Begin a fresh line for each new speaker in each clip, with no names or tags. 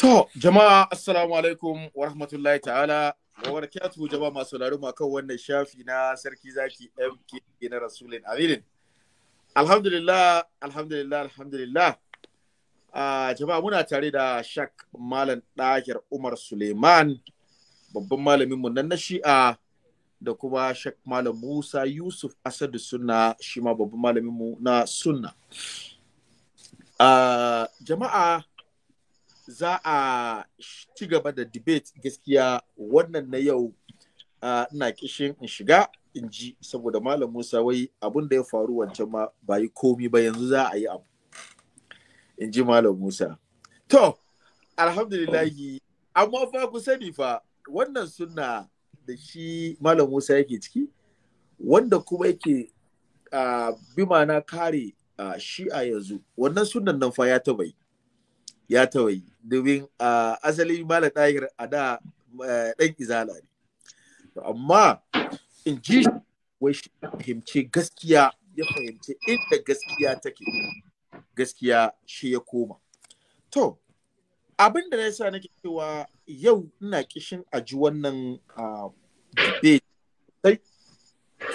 To, jama'a assalamu alaikum wa rahmatullahi ta'ala wa barakatuhu jama'a masu sauraro ma kan wannan shafi na sarki zaki MK na Rasulin Aminin. Alhamdulillah, alhamdulillah, alhamdulillah. Uh, jama'a muna tare da Shak Malam Ɗahir Umar Suleiman, babban malaminmu nan na Shi'a da kuma Shak Malam Musa Yusuf Asadu Sunna, shi ma babban malaminmu na Sunna. Uh, jama'a za a ci gaba da debate gaskiya wannan na yau ina kishin in shiga in ji saboda malam musa wai abin da ya faru wancan ma ba yi komi ba yanzu za a yi abu in ji malam musa to alhamdulillahi amma fa ku sani fa wannan suna da shi malam musa yake ciki wanda kuma yake bi mana kare shi a yanzu wannan sunan nan fa ya tabai ya domin a asali malam ɗahir a da eh, ɗan izala ne amma in ji wai fahimci gaskiya ya fahimci inda gaskiya take gaskiya shi ya koma to abin da na sa nake cewa yau ina kishin a ji wannan debate sai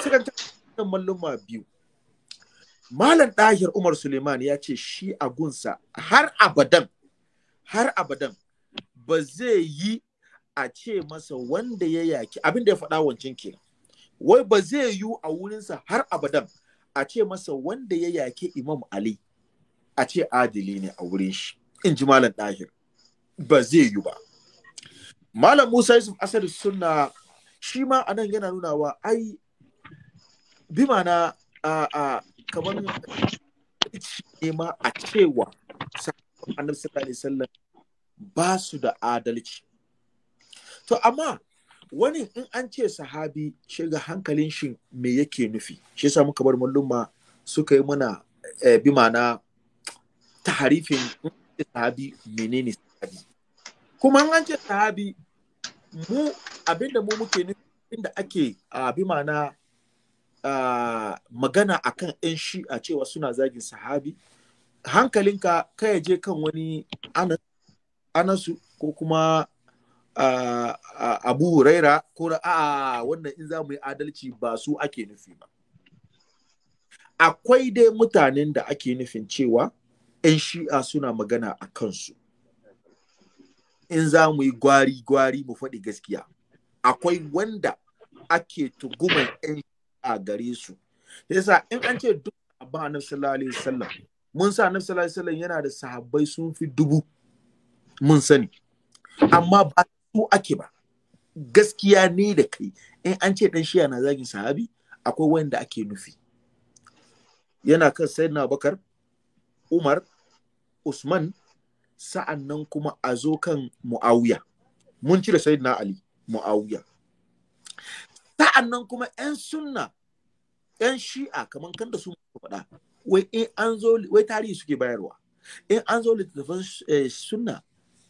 sukan ta malluma biyu Malam Dahir Umar Suleiman ya ce shi a gunsa har abadan har abadan ba zai yi a ce masa wanda ya yaki abin da ya faɗa wancan ke wai ba zai yi a wurinsa har abadan a ce masa wanda ya yaki imam ali a ce adili ne a wurin shi in ji malam ɗahir ba zai yi ba malam musa yusuf Asar suna shi ma nan yana nuna wa ai bi mana a kamar ne ma a cewa annabi ba su da adalci to amma wani in an ce sahabi shiga hankalin shi me yake nufi shi yasa muka bar malluma suka yi mana eh, bi mana taharifin sahabi menene sahabi kuma an ce sahabi mu abinda mu muke nufi inda ake uh, bi ma'ana uh, magana akan 'yan shi'a cewa suna zagin sahabi hankalinka ka ya je kan wani anasu ko kuma abu raira ko a wannan in za mu yi adalci ba su ake nufi ba akwai dai mutanen da ake nufin cewa 'yan shi'a suna magana a kansu in za mu yi gwari-gwari mu faɗi gaskiya akwai wanda ake tuguman 'yan shi'a gare su yasa in an ce duk abu a sallallahu alaihi wasallam mun sa annabi sallallahu alaihi wasallam yana da sahabbai sun fi dubu mun sani amma ba su ake ba gaskiya ne da kai in an ce dan shiya na zagin sahabi akwai wanda ake nufi yana kan sayyidina bakar umar usman sa'an nan kuma a zo kan muawiya mun cire sayyidina ali muawiya sa'an nan kuma 'yan sunna 'yan shi'a kamar kanda da su faɗa wai tarihi suke bayarwa in an zo littattafan eh, sunna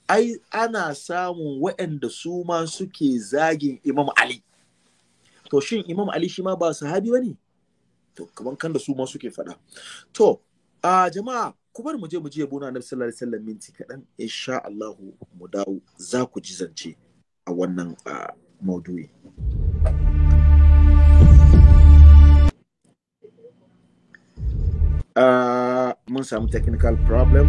ai ana samun waɗanda su ma suke zagin imam ali to shin imam ali shi ma ba sahabi ba ne to kaman kan da su ma suke faɗa to a jama'a ku bar mu je mu je yabo na annabi sallallahu alaihi wasallam minti kaɗan insha Allah mu dawo za ku ji zance a wannan maudu'i. Ah, mun samu technical problem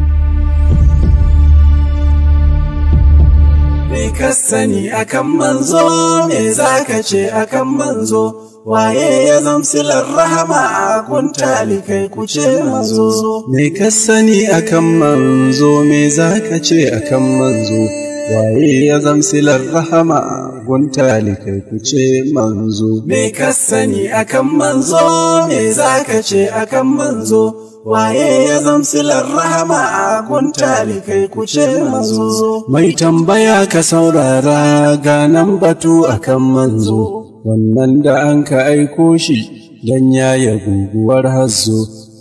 Me ka sani akan manzo, me za ce akan manzo, waye ya zamsilar rahama a kuntali kai kuce manzo. Me ka sani akan manzo, me za ce akan manzo. waye ya zamsilar rahama gunta likai ku ce manzo me ka sani akan manzo me zaka ce akan manzo waye ya zamsilar rahama gunta likai ku ce manzo mai tambaya ka saurara ganan batu akan manzo wannan da an ka aiko shi dan yi guguwar hazo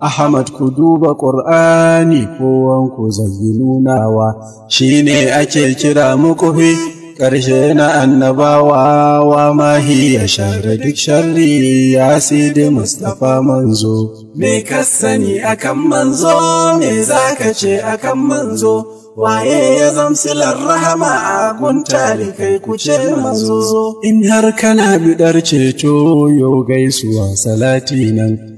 Ahmad ku duba ƙur'ani kowanku zayyinunawa shi ne ake kira mukufi ƙarshe na annabawa wa mahi ya share duk sharri ya sidi Mustapha manzo. Me ka sani akan manzo, me za ka ce akan manzo? waye ya zamsilar rahama a kuntali kai kuce manzo in har kana bidar ceto yo gaisuwa salati nan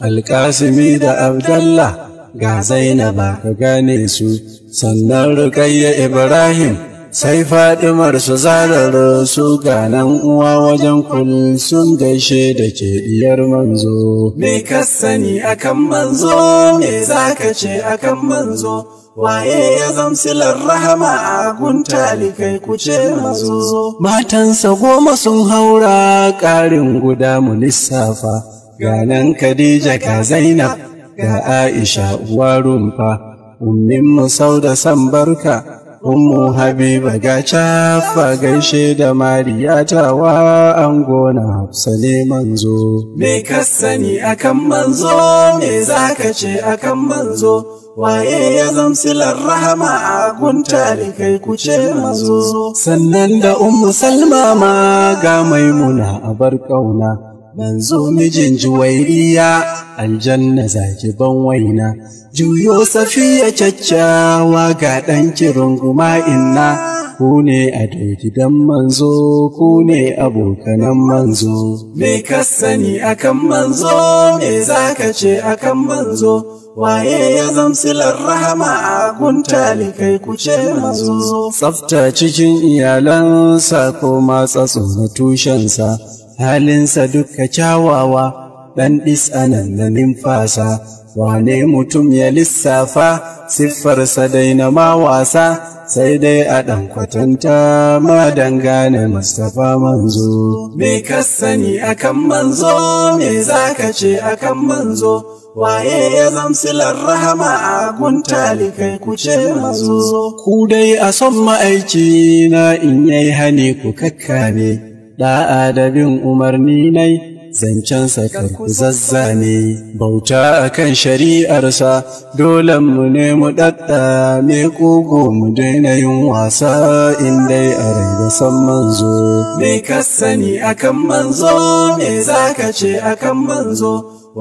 alƙasimi da abdallah ga zainaba ka gane su sannan rukayya ibrahim sai fadimar su zarar su ga uwa wajen kullum sun gaishe da ke diyar manzo me ka sani akan manzo me za ka ce akan manzo waye ya zamsilar rahama a guntali kai kuce mazo matansa goma sun haura ƙarin guda mu lissafa ga nan Khadija ka Zainab ga Aisha uwa rumfa ummin musau da san barka ummu habiba ga fa gaishe da mariya wa, an gona hafsale manzo me ka sani akan manzo me zaka ce akan manzo waye ya zamsilar rahama a gunta da kai kuce manzo sannan da ummu salma ma ga maimuna abar ƙauna. Manzo mijin juwairiya, aljanna zaki ban waina, juyo safiya caccawa ga ɗan runguma inna, ku ne a gidan manzo, ku ne abokanan manzo. Me ka sani akan manzo, me za ka ce akan manzo, waye ya zamsilar rahama a kuntali kai ce manzo. Tsafta cikin iyalansa ko matsa na tushensa. halinsa duka kyawawa ɗan ɗis'anan na nimfasa wane mutum ya lissafa siffarsa daina ma wasa sai dai a ɗan kwatanta ma dangane mustapha manzo me ka sani akan manzo me za ka ce akan manzo waye ya zamsilar rahama a kuntali kai ce manzo ku dai a son ma'aiki na in yai hane ku kakkame da'a da bin umarni nai zancensa zazza ne bauta a kan shari'arsa dole mu ne mu ɗaɗɗa me ƙugu mu daina yin wasa in a rai san manzo me ka sani akan manzo me za ka ce akan manzo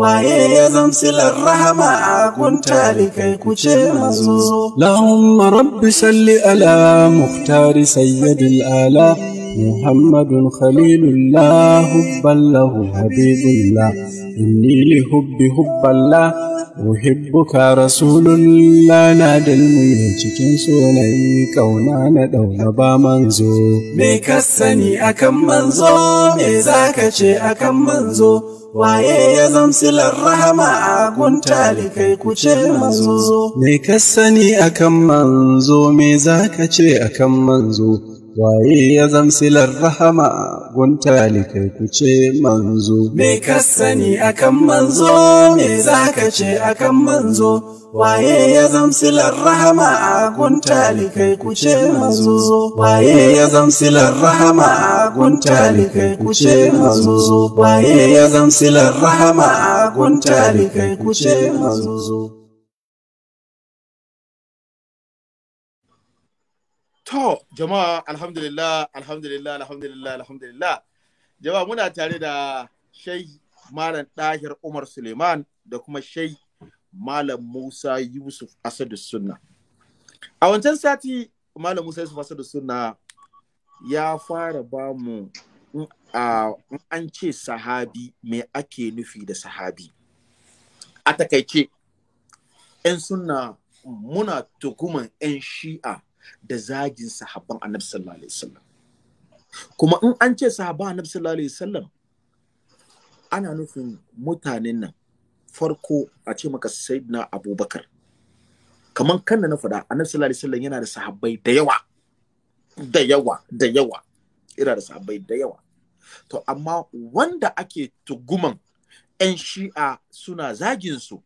waye ya zamsilar rahama a kunta kai ce manzo lahumma rabbi salli ala muhtari sayyidil ala محمد خليل الله حبا له حبيب الله إني لحب حب الله أحبك رسول الله نادى الميتكين سوني كونا ندو نبا منزو ميك السني أكم منزو ميزاك شيء أكم منزو waye ya zamsilar rahama a gunta kai kuce manzo me ka sani akan manzo me zaka ce akan manzo waye ya zamsilar rahama gunta likai ku ce manzo me ka sani akan manzo me zaka ce akan manzo waye ya zamsilar rahama a gunta likai ku ce manzo waye ya zamsilar rahama a gunta likai ku ce manzo waye ya zamsilar rahama a gunta likai ku ce manzo
To, jama'a alhamdulillah, alhamdulillah, alhamdulillah, alhamdulillah. Jama'a muna tare da shai Malam Dahir Umar Suleiman da kuma shai Malam Musa Yusuf Asadu Sunna. A wancan sati Malam Musa Yusuf Asadu Sunna ya fara ba mu an ce sahabi me ake nufi da sahabi. A takaice, ‘yan sunna muna tukuman ‘yan shi'a da zagin sahabban annabi sallallahu alaihi wasallam kuma in an ce sahabban annabi sallallahu alaihi wasallam ana nufin mutanen nan farko a ce maka sayyidina abubakar kamar kanna na faɗa annabi sallallahu alaihi wasallam yana da sahabbai da yawa da yawa da yawa yana da sahabbai da yawa to amma wanda ake tuguman 'yan shi'a suna zagin su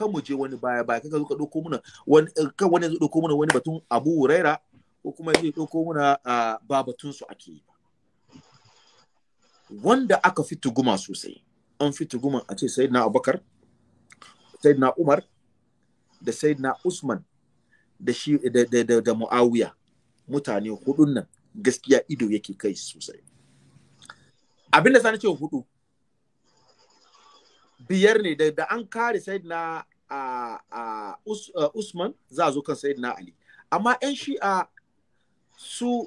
kan mu je wani baya baya kaga ka dauko muna wani ka wani zai dauko muna wani batun Abu Huraira ko kuma zai dauko muna ba batun su ake yi wanda aka fi tuguma sosai an fi guma a ce sayyidina Abubakar sayyidina Umar da sayyidina Usman da shi da da da, da Muawiya mutane hudun nan gaskiya ido yake kai sosai Abinda sani ce hudu biyar ne da an kare sai na a uh, Usman za a zo kan na Ali amma yan shi'a su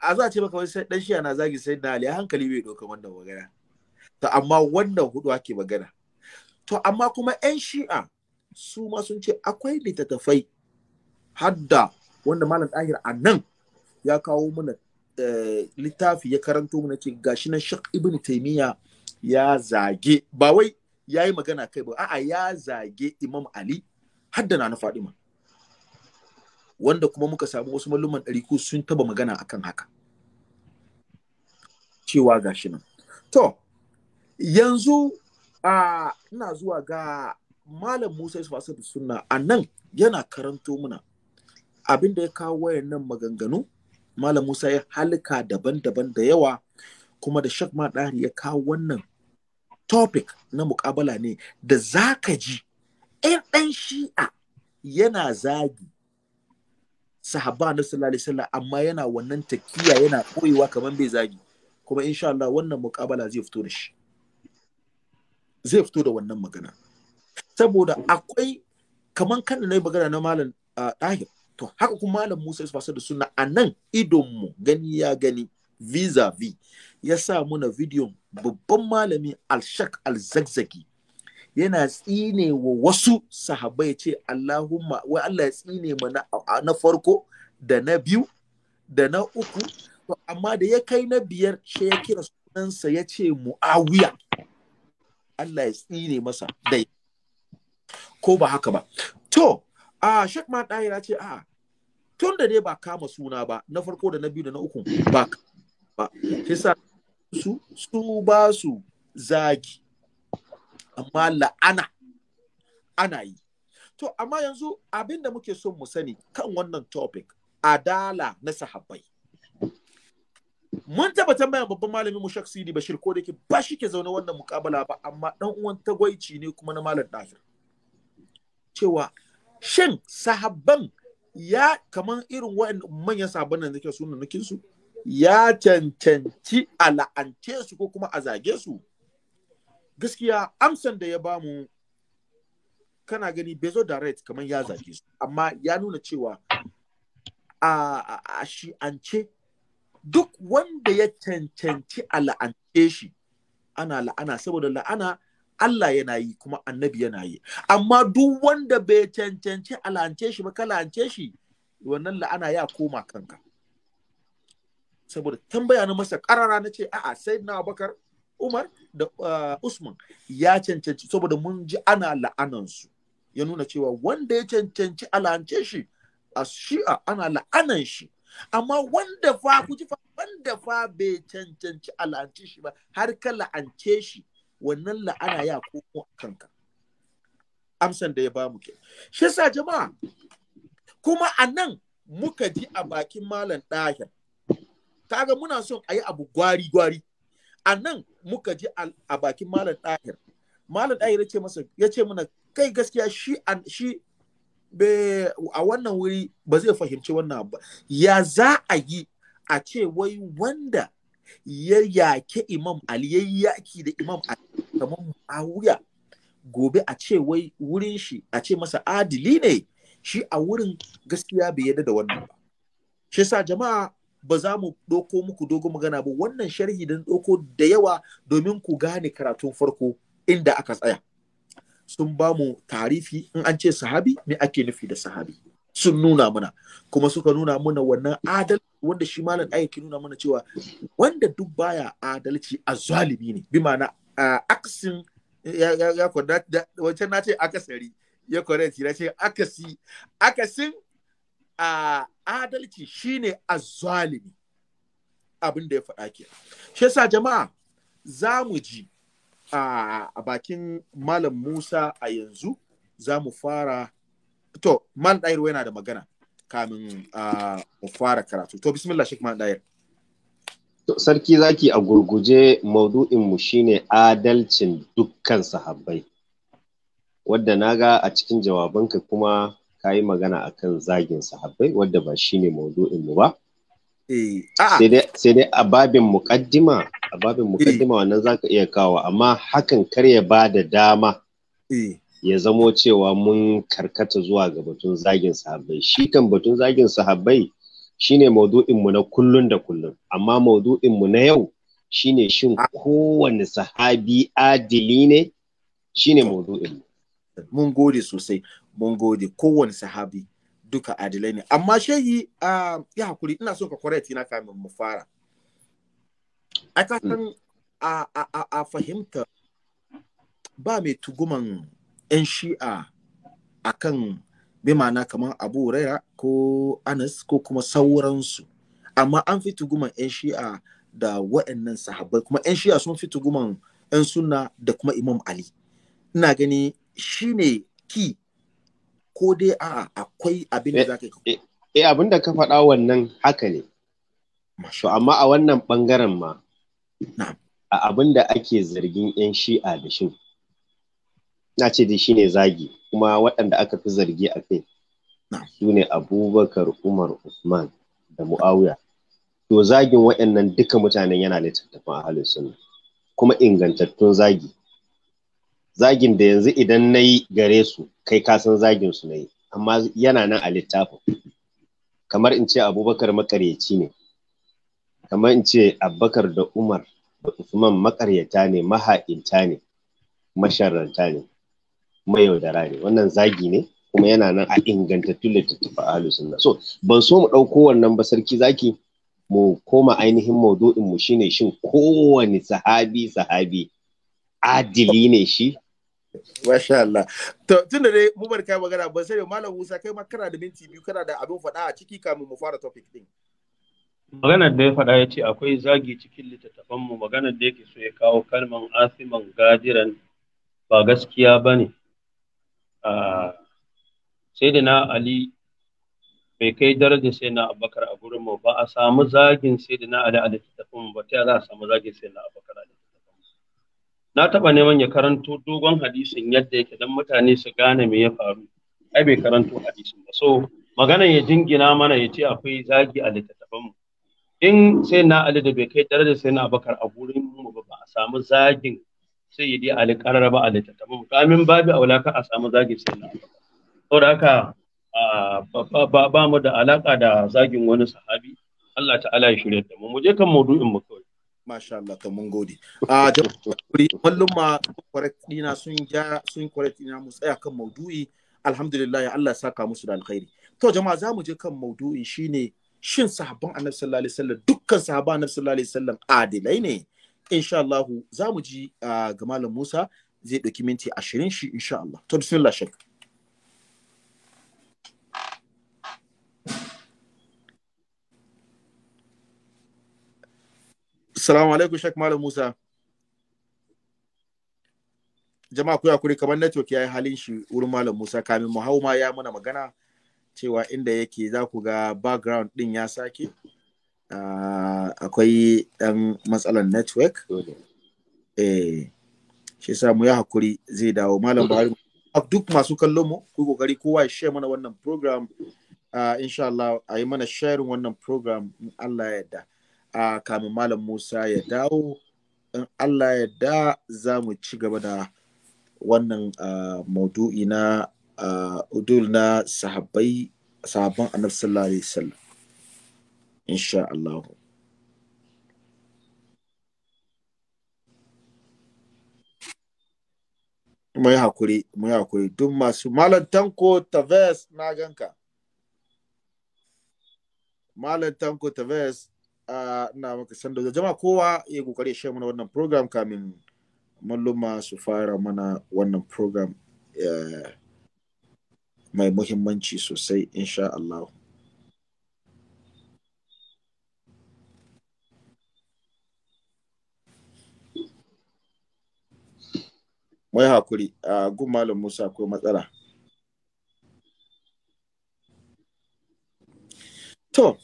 a za a ce maka wani dan shi'a na zagi na Ali a hankali bai doka wannan magana to amma wannan hudu ake magana to amma kuma yan shi'a su ma sun ce akwai littattafai hadda wanda malam ɗahir a nan ya kawo mana eh, littafi ya karanto mana ce gashi na shak ibn taimiyya ya zage ba wai ya yi magana kai ba a'a ya zage imam ali har na fadima wanda kuma muka samu wasu malluman ɗariku sun taba magana akan haka cewa gashi nan to yanzu a ina zuwa ga malam musa yusuf da sunna a yana karanto muna abin da ya kawo wayannan maganganu malam musa ya halika daban-daban da yawa kuma da shak ma ɗari ya kawo wannan topic na mukabala ne da za ka ji ɗan ɗan shi'a yana zagi sahaba na sallallahu alaihi amma yana wannan takiya yana koyewa kamar bai zagi kuma insha Allah wannan mukabala zai fito da shi zai fito da wannan magana saboda akwai kamar kanda na magana na malam ɗahir ah, to haka kuma malam Musa Yusuf da suna anan idon mu gani ya gani visa v ya sa muna bidiyon babban malami alshak alzagzagi yana tsine wa wasu sahabai ya ce Allahumma wai Allah ya tsine ma na farko da na biyu da na uku amma da ya kai na biyar shi ya kira sunansa ya ce mu'awiya Allah ya tsine masa dai ko ba haka ba to a shek ma ɗaya ce a tun da dai ba kama suna ba na farko da na biyu da na uku ba ba sai sa su su ba su zagi amma la'ana ana yi to amma yanzu abin da muke son mu sani kan wannan topic adala na sahabbai mun taba tambaya babban malamin mu shakhsi ne Bashir ko dake ba shi ke zaune wannan mukabala ba amma dan uwan tagwaici ne kuma na malam Dahir cewa shin sahabban ya kaman irin wayan manyan sahabban da ke sunan nukin su ya cancanci a la'ance su ko kuma a zage su gaskiya amsan da ya bamu kana gani bezo direct kamar ya zage su amma ya nuna cewa a, shi'ance duk wanda ya cancanci a la'ance shi ana la'ana saboda la'ana Allah yana yi kuma annabi yana yi amma duk wanda bai cancanci a la'ance shi ba ka la'ance shi wannan la'ana ya koma kanka saboda tambaya na masa karara na ce a'a sai na bakar umar da uh, usman ya cancanci saboda mun ji ana la'anansu ya nuna cewa wanda ya cancanci alance shi a shi'a ana la'anan shi amma wanda fa ku ji fa wanda fa bai cancanci alance shi ba har ka la'ance shi wannan la'ana ya komo a kanka amsan da ya ba mu ke shi yasa jama'a kuma a nan muka ji a bakin malam ɗahir kaga muna son a yi abu gwari gwari a nan muka ji a bakin malam ɗahir malam ɗahir ya ce masa ya ce mana kai gaskiya shi shi be a wannan wuri ba zai fahimci wannan abu ya za a yi a ce wai wanda ya yake imam ali ya yaki da imam ali kamar muawiya gobe a ce wai wurin shi a ce masa adili ne shi a wurin gaskiya bai yadda da wannan ba shi sa jama'a ba za mu ɗauko muku dogon magana ba wannan sharhi don ɗauko da yawa domin ku gane karatun farko inda aka tsaya sun ba mu tarifi in an ce sahabi me ake nufi da sahabi sun nuna mana kuma suka nuna mana wannan adal wanda shi malam ayyuki nuna mana cewa wanda duk baya adalci a zalimi ne bi ma'ana aksin ya ya wancan na ce akasari ya correct ya ce akasi akasin a adalci shine azzalimi abin da ya faɗa ke shi yasa jama'a za mu ji a bakin malam musa a yanzu za mu fara to man ɗayarwa yana da magana kamin mu fara karatu to bismillah shek man ɗayar
sarki zaki a gurguje mu shine adalcin dukkan sahabbai wadda na ga a cikin jawabanka kuma ka yi magana kan zagin sahabbai wadda ba shi maudu'in mu ba eh, sai dai a babin mukaddima a babin eh. mukaddima wannan za ka iya kawo amma hakan kar ya ba da dama eh. ya zamo cewa mun karkata zuwa ga batun zagin sahabbai shi kan batun zagin sahabbai ne mu na kullun da kullun amma mu na yau shi ne shin ah. kowane sahabi adili ne shi shine maudu'inmu mun gode sosai
mun gode kowane sahabi duka adilai ne amma shehi uh, ya hakuri ina so ka correct na kamin mu fara ai kasan san a, a, a, fahimta ba mai tuguman 'yan shi'a a kan bimana kamar abu raira ko anas ko kuma sauransu amma an fi tuguman 'yan shi'a da wa'annan sahabbai kuma 'yan shi'a sun fi tuguman 'yan sunna da kuma imam ali ina gani shine ki
ko dai a'a akwai abin da eh, zaka yi eh, eh abin da ka faɗa wannan haka ne to amma a wannan bangaren ma a abin da ake zargin 'yan shi'a da shi na ce da shine zagi kuma waɗanda aka fi zargi a kai su ne abubakar umar usman da mu'awiya to zagin waɗannan duka mutanen yana littattafan ahalin sunna kuma ingantattun zagi zagin da yanzu idan na yi gare su kai kasan zagin su na yi amma yana nan a littafin kamar in ce abubakar makaryaci ne kamar in ce abubakar da umar da usman makaryata ne maha'inta ne masharanta ne mayaudara ne wannan zagi ne kuma yana nan a ingantattun littattafa a sunna so ban so mu ɗauko wannan ba sarki zaki mu koma ainihin maudu'in mu shine shin kowane sahabi sahabi adili ne shi Masha Allah. To tun da dai mu bar kai magana
ban sai Malam Musa kai ma kana da minti biyu kana da abin faɗa a ciki kamun mu fara topic din.
Maganar da ya faɗa ya ce akwai zagi cikin littattafan mu maganar da yake so ya kawo kalman asiman gajiran ba gaskiya ba ne. Sai da na Ali bai kai daraja sai na Abubakar a gurin mu ba a samu zagin sai da na Ali a littattafan mu ba ta za a samu zagin sai na Abubakar a na taɓa neman ya karanto dogon hadisin yadda yake don mutane su gane me ya faru ai bai karanto hadisin ba so maganan ya jingina mana ya ce akwai zagi a mu. in sai na ali da bai kai daraja sai na bakar a gurin mu ba a samu zagin sai yi dai ali karar ba a littattafanmu mu kamin babi aula ka a samu zagin sai na So saboda haka ba mu da alaka da zagin wani sahabi Allah ta'ala ya shirya da mu mu je kan maudu'in mu kawai
Masha Allah to mun gode. Ah, A mallum ma correct dina sun ja sun correct dina mu tsaya kan maudu'i alhamdulillah Allah saka musu da alkhairi. To jama'a za mu je kan maudu'i shine shin sahabban Annabi sallallahu alaihi wasallam dukkan sahabban Annabi sallallahu alaihi wasallam adilai ne. Insha Allah za mu ji ah, ga Malam Musa zai ɗauki minti ashirin shi insha Allah. To bismillah shakka. Salamu alaikum Sheikh Malam Musa. Jama'a ku yakuri kamar network ya yi halin shi wurin Malam Musa kamin mu hau ma ya mana magana cewa inda yake za ku ga background din ya sake. Uh, akwai ɗan matsalar network. Eh, shi sa mu ya hakuri zai dawo Malam Buhari. Duk masu kallon mu ku kokari kowa ya share mana wannan program. Uh, insha Allah a yi mana sharing wannan program in Allah ya yarda. a kamin malam musa ya dawo in allah ya da za mu ci gaba da wannan maudu'i na udul na sahabbai sahabban annabi sallallahu alaihi wasallam insha Allah mu yi hakuri mu yi hakuri duk masu malam tanko taves na ganka malam tanko taves na maka sanda da jama'a kowa ya kokari ya mana wannan program kamin malluma su fara mana wannan program mai muhimmanci sosai insha Allah. mai hakuri a gun malam musa ko matsala to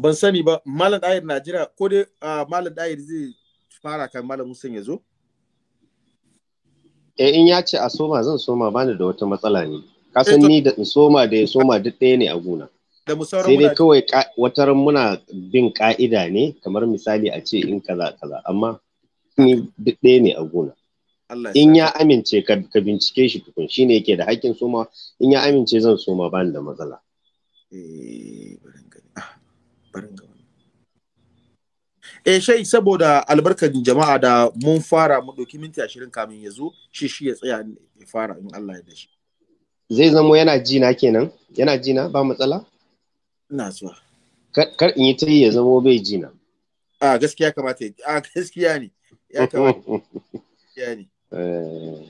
ban sani ba malam ɗayar na jira ko dai malam ɗayar zai fara kan malam musan ya zo
eh in ya ce a soma zan soma bani da wata matsala ne kasan eh, ni da soma da ya soma duk ɗaya ne a gona sai dai kawai ran muna bin ka'ida ne kamar misali a ce in kaza kaza amma ni duk ɗaya ne a gona in ya amince ka bincike shi tukun shine yake da hakkin soma in ya amince zan soma bani da matsala eh,
barin eh shai saboda albarkar jama'a da mun fara mu ɗauki minti ashirin kamin ya zo shi shi ya tsaya ya fara in Allah ya dashi
zai zamo yana jina kenan yana jina ba matsala ina zuwa kar in yi ta ya zamo bai jina a gaskiya kamata ya a gaskiya ne ya kamata
ya ne
eh.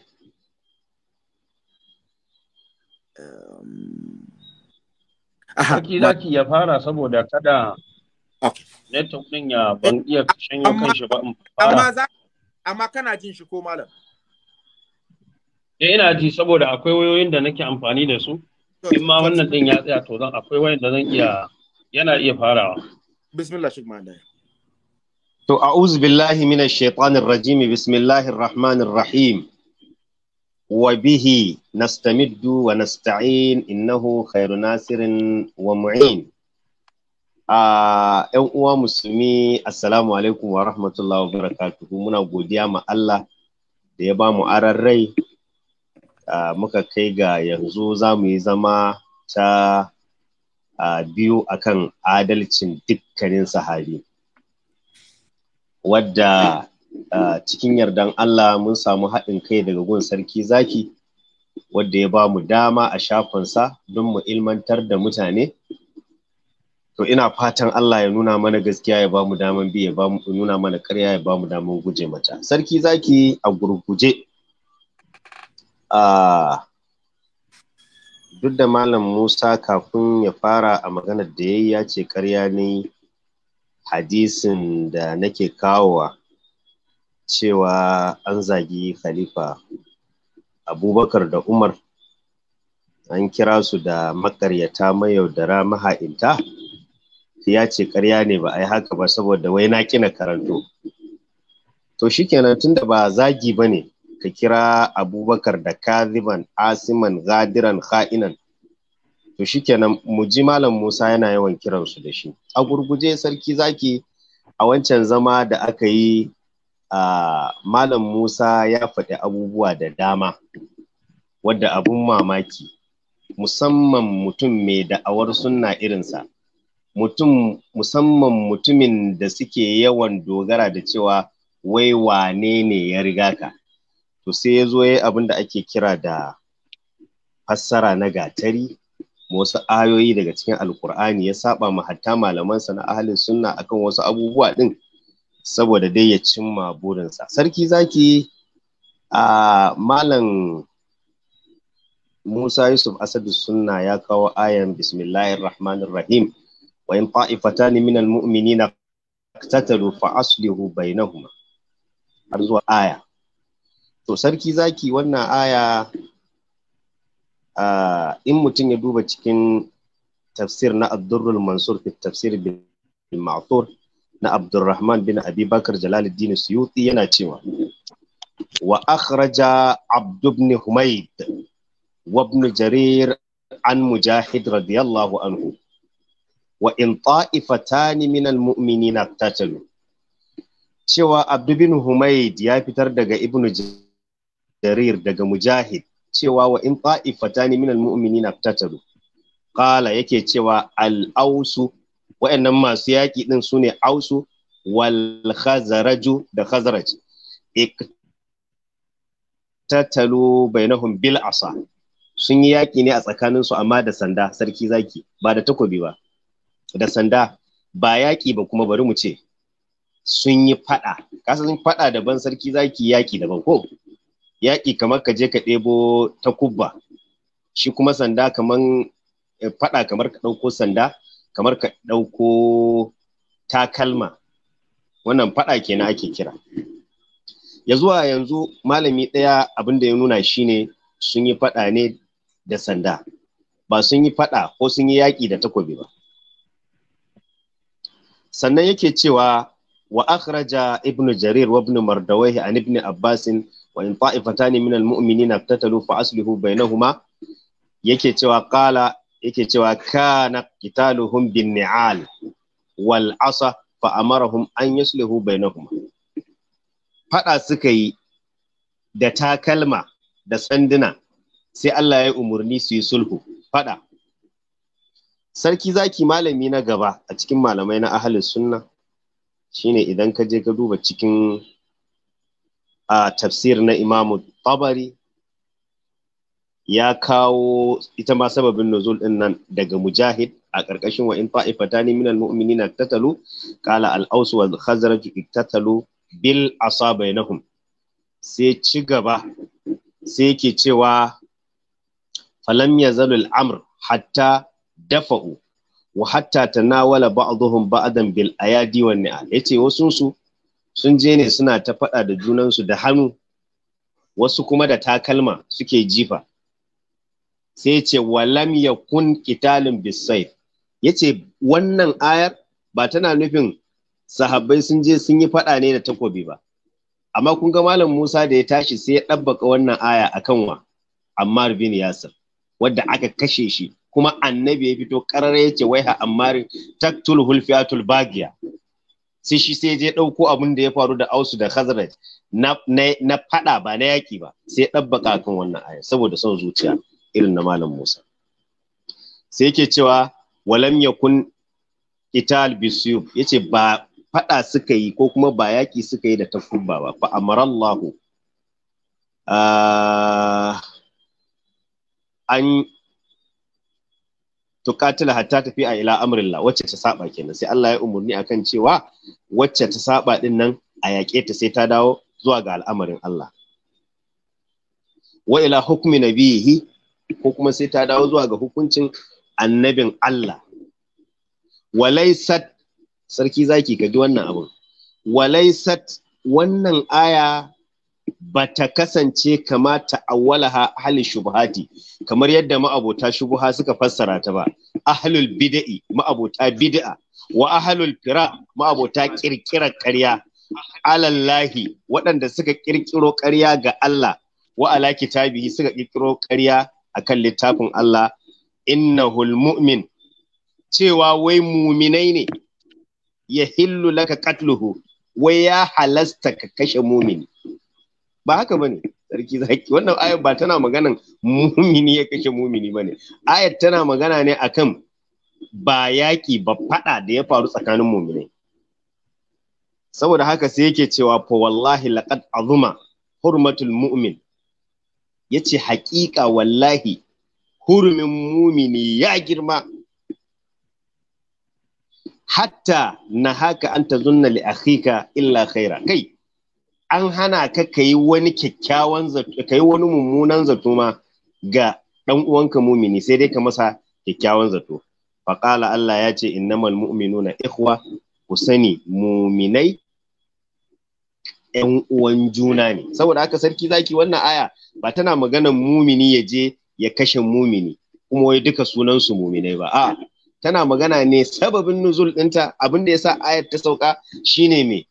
um Aki zaki ya fara saboda kada network ah. ɗin ya ban iya shanyo kan shi ba in fara. Amma kana jin shi ko malam? Eh ina ji saboda akwai wayoyin da nake amfani da su. In ma wannan ɗin ya tsaya to zan akwai wayoyin da zan iya yana iya farawa. Bismillah
shi
To a'udhu billahi minash shaitanir rajim bismillahir rahmanir rahim. وبه نستمد ونستعين إنه خير ناصر ومعين ‘Yan uwa musulmi, Assalamu alaikum wa rahmatullahi wa barakatuhu muna godiya ma Allah da ya ba mu aran rai muka kai ga yanzu za mu yi zama ta biyu akan adalcin dukkanin sahari. Wadda A cikin yardan Allah mun samu haɗin kai daga gun sarki zaki wadda ya ba mu dama a sa, don mu ilmantar da mutane to ina fatan Allah ya nuna mana gaskiya ya ba mu daman bi ya nuna mana karya ya ba mu daman guje mata sarki zaki a gurguje duk da malam Musa kafin ya fara a maganar da ya yi ya ce karya ne hadisin da nake kawowa cewa an zagi khalifa abubakar da umar an kira su da makaryata yaudara maha'inta ya ce karya ne ba a yi haka ba saboda wai na kina karanto to shikenan tunda ba zagi ba ne ka kira abubakar da kaziban asiman gadiran ha'inan to shikenan mu ji malam musa yana yawan kiransu da shi a gurguje sarki zaki a wancan zama da aka yi Malam Musa ya faɗi abubuwa da dama wadda abun mamaki musamman mutum mai da'awar sunna irinsa mutum musamman mutumin da suke yawan dogara da cewa wai wane ne ya riga ka to sai ya zo ya abin da ake kira da fassara na gatari wasu ayoyi daga cikin Alƙur'ani ya saɓa mahatta hatta malamansa na ahalin sunna akan wasu abubuwa ɗin saboda dai ya cimma burinsa sarki zaki a malam Musa Yusuf Asadu Sunna ya kawo ayan bismillahir rahmanir rahim wa in ta'ifatan minal mu'minina iktatalu fa aslihu bainahuma har zuwa aya to sarki zaki wannan aya in mutum ya duba cikin tafsir na Abdurrul Mansur fi tafsir bil Ma'thur na Abdulrahman bin Abi Bakar Jalaluddin Suyuti yana cewa wa akhraja Abd ibn Humayd wa ibn Jarir an Mujahid radiyallahu anhu wa in ta'ifatani min al-mu'minina tatalu cewa Abd Humayd ya fitar daga Ibn Jarir daga Mujahid cewa wa in ta'ifatani min al-mu'minina tatalu qala yake cewa al-ausu wa'annan masu yaƙi ɗin su ne ausu wal khazaraju da khazaraj tattalo bainahum bil asa sun yi yaƙi ne a tsakaninsu amma da sanda sarki zaki ba da takobi ba da sanda ba yaƙi ba kuma bari mu ce sun yi faɗa kasan faɗa daban sarki zaki yaƙi daban ko yaƙi kamar ka je ka ɗebo takubba shi kuma sanda kamar eh, faɗa kamar ka ɗauko sanda kamar ka ɗauko takalma wannan faɗa kenan ake kira ya zuwa yanzu malami ɗaya abin da ya nuna shine sun yi faɗa ne da sanda ba sun yi faɗa ko sun yi yaƙi da takobi ba sannan yake cewa wa akhraja ibnu jarir wa ibnu Mardawahi an ibnu abbasin wa in ta'ifatan min al-mu'minina iqtatalu fa aslihu bainahuma yake cewa qala yake cewa kana qitaluhum bin ni'al wal asa fa amarahum an yuslihu bainahum fada suka yi da takalma da sanduna sai Allah ya umurni su yi sulhu fada sarki zaki malami na gaba a cikin malamai na ahlus sunna shine idan ka je ka duba cikin a tafsir na imamu tabari ya kawo ita ma sababin nuzul din nan daga mujahid a ƙarƙashin wa in fa'ifatani minal mu'minina tatalu qala al aus wal khazraj tatalu bil asabainahum sai ci gaba sai yake cewa falam yazalu al amr hatta dafa'u wa hatta tanawala ba'dhum ba'dan bil ayadi wan ni'al yace wasu su sun je ne suna ta faɗa da junansu da hannu wasu kuma da takalma suke jifa sai ce walam yakun bisai Ya ce wannan ayar ba tana nufin sahabbai sun je sun yi fada ne da takobi ba amma kun ga malam Musa da ya tashi sai ya ɗabbaka wannan aya akan wa Ammar bin Yasir wadda aka kashe shi kuma annabi ya fito karar ya ce wai ha Ammar taktul hulfiyatul bagiya sai shi sai je ɗauko abin da ya faru da Ausu da Khazraj na faɗa ba na yaki ba sai ya ɗabbaka kan wannan aya saboda son zuciya irin na malam Musa sai yake cewa walam yakun qital Ya yace ba fada suka yi ko kuma ba yaki suka yi da takubba ba fa amarallahu ah, an tuqatila hatta tafi a ila amrillah wacce ta saba kenan sai Allah ya umurni akan cewa wacce ta saba din nan a yaƙe ta sai ta dawo zuwa ga al'amarin Allah wa ila hukmi nabihi ko kuma sai ta dawo zuwa ga hukuncin annabin Allah walaisat sarki zaki ka ji wannan abin walaisat wannan aya bata kasance kamata awwalaha ahlul shubhati kamar yadda ma'abota shubuha suka fassara ta ba ahlul bid'i ma'abota bid'a wa ahlul fira ma'abota kirkira ƙarya alallahi waɗanda suka kirkiro ƙarya ga Allah wa ala kitabihi suka kirkiro ƙarya akan littafin Allah innahul mu'min cewa wai muminai ne ya hillu laka katluhu wai ya halasta ka kashe mumini ba haka bane sarki zaki wannan ayat ba tana maganan mumini ya kashe mumini bane ayat tana magana ne akan ba yaki ba fada da ya faru tsakanin muminai saboda haka sai yake cewa fa wallahi laqad azuma hurmatul mu'min ya ce haƙiƙa wallahi hurumin mumini ya girma hatta na haka an ta zunna li akhika illa khaira kai an hana ka kai wani kyakkyawan zato kai wani mummunan zato ma ga dan uwanka mumini sai dai ka masa kyakkyawan zato faqala Allah ya ce innamal mu'minuna ikhwa ku muminai 'yan uwan juna ne saboda haka sarki zaki wannan aya ba tana maganan mumini ya je ya kashe mumini kuma wai duka sunan su muminai ba a tana magana ne sababin nuzul dinta abin da yasa ayar ta sauka shine me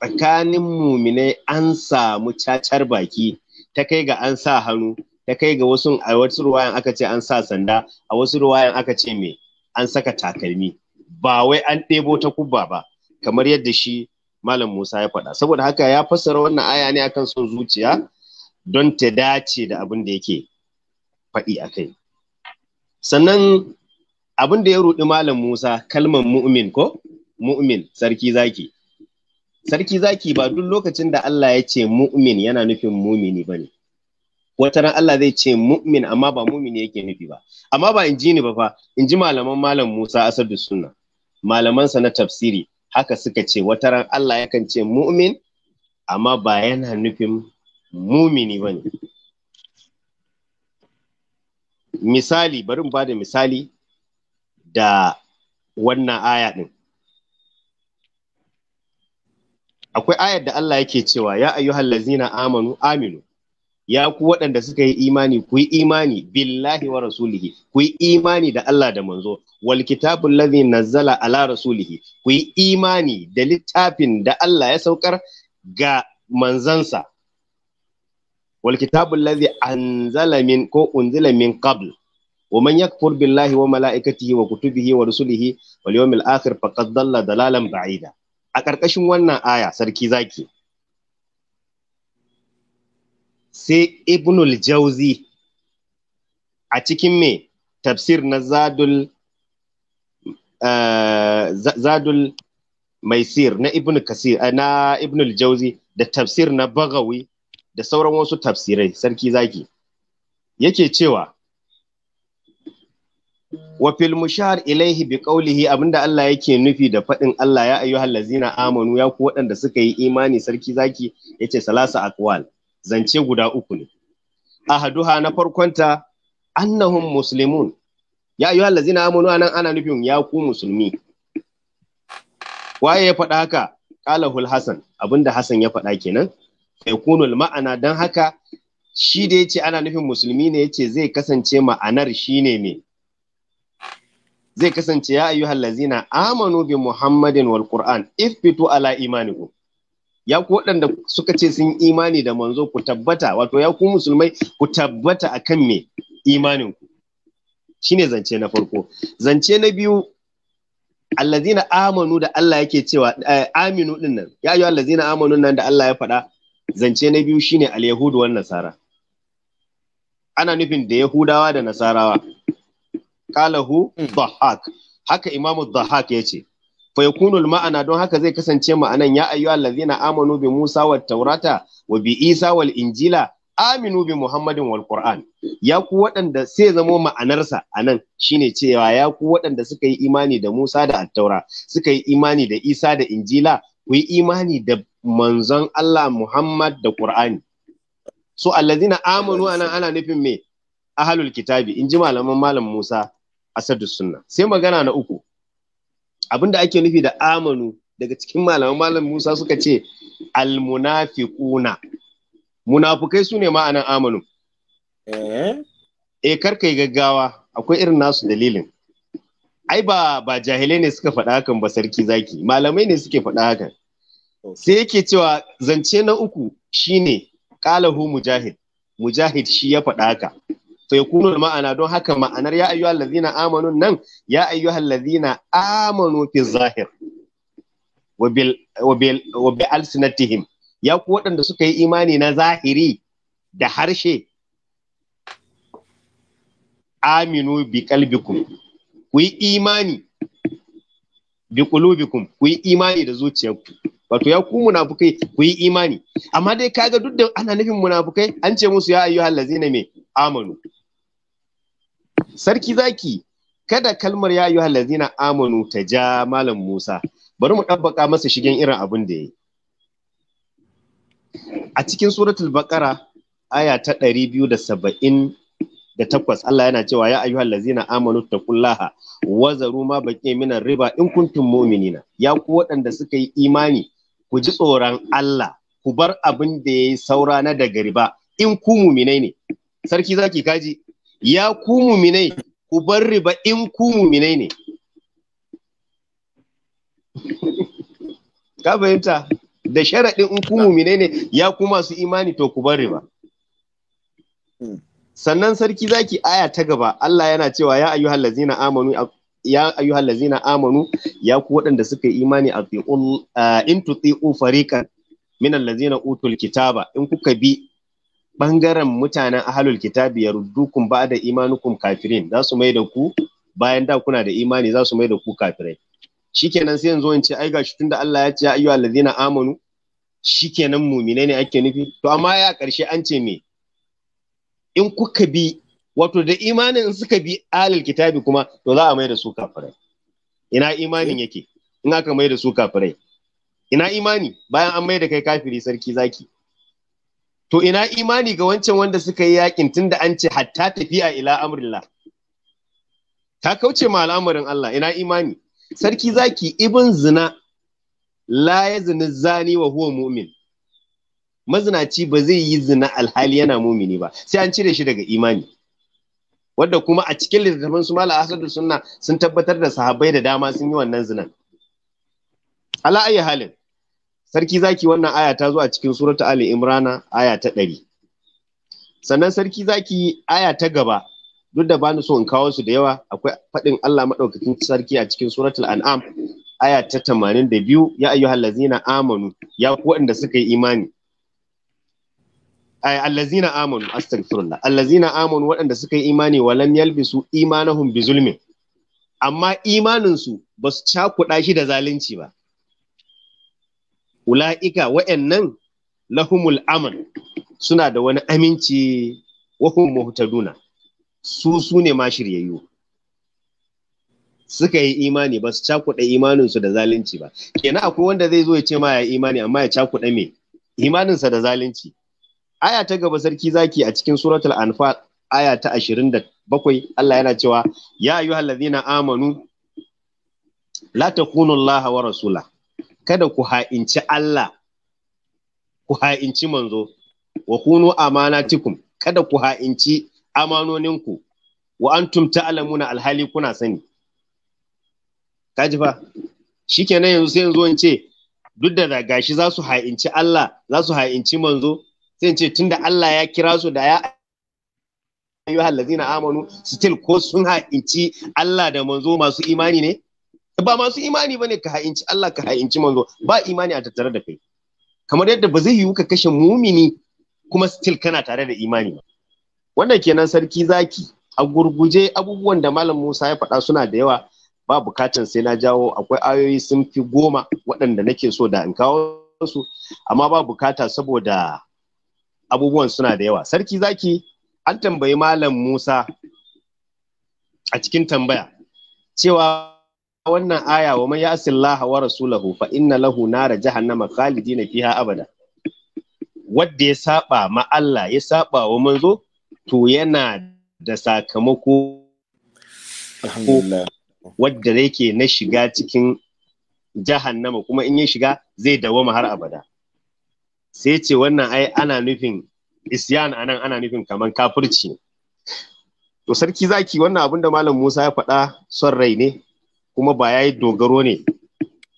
tsakanin muminai an samu cacar baki ta kai ga an sa hannu ta kai ga wasu a wasu ruwayan aka ce an sa sanda a wasu ruwayan aka ce me an saka takalmi ba wai an ɗebo ta kubba ba kamar yadda shi malam Musa ya faɗa saboda haka ya fassara wannan aya ne akan son zuciya don ta dace da abin da yake faɗi a kai sannan abin da ya ruɗi malam Musa kalmar mu'min ko mu'min sarki zaki sarki zaki ba duk lokacin da Allah ya ce mu'min yana nufin mumini bane wata ran Allah zai ce mu'min amma ba mumini yake nufi ba amma ba in ji ni ba fa in ji malaman malam Musa Asadu Sunna malamansa na tafsiri haka suka ce wata ran Allah yakan ce mu'min amma ba yana nufin mumini ba ne misali bari mu bada misali da wannan aya ɗin akwai ayar da Allah yake cewa ya ayyuhallazina amanu aminu ya ku waɗanda suka yi imani ku yi imani billahi wa rasulihi ku yi imani da Allah da manzo wal kitabul ladhi nazzala ala rasulihi ku yi imani da littafin da Allah ya saukar ga manzansa wal kitabul ladhi anzala min ko unzila min qabl wa man yakfur billahi wa malaikatihi wa kutubihi wa rusulihi wal yawmil akhir faqad dalla dalalan ba'ida a ƙarƙashin wannan aya sarki zaki sai ibnul jauzi a cikin me tafsir na zadul mai eh, zadul maisir na ibn kasir eh, na ibnul jauzi da tafsir na bagawi da sauran wasu tafsirai sarki zaki yake cewa wa fil mushar ilaihi bi qawlihi abinda Allah yake nufi da fadin Allah ya ayyuhal ladzina amanu ya ku waɗanda suka yi imani sarki zaki yace salasa aqwal zance guda uku ne ahaduha na farkonta annahum muslimun ya ayyuhal na amanu nan ana nufin ya ku musulmi waye ya faɗa haka qalahul Hassan, abinda Hassan ya faɗa kenan yakunul ma'ana don haka shi da ya ce ana nufin musulmi ne ya ce zai kasance ma'anar shi ne me zai kasance ya ayyuhal amanu bi muhammadin wal qur'an ifbitu ala imanikum ya ku waɗanda suka ce sun imani da manzo ku tabbata wato ya ku musulmai ku tabbata akan me imanin ku shine zance na farko zance na biyu allazina amanu da Allah yake cewa eh, aminu din nan ya ayyuhal allazina amanu nan da Allah ya faɗa zance na biyu shine ne yahudu wan nasara ana nufin da yahudawa da nasarawa qalahu hmm. dhahak haka imamu dhahak yace fayakunul ma'ana don haka zai kasance ma'anan ya ayyu allazina amanu bi Musa wat Taurata wa bi Isa wal Injila aminu bi Muhammadin wal Qur'an ya ku waɗanda sai zamo ma'anarsa anan shine cewa ya ku waɗanda suka yi imani da Musa da Attaura suka yi imani da Isa da Injila ku yi imani da manzon Allah Muhammad da Qur'ani so allazina amanu anan ana nufin me ahlul kitabi inji malaman malam Musa asadu sunna sai magana na uku Abin da ake nufi da amanu daga cikin malaman malam Musa suka ce almunafiquna munafukai su ne ma'anan amanu eh eh yi gaggawa akwai irin nasu dalilin ai ba ba jahilai ne suka faɗa hakan ba sarki zaki malamai ne suke faɗa hakan sai yake cewa zance na uku shine qalahu mujahid mujahid shi ya faɗa haka don haka ma'anar ya معنى يا أيها nan ya نن يا أيها fi zahir wa bi alsinatihim ya ku waɗanda suka yi imani na zahiri da harshe aminu bi kalbikum ku yi imani bi kulubikum ku yi imani da zuciyarku wato ya ku munafukai ku yi imani amma dai kaga duk da ana nufin munafukai an ce musu ya ayyuhal lazina me amanu sarki zaki kada kalmar ya yi halazina amanu ta ja malam musa bari mu ɗabbaka masa shigen irin abin da ya yi a cikin suratul baqara aya ta ɗari biyu da saba'in da takwas Allah yana cewa ya ayyuhal lazina amanu taqullaha wa zaru ma baqiya minar riba in kuntum mu'minina ya ku waɗanda suka yi imani ku ji tsoron Allah ku bar abin da yayi saura na daga riba in ku mu'minai ne sarki zaki kaji ya ku muminai ku bar riba in ku muminai ne ka fahimta da sharaɗin in ku muminai ne ya ku masu imani to ku bar riba sannan sarki zaki aya ta gaba Allah yana cewa ya ayyuhal ladzina amanu ya ayyuhal ladzina amanu ya ku waɗanda suka yi imani a in tuti'u fariqan min allazina utul kitaba in kuka bi bangaren mutanen ahalul kitabi ba ba'da imanukum kafirin za su mai da ku bayan da kuna da imani za su mai da ku kafirai shikenan sai yanzu in ce ai gashi tunda Allah ya ce ya ayyuhal ladzina amanu shikenan mu'mine ne ake nufi to amma ya karshe an ce me in kuka bi wato da imanin in suka bi ahalul kitabi kuma to za a mai da su kafirai ina imanin yake in aka mai da su kafirai ina imani bayan an mai da kai kafiri sarki zaki to ina imani ga wancan wanda suka yi yakin tunda an ce hatta a ila amrillah ta kauce ma al'amarin Allah ina imani sarki zaki ibn zina la ya zina zani wa huwa mu'min mazinaci ba zai yi zina alhali yana mumini ba sai an cire shi daga imani wadda kuma a cikin littattafan su mala asadu sunna sun tabbatar da sahabbai da dama sun yi wannan zinan ala ayi halin sarki zaki wannan aya ta zo a cikin surata ali imrana aya ta ɗari sannan sarki zaki aya ta gaba duk da bani so in kawo su da yawa akwai faɗin Allah maɗaukakin sarki a cikin suratul an'am aya ta tamanin da biyu ya ayyu lazina amanu ya ku waɗanda suka yi imani ay allazina amanu astagfirullah allazina amanu waɗanda suka yi imani wa lam yalbisu imanahum bi zulmin amma imanin su ba su cakuɗa shi da zalunci ba ula'ika waɗannan lahumul aman suna da wani aminci wahum muhtaduna su su ne ma shiryayyu suka yi imani ba su cakuɗa imaninsu da zalunci ba kenan akwai wanda zai zo ya ce ma ya imani amma ya cakuɗa me imaninsa da zalunci aya ta gaba sarki zaki a cikin suratul anfal aya ta 27 Allah yana cewa ya ayyuhallazina amanu la takunu Allah wa rasula kada ku ha'inci Allah ku ha'inci manzo wa kunu amanatikum kada ku ha'inci amanoninku wa antum ta'lamuna alhali kuna sani Kajifa, fa shikenan yanzu sai yanzu in ce duk da gashi za su ha'inci Allah za su ha'inci manzo sai ce tunda Allah ya kira su da ya ayyuhal amanu still ko sun ha'inci Allah da manzo masu imani ne ba masu imani bane ka ha'inci Allah ka ha'inci manzo ba imani a tattare da kai kamar yadda ba zai yiwu ka kashe mumini kuma still kana tare da imani ba wannan kenan sarki zaki a gurguje abubuwan da malam Musa ya faɗa suna da yawa ba bukatan sai na jawo akwai ayoyi sun fi goma waɗanda nake so da in kawo su amma ba bukata saboda abubuwan suna da yawa sarki zaki an tambayi malam musa a cikin tambaya cewa wannan aya wa man ya'si laha wa rasulahu fa inna lahu nara jahannama khalidina fiha abada wanda ya saba ma Allah ya saba wa manzo to yana da sakamako wadda yake na shiga cikin jahannama kuma in ya shiga zai dawama har abada sai ce wannan ai ana nufin isyan anan ana nufin kaman kafirci to sarki zaki wannan abin da malam Musa ya faɗa son rai ne kuma ba ya yi dogaro ne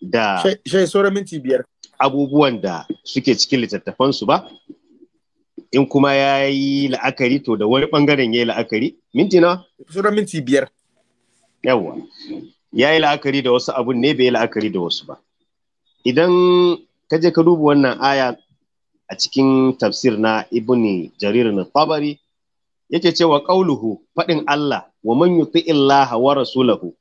da abubuwan da suke cikin littattafansu ba in kuma ya yi la'akari to da wani bangaren ya yi la'akari minti na sauran minti biyar yawwa ya yi la'akari da wasu abun ne bai yi la'akari da wasu ba idan ka je ka duba wannan aya a cikin tafsir na ibn jarir na tabari yake cewa ƙauluhu faɗin Allah wa man yuti illaha wa rasulahu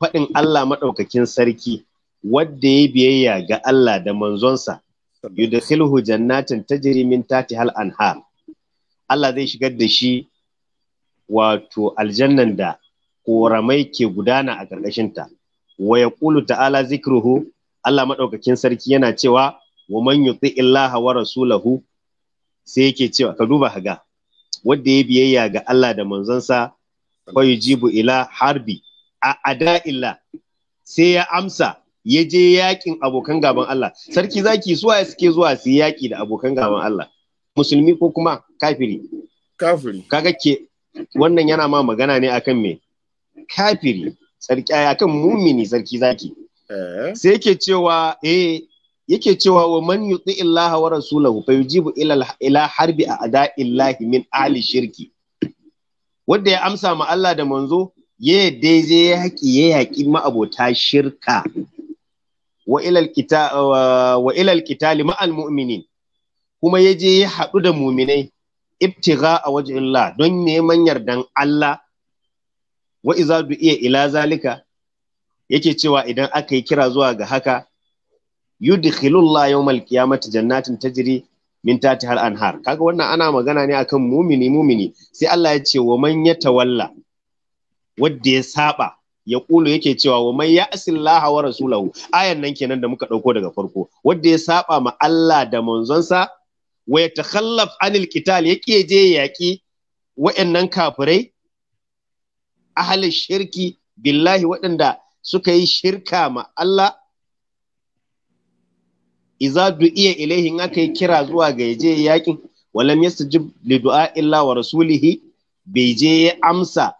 faɗin Allah maɗaukakin sarki wadda ya biyayya ga Allah da manzonsa yudkhilhu jannatin ta min tati hal anhar Allah zai shigar da shi wato aljannan da koramai ke gudana a ƙarƙashinta wa yaqulu ta'ala zikruhu Allah maɗaukakin sarki yana cewa wa man yuti illaha wa rasulahu sai yake cewa ka duba haga wanda ya biyayya ga Allah da manzonsa fa yujibu ila harbi a ada'illah sai ya amsa ya je yakin abokan gaban Allah sarki zaki suwa suke zuwa su yaki da abokan gaban Allah musulmi ko kuma kafiri kafiri kaga ke wannan yana ma magana ne akan me kafiri sarki akan mumini sarki zaki eh. sai yake cewa eh yake cewa wa man yuti illaha wa rasulahu fa yujibu ila ila harbi a ada illahi min ali shirki wanda ya amsa ma Allah da manzo ya dai zai ya haƙi ya yaƙi ma'abota shirka wa ilal kitali al mu'minin kuma ya je ya haɗu da muminai ibtiga a Allah don neman yardan Allah wa iza iya ila zalika yake cewa idan aka yi kira zuwa ga haka yudkhilullah yawmal qiyamati jannatin tajri min tahtiha anhar kaga wannan ana magana ne akan mumini mumini sai Allah ya ce wa man yatawalla wadda ya saba ya kulu yake cewa wa mai ya asillaha wa rasulahu ayan nan kenan da muka ɗauko daga farko Wadda ya saba ma Allah da manzonsa wa ya takhallaf anil qital yake je yaki wayannan kafirai ahli shirki billahi waɗanda suka yi shirka ma Allah iza du'iya ilaihin aka yi kira zuwa ga yaje yakin walam yastajib li du'a illa wa rasulihi bai je ya amsa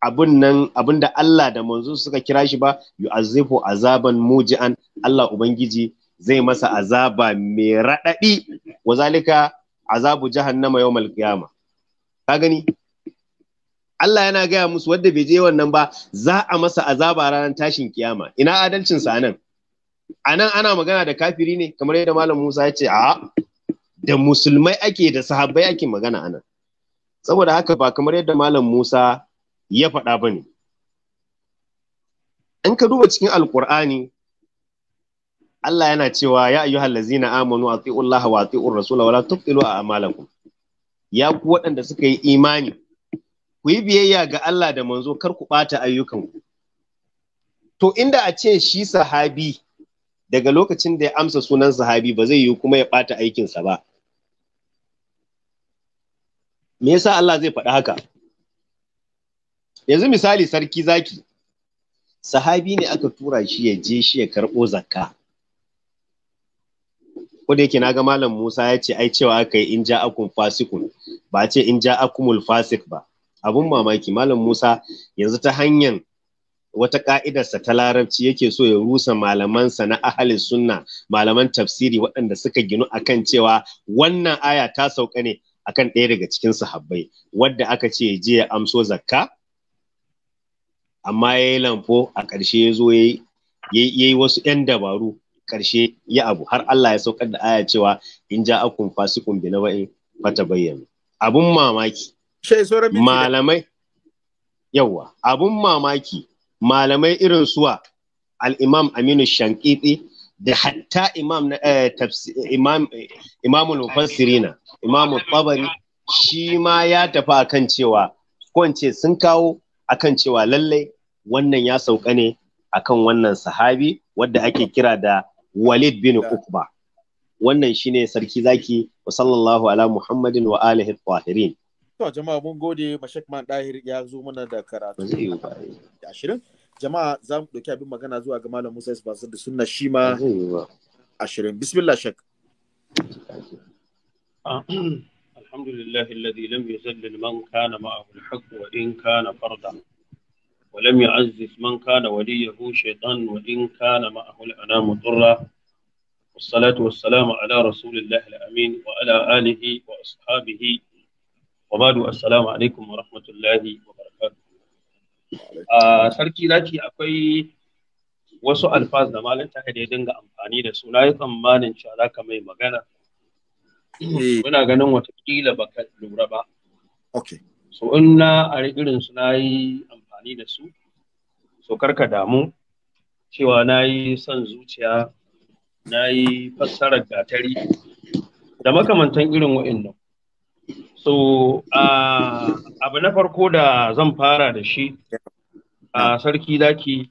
abun nan abun da Allah da manzo suka kira shi ba yu'azzifu azaban muji'an Allah ubangiji zai masa azaba mai raɗaɗi wa zalika azabu jahannama yawmal qiyama ka gani Allah yana gaya musu wadda bai je wannan ba za a masa azaba ranar tashin kiyama ina adalcin sa nan anan ana magana da kafiri ne kamar yadda malam Musa ya ce a da musulmai ake da sahabbai ake magana anan saboda haka ba kamar yadda malam Musa ya faɗa ba ne in ka duba cikin Alƙur'ani, Allah yana cewa ya amonu a amanu atiullaha wa atiur rasula wala a amalanku. ya ku waɗanda suka yi imani ku yi biyayya ga Allah da manzo kar ku ɓata ayyukanku to inda a ce shi sahabi daga lokacin da ya amsa sunan sahabi ba zai yi kuma ya ɓata aikinsa ba me yasa Allah zai faɗi haka yanzu misali sarki zaki sahabi ne aka tura shi ya je shi ya karɓo zakka ko da yake naga malam Musa ya ce ai cewa aka yi in ja akun fasikun ba ce in ja akumul fasik ba abun mamaki malam Musa yanzu ta hanyar wata ka'idarsa ta larabci yake so ya rusa malamansa na ahalin sunna malaman tafsiri waɗanda suka ginu akan cewa wannan aya ta sauka ne akan ɗaya daga cikin sahabbai wadda aka ce ya je ya amso zakka amma ya yi lamfo a ƙarshe ya zo ya yi wasu 'yan dabaru ƙarshe ya abu har Allah ya saukar da aya cewa in ja akun fasikun bi na ba'in fata bayyana abun mamaki malamai yawa abun mamaki malamai irin suwa al-imam Aminu Shankiti da hatta imam na eh, imam imamul mufassirina imamul tabari shi ma ya tafi akan cewa kwance sun kawo akan cewa lallai wannan ya sauka ne akan wannan sahabi wadda ake kira da Walid bin Uqba wannan shine sarki zaki wa sallallahu ala Muhammadin wa alihi tahirin
to jama'a mun gode Mashak Man Dahir ya zo mana da karatu 20 jama'a za mu ɗauki abin magana zuwa ga Malam Musa Isbasir da sunna shi ma 20 bismillah shak
الحمد لله الذي لم يذلل من كان معه الحق وإن كان فردا ولم يعزز من كان وليه شيطان وإن كان معه الأنام ضرا والصلاة والسلام على رسول الله الأمين وعلى آله وأصحابه وبعد السلام عليكم ورحمة الله وبركاته آه سركي لاتي أكوي wasu alfaz da malam ta da ya dinga amfani da su na yi tsammanin shara ka mai magana Eh. muna ganin watakila ba ka lura ba Ok. so in na ari irin su na yi amfani da su so karka damu cewa na yi son zuciya na yi fassarar gatari da makamantan irin nan. so uh, abu na farko da zan fara da shi a uh, sarki daki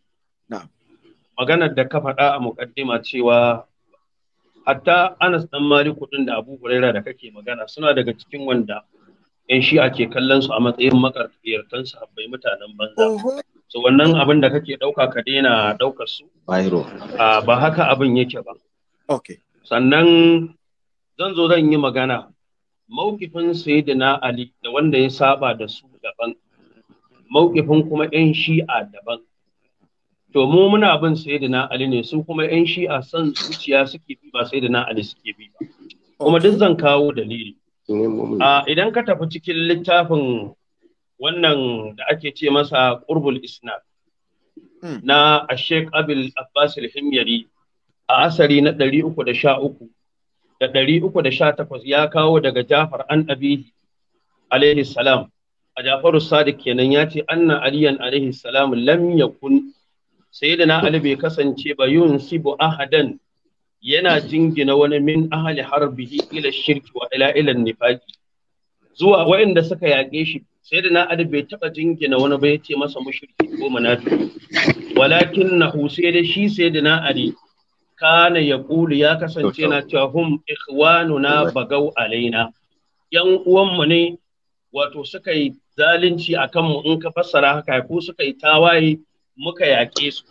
maganar da ka faɗa a muƙaddima cewa hatta Anas dan Maliku din da Abu Huraira da kake magana suna daga cikin wanda yan shi'a ke kallon su a matsayin makarfiyartan bai mutanen banza so wannan abin da kake dauka ka daina daukar su
ba
haka abin yake ba okay sannan zan zo zan yi magana mawkifin sayyidina Ali da wanda ya saba da su daban mawkifin kuma yan shi'a daban to mu muna bin sayyidina ali ne su kuma yan shi'a san zuciya suke bi ba sayyidina ali suke bi ba kuma duk zan kawo dalili a idan ka tafi cikin littafin wannan da ake ce masa qurbul isnad hmm. na ashek abil abbas himyari a asari na 313 da 318 ya kawo daga jafar an abihi alaihi salam a jafaru sadiq kenan ya ce anna aliyan alaihi salam lam yakun sayyidina ali bai kasance ba yunsibu ahadan yana jingina wani min ahli harbihi ila shirki wa ila ila zuwa waɗanda suka yaƙe shi sayyidina ali bai taba jingina wani ba yace masa mushriki ko munafiki walakin nahu sai da shi sayyidina ali kana yaqulu ya kasance na cewa hum na bagau alaina yan uwanmu ne wato suka yi zalunci akanmu in ka fassara haka ko suka yi tawaye muka yaƙe su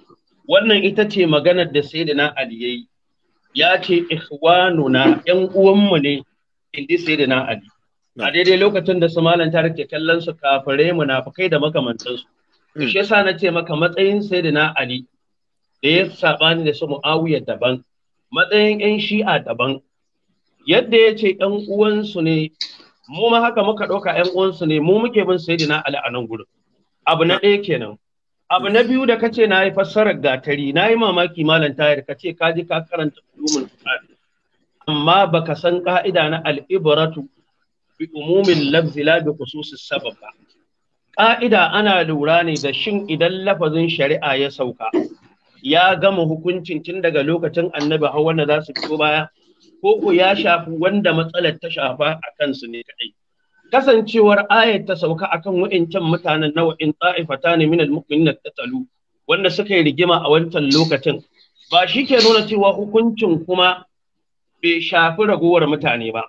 wannan ita ce maganar da sai na Ali yayi ya ce ikhwanuna 'yan uwanmu ne inda sai na Ali a daidai lokacin da su malam tarik ke kallon su na fakai da makamantansu hmm. shi yasa na ce maka matsayin sai na Ali da ya ni da su Muawiya daban matsayin ƴan shi'a daban yadda ya ce ‘yan uwansu ne, mu ma haka muka ɗauka ‘yan uwansu ne, mu muke bin na Ali a nan gurin. Abu na ɗaya kenan. abu na biyu da ka ce na yi fassarar gatari na yi mamaki malam tayar ka ce ka ji ka karanta ulumul qur'ani amma baka san ka'ida na Alibaratu bi umumin lafzi la bi khususis sabab ba ka'ida ana lura ne da shin idan lafazin shari'a ya sauka ya gama hukuncin tun daga lokacin annabi har wanda za su fito baya ko ko ya shafi wanda matsalar ta shafa a kansu ne kadai kasancewar ayat ta sauka akan wa'incan mutanen na wa'in ta'ifata ne minal mu'minina tatalu wanda suka yi rigima a wancan lokacin ba shi ke nuna cewa hukuncin kuma bai shafi ragowar mutane ba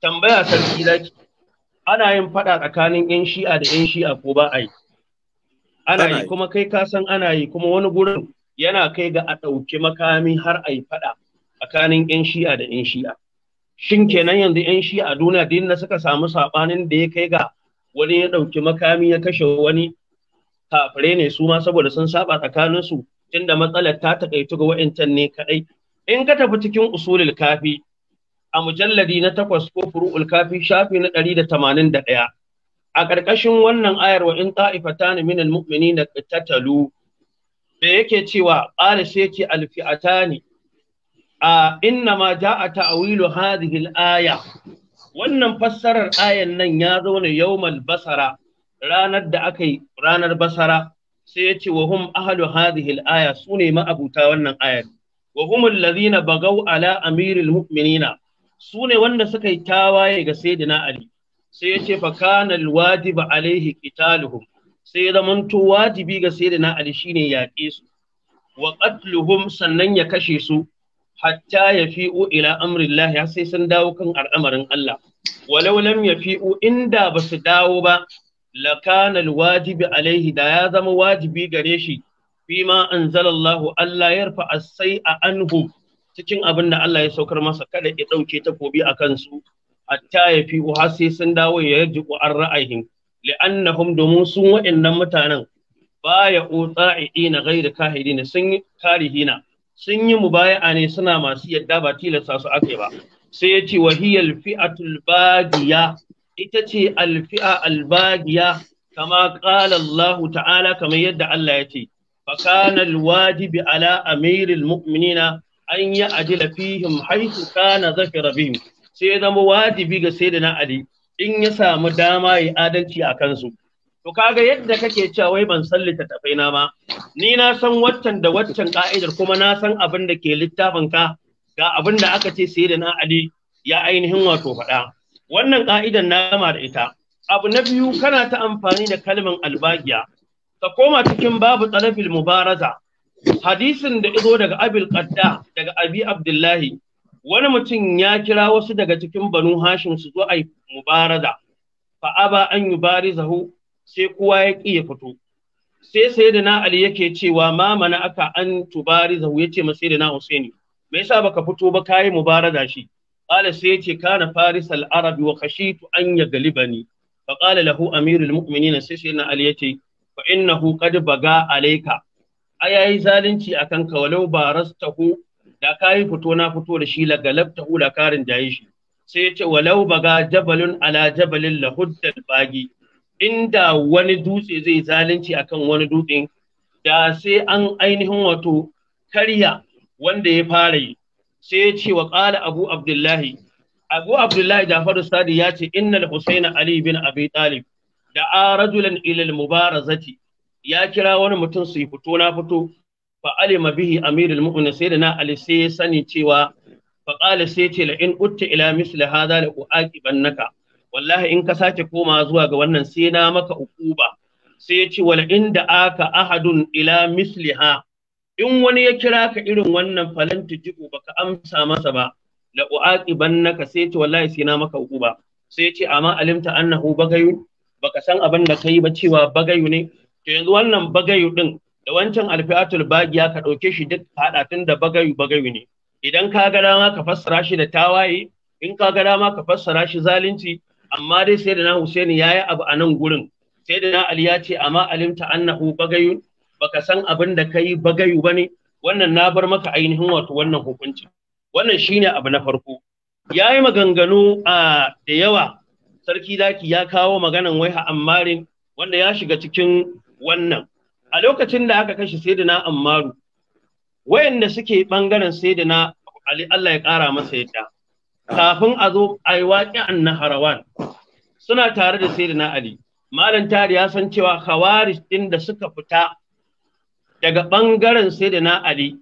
tambaya sarki zaki ana yin fada tsakanin yan shi'a da yan shi'a ko ba a yi ana yi kuma kai ka san ana yi kuma wani gurin yana kai ga a ɗauki makami har a yi fada tsakanin yan shi'a da yan shi'a shin kenan yanzu yan shi a duniya din na suka samu sabanin da ya kai ga wani ya ɗauki makami ya kashe wani kafire ne su ma saboda sun saba tsakanin su tunda matsalar ta takaitu ga wayancan ne kadai in ka tafi cikin usulul kafi a mujalladi na takwas ko furu'ul kafi shafi na ɗari da tamanin da ɗaya a ƙarƙashin wannan ayar wa in ta'ifatan min al-mu'minina qatatalu da yake cewa qala sai ce al-fi'atani a inna ma ja'a ta'wilu hadhihi aya wannan fassarar ayan nan ya zo ne yawmal basara ranar da aka yi ranar basara sai ya ce wa hum ahlu hadhihi al-aya sune ma'abuta wannan ayar wa hum alladhina bagaw ala amiril mu'minina sune wanda suka yi tawaye ga sayyidina ali sai ya ce fa kana al-wajib alaihi qitaluhum sai ya zamanto wajibi ga sayyidina ali shine yaƙe su wa qatluhum sannan ya kashe su hatta ya fi'u ila amrillah ya sai sun dawo kan al'amarin Allah walau lam ya inda ba su dawo ba lakanal wajibi alaihi da ya zama wajibi gare shi fima anzalallahu Allah ya rufa asai a anhu cikin abin da Allah ya saukar masa kada ya dauke takobi a kansu hatta ya fi'u har sai sun dawo ya yaji an ra'ayin li'annahum domin sun waɗannan mutanen baya utsa'i ina ghairi kahirina sun karihina sun yi mubaya'a ne suna masu yadda ba tilasta su aka ba sai ya ce wahiyal fi'atul bagiya ita ce alfi'a albagiya kama qala Allah ta'ala kamar yadda Allah ya ce fa wajibi alwajibi ala amiril mu'minina an ya ajila fihim haythu kana zafi bihim sai zama wajibi ga sayyidina Ali in ya samu dama ya adalci a kansu To kaga yadda kake cewa wai ban san littattafai na ba, ni na san waccan da waccan ka'idar kuma na san abin da ke littafin ka ga abin da aka ce sai da na Ali ya ainihin wato faɗa. Wannan ka'idar na gama da ita. Abu na biyu kana ta amfani da kalmar albagiya. Ka koma cikin babu talafil mubaraza. Hadisin da izo daga Abil Qadda daga Abi Abdullahi wani mutum ya kira wasu daga cikin Banu Hashim su zo ai mubaraza. Fa'aba an yubarizahu sai kowa ya ƙi ya fito sai sayyidina ali yake cewa ma mana aka an tubari zahu yace ma sayyidina husaini me yasa baka fito ba kayi mubarada shi qala sai yace kana faris al arabi wa khashitu an galibani fa qala lahu amirul mu'minin sai sayyidina ali yace fa innahu qad baga alayka ayayi zalunci akan ka walau barastahu da kayi fito na fito da shi la galabtahu la karin jayi shi sai yace walau baga jabalun ala jabalin lahuddal bagi inda wani dutse zai zalunci akan wani dutsen da sai an ainihin wato karya wanda ya fara yi sai ya ce wa ƙala abu abdullahi abu abdullahi jafaru sadi ya ce innal husain ali bin abi talib da a rajulan ilal mubarazati ya kira wani mutum su yi fito na fito fa alima bihi amirul mu'minin sai da na ali sai ya sani cewa fa qala sai ce la in utta ila misli hadha la uaqibanaka wallahi in ka sake koma zuwa ga wannan sai na maka ukuba sai ya ce wal inda aka ahadun ila misliha in wani ya kira ka irin wannan falan tujibu baka amsa masa ba la uaqibannaka sai ya ce wallahi sai na maka ukuba sai ya ce amma alimta annahu bagayu baka san abin da kai ba cewa bagayu ne to yanzu wannan bagayu din da wancan alfi'atul bagiya ka ɗauke shi duk haɗa tun da bagayu bagayu ne idan ka ga dama ka fassara shi da tawaye in ka ga dama ka fassara shi zalunci amma dai sai da na Hussein ya yi abu a nan gurin sai da na Ali ya ce amma alimta annahu bagayu baka san abin da kai bagayu bane wannan na bar maka ainihin wato wannan hukunci wannan shine abu na farko ya yi maganganu a da yawa sarki zaki ya kawo maganan ha ammarin wanda ya shiga cikin wannan a lokacin da aka kashe na ammaru wayanda suke bangaren na, Ali Allah ya kara masa yadda kafin a zo a yi waƙi an suna tare da na ali malam tari ya san cewa khawarij din da suka fita daga bangaren na ali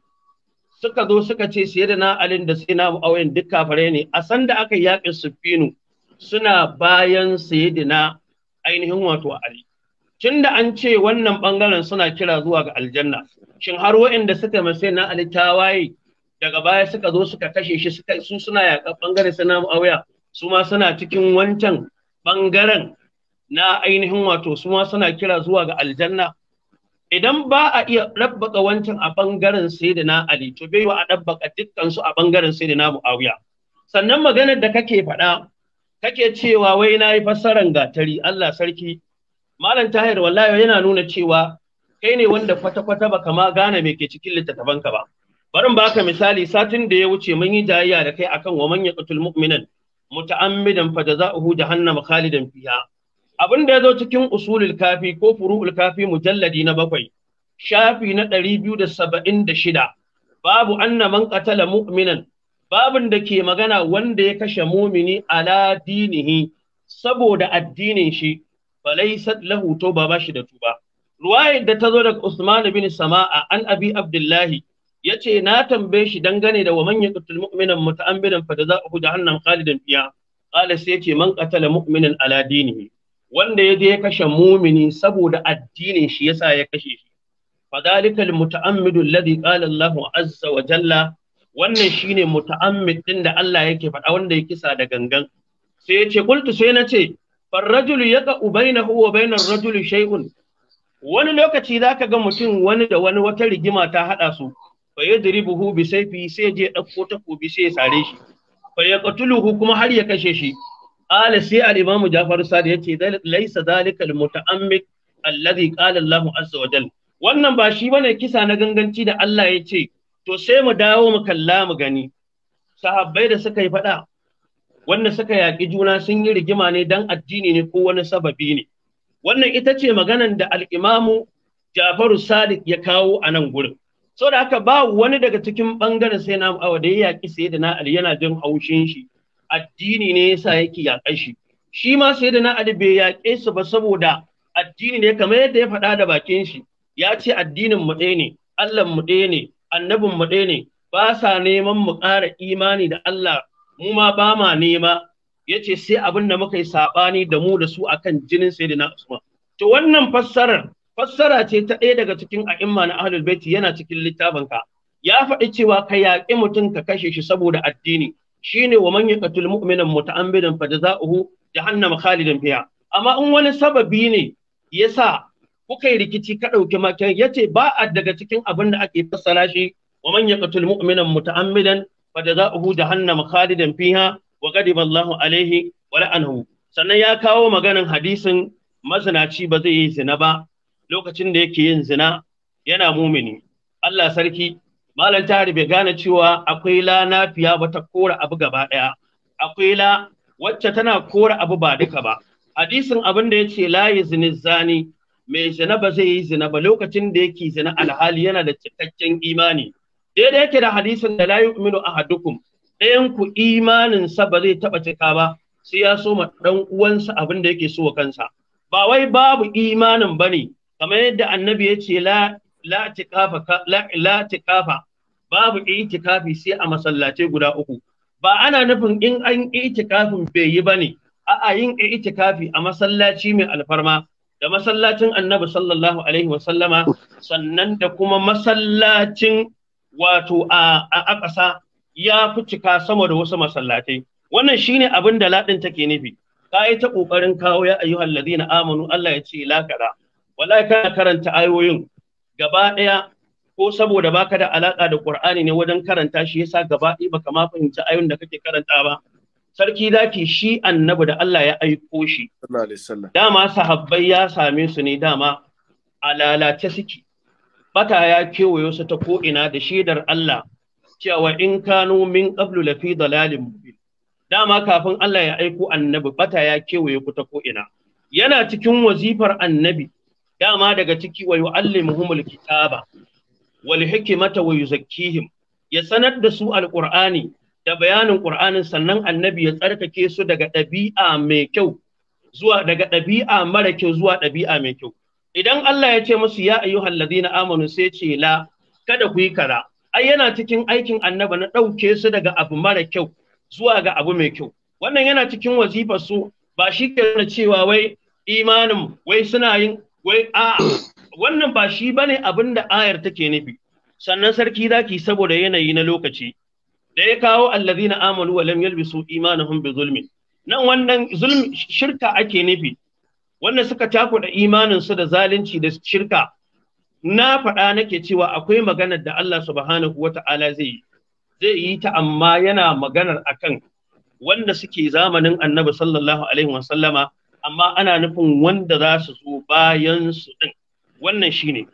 suka zo suka ce na ali da na muawiya duk kafare ne a san da aka yaƙi sufinu suna bayan na ainihin wato ali tun da an ce wannan bangaren suna kira zuwa ga aljanna shin har waɗanda suka masai na ali waye? daga baya suka zo suka kashe shi suka su suna yaƙa bangaren suna na su ma suna cikin wancan bangaren na ainihin wato su ma suna kira zuwa ga aljanna idan ba a iya ɗabbaka wancan a bangaren sayyidina Ali to bai wa a ɗabbaka dukkan su a bangaren sayyidina Muawiya sannan maganar da kake faɗa kake cewa wai na yi fassaran gatari Allah sarki malam tahir wallahi yana nuna cewa kai ne wanda kwata-kwata baka ma gane me ke cikin littattafanka ba barin baka misali satin da ya wuce mun yi jayayya da kai akan wa man yaqtul mu'minan muta'ammidan fa jazaohu jahannam khalidan fiha abin da ya zo cikin usulul kafi ko furu'ul kafi mujalladi na bakwai shafi na ɗari biyu da saba'in da shida babu anna man qatala mu'minan babin da ke magana wanda ya kashe mumini ala dinihi saboda addinin shi falaisat lahu ba shi da tuba ruwayar da ta zo daga Usman bin Sama'a an Abi Abdullahi yace na tambaye shi dangane da waman yaqtul mu'minan muta'ammidan fa jazaohu jahannam khalidan fiha qala sai yace man qatala mu'minan ala dinihi wanda ya je ya kashe mumini saboda addinin shi yasa ya kashe shi fa zalikal muta'ammidu alladhi qala Allahu azza wa jalla wannan shine muta'ammid din da Allah yake faɗa wanda ya kisa da gangan sai yace qultu sai na ce فالرجل يقع بينه وبين الرجل شيء wani lokaci za ka ga mutum wani da wani wata rigima ta haɗa su fa buhu bi sayfi sai je dauko takobi sai ya sare shi fa kuma har ya kashe shi qala sai al-imam Ja'far sadi yace laysa zalikal muta'ammid alladhi qala Allahu azza wa jalla wannan ba shi bane kisa na ganganci da Allah ya ce to sai mu dawo mu kalla mu gani sahabbai da suka yi faɗa wanda suka yaƙi juna sun yi rigima ne dan addini ne ko wani sababi ne wannan ita ce maganan da al-imamu Jafaru Sadiq ya kawo a nan gurin so da haka ba wani daga cikin bangaren sai na awa da ya yaƙi sai da na ali yana jin haushin shi addini ne yasa yake yaƙa shi shi ma sai da na ali bai yaƙe su ba saboda addini ne kamar yadda ya faɗa da bakin shi ya ce addinin mu ɗaya ne Allah mu ɗaya ne annabin mu ɗaya ne ba sa neman mu ƙara imani da Allah mu ma ba ma nema ya ce sai abin da muka yi saɓani da mu da su akan jinin sai da na usman to wannan fassarar fassara ce ta ɗaya daga cikin a'imma na ahlul baiti yana cikin littafin ka ya faɗi cewa ka yaƙi mutum ka kashe shi saboda addini shine wa man yaqtul mu'mina muta'ammidan fa jazaohu jahannam khalidan fiha amma in wani sababi ne yasa kuka yi rikici ka ɗauki makin yace ba a daga cikin abin da ake fassara shi wa man yaqtul mu'mina muta'ammidan fa jazaohu jahannam khalidan fiha wa ghadiba Allahu alaihi wa la'anahu sannan ya kawo maganan hadisin mazinaci ba zai yi zina ba lokacin da yake yin zina yana mumini Allah sarki malam ta bai gane cewa akwai la nafiya ba ta kora abu gaba ɗaya akwai la wacce tana kora abu ba duka ba hadisin abin da ce la yazni zani mai zina ba zai yi zina ba lokacin da yake zina alhali yana da cikakken imani daidai yake da hadisin da la yu'minu ahadukum ɗayan ku imaninsa sa ba zai taba cika ba sai ya so ma dan uwansa abin da yake so kansa ba wai babu imanin bane kamar yadda annabi ya ce la babu itikafi sai a masallace guda uku ba ana nufin in an itikafin bai yi ba ne. a'a yin itikafi a masallaci mai alfarma da masallacin annabi sallallahu alaihi wa sannan da kuma masallacin wato a Akasa ƙasa ya fi cika sama da wasu masallatai wannan shine abin da ladin take nufi ka yi ta ƙoƙarin kawo ya ayyuhal ladina amanu Allah ya ce la wallahi kana karanta ayoyin gaba ɗaya ko saboda baka da alaka da Qur'ani ne wajen karanta shi yasa gaba ɗaya baka ma fahimci ayoyin da kake karanta ba sarki zaki shi annabi da Allah ya aiko shi dama sahabbai ya same su ne dama a lalace suke bata ya kewayo su ta ko'ina da shaidar Allah cewa in kanu min qablu lafi dalalin mubin dama kafin Allah ya aiko annabi bata ya kewaye ku ta ko'ina yana cikin wazifar annabi dama daga ciki wa yu'allimuhumul kitaba wal hikmata wa yuzakkihim ya sanar da su alqur'ani da bayanin qur'anin sannan annabi ya tsarkake su daga ɗabi'a mai kyau zuwa daga ɗabi'a mara kyau zuwa ɗabi'a mai kyau idan Allah ya ce musu ya ayyuhal ladina amanu sai ce la kada ku yi kara ai yana cikin aikin annaba na ɗauke su daga abu mara kyau zuwa ga abu mai kyau wannan yana cikin wazifar su ba shi ke cewa wai imanin wai suna yin wai a wannan ba shi bane abin da ayar take nufi sannan sarki zaki saboda yanayi na lokaci da ya kawo allazina amanu wa lam yalbisu imanahum bi zulmi nan wannan zulm shirka ake nufi wanda suka takuda imanin su da zalunci da shirka na faɗa nake cewa akwai maganar da Allah subhanahu Ta'ala zai yi zai yi ta amma yana maganar akan wanda suke zamanin annabi sallallahu alaihi amma ana nufin wanda za su zo bayan su din wannan shine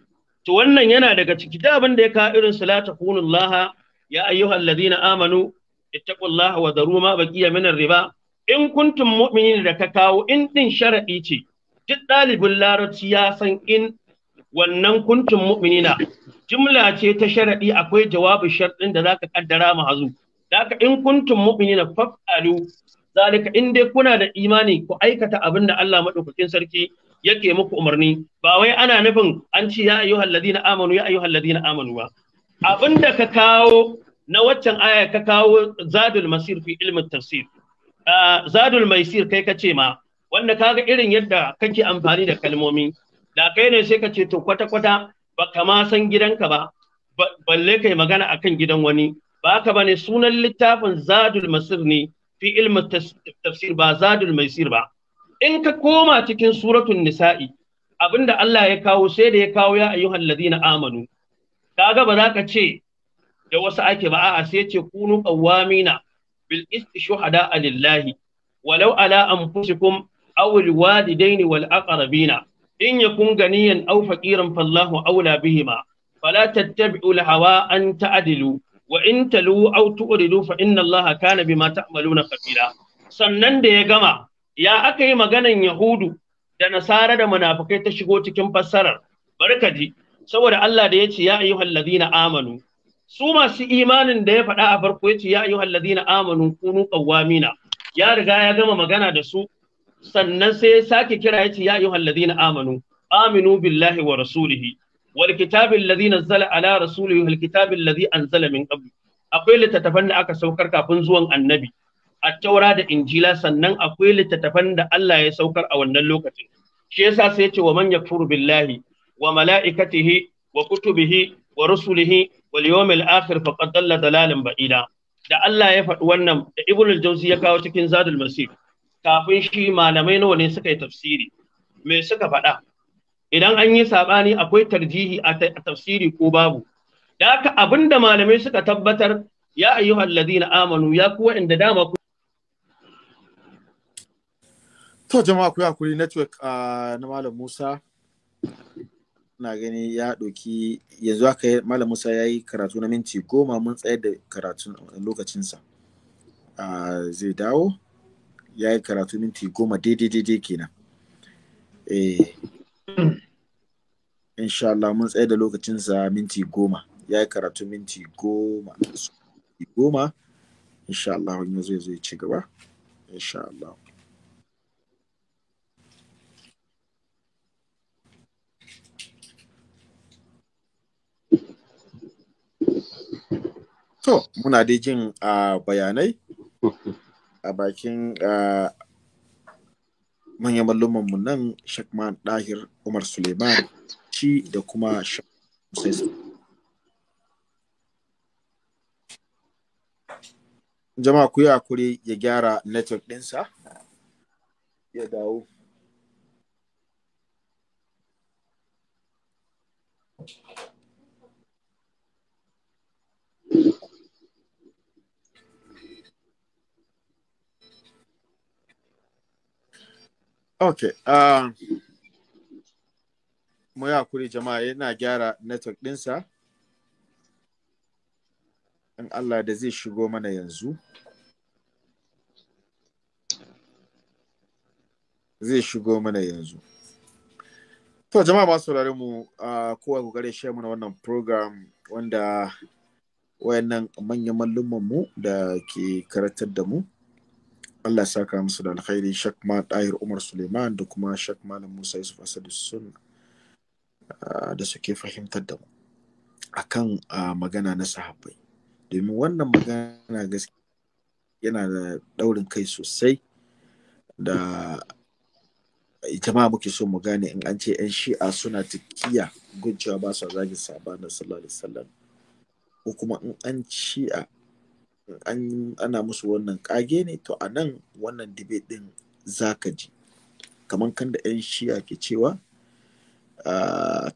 to wannan yana daga ciki da abin da ya ka irin salata kunullaha ya ayyuhal ladina amanu ittaqullaha wa daru ma baqiya min riba in kuntum mu'minin da ka kawo in din sharadi ce duk dalibin larabci ya san in wannan kuntum mu'minina jumla ce ta sharadi akwai jawabin sharɗin da zaka kaddara mu hazu Daka in kuntum mu'minina faf'alu zalika in dai kuna da imani ku aikata abin da Allah madaukakin sarki yake muku umarni ba wai ana nufin an ce ya ayyuhal ladina amanu ya ayyuhal ladina amanu ba abin da ka kawo na waccan aya ka kawo zadul masir fi ilmin tafsir zadul maisir kai ka ce ma wanda kaga irin yadda kake amfani da kalmomi da kai ne sai ka ce to kwata kwata ba kama san gidanka ba balle kai magana akan gidan wani ba haka bane sunan littafin zadul masir ne fi ilmin tafsir ba zadul maisir ba in ka koma cikin suratun nisa'i abinda Allah ya kawo sai da ya kawo ya ayyuhal ladina amanu kaga ba za ka ce da wasu ake ba a sai ce kunu qawamina bil qist shuhada lillahi walau ala kum aw al walidaini wal aqrabina in yakun ganiyan aw faqiran fallahu awla bihima fala tattabi'u al hawa an ta'dilu wa in talu aw tu'ridu fa inna Allah kana bima ta'maluna khabira sannan da ya gama ya aka yi maganan yahudu da nasara da munafukai ta shigo cikin fassarar barkaji saboda Allah da yace ya ayyuhal ladina amanu su masu imanin da ya faɗa a farko yace ya ayyuhal ladina amanu kunu qawamina ya riga ya gama magana da su sannan sai ya sake kira yace ya ayyuhal ladina amanu aminu billahi wa rasulihi wal kitabil ladhi nazzala ala rasulihi wal kitabil ladhi anzala akwai littattafan da aka saukar kafin zuwan annabi attaura, taura da injila sannan akwai littattafan da Allah ya saukar a wannan lokacin shi yasa sai ya ce wa man yakfuru billahi wa mala'ikatihi wa kutubihi wa rusulihi wal yawmil akhir faqad dalla dalalan ba'ida da Allah ya faɗi wannan da ibnul al-Jawzi ya kawo cikin Zadul Masih kafin shi malamai nawa ne suka yi tafsiri me suka faɗa idan an yi saɓani akwai tarjihi a tafsiri ko babu da haka abinda malamai suka tabbatar ya ayyuhal ladina amanu ya kuwa inda dama ku
to jama'a ku hakuri network ah, na malam Musa na gani ya ɗauki yanzu yi malam Musa ya yi karatu na minti goma mun tsayar da karatu ah, lokacinsa ah, zai dawo ya yi karatu minti goma daidai daidai kenan eh insha Allah mun tsaye da lokacinsa minti goma ya yi karatu minti goma goma insha Allah in zo ya ci gaba insha Allah to muna dai jin ah, bayanai a bakin ah, manyan malluman mu nan Shakman Dahir Umar Suleiman shi da kuma Hussein jama'a ku yi hakuri ya gyara network ɗinsa ya dawo Thank you. ok uh, um, ya kuri jama'a yana gyara network ɗinsa in allah da zai shigo mana yanzu zai shigo mana yanzu to jama'a masu saurare mu uh, kowa kokarin share mana wannan program wanda wayannan manyan mallumman mu da ke karatar da mu Allah ya saka musu da alkhairi Shak ma Umar Suleiman da kuma Shak Malam Musa Yusuf Asadu sun ah, da suke fahimtar da mu akan ah, magana na sahabbai domin wannan magana gaskiya yana da ɗaurin kai sosai da jama'a muke so mu gane in an ce 'yan shi'a suna tikiya gujewa ba su zagin sabanin sallallahu alaihi wasallam ko kuma in an shi'a an ana musu wannan kage ne to a nan wannan debate din zaka ji kamar kan da 'yan shiya ke cewa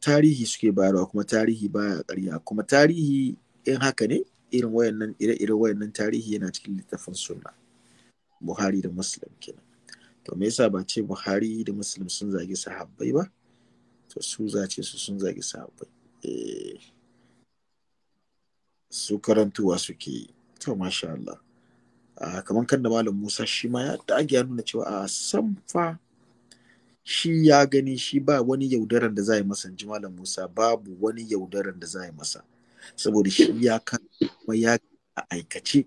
tarihi suke bayarwa kuma tarihi baya karya kuma tarihi in haka ne irin wayannan ire ire wayannan tarihi yana cikin littafin sunna buhari da muslim kenan to me yasa ba ce buhari da muslim sun zagi sahabbai ba to su za ce su sun zagi sahabbai eh, su karantuwa suke yi to masha Allah ah, kamar kan da malam Musa shi ma ya dage ya nuna cewa a ah, san fa shi ya gani shi ba wani yaudaran da za yi masa ji malam Musa babu wani yaudaran da za masa saboda shi ya ka ya a aikace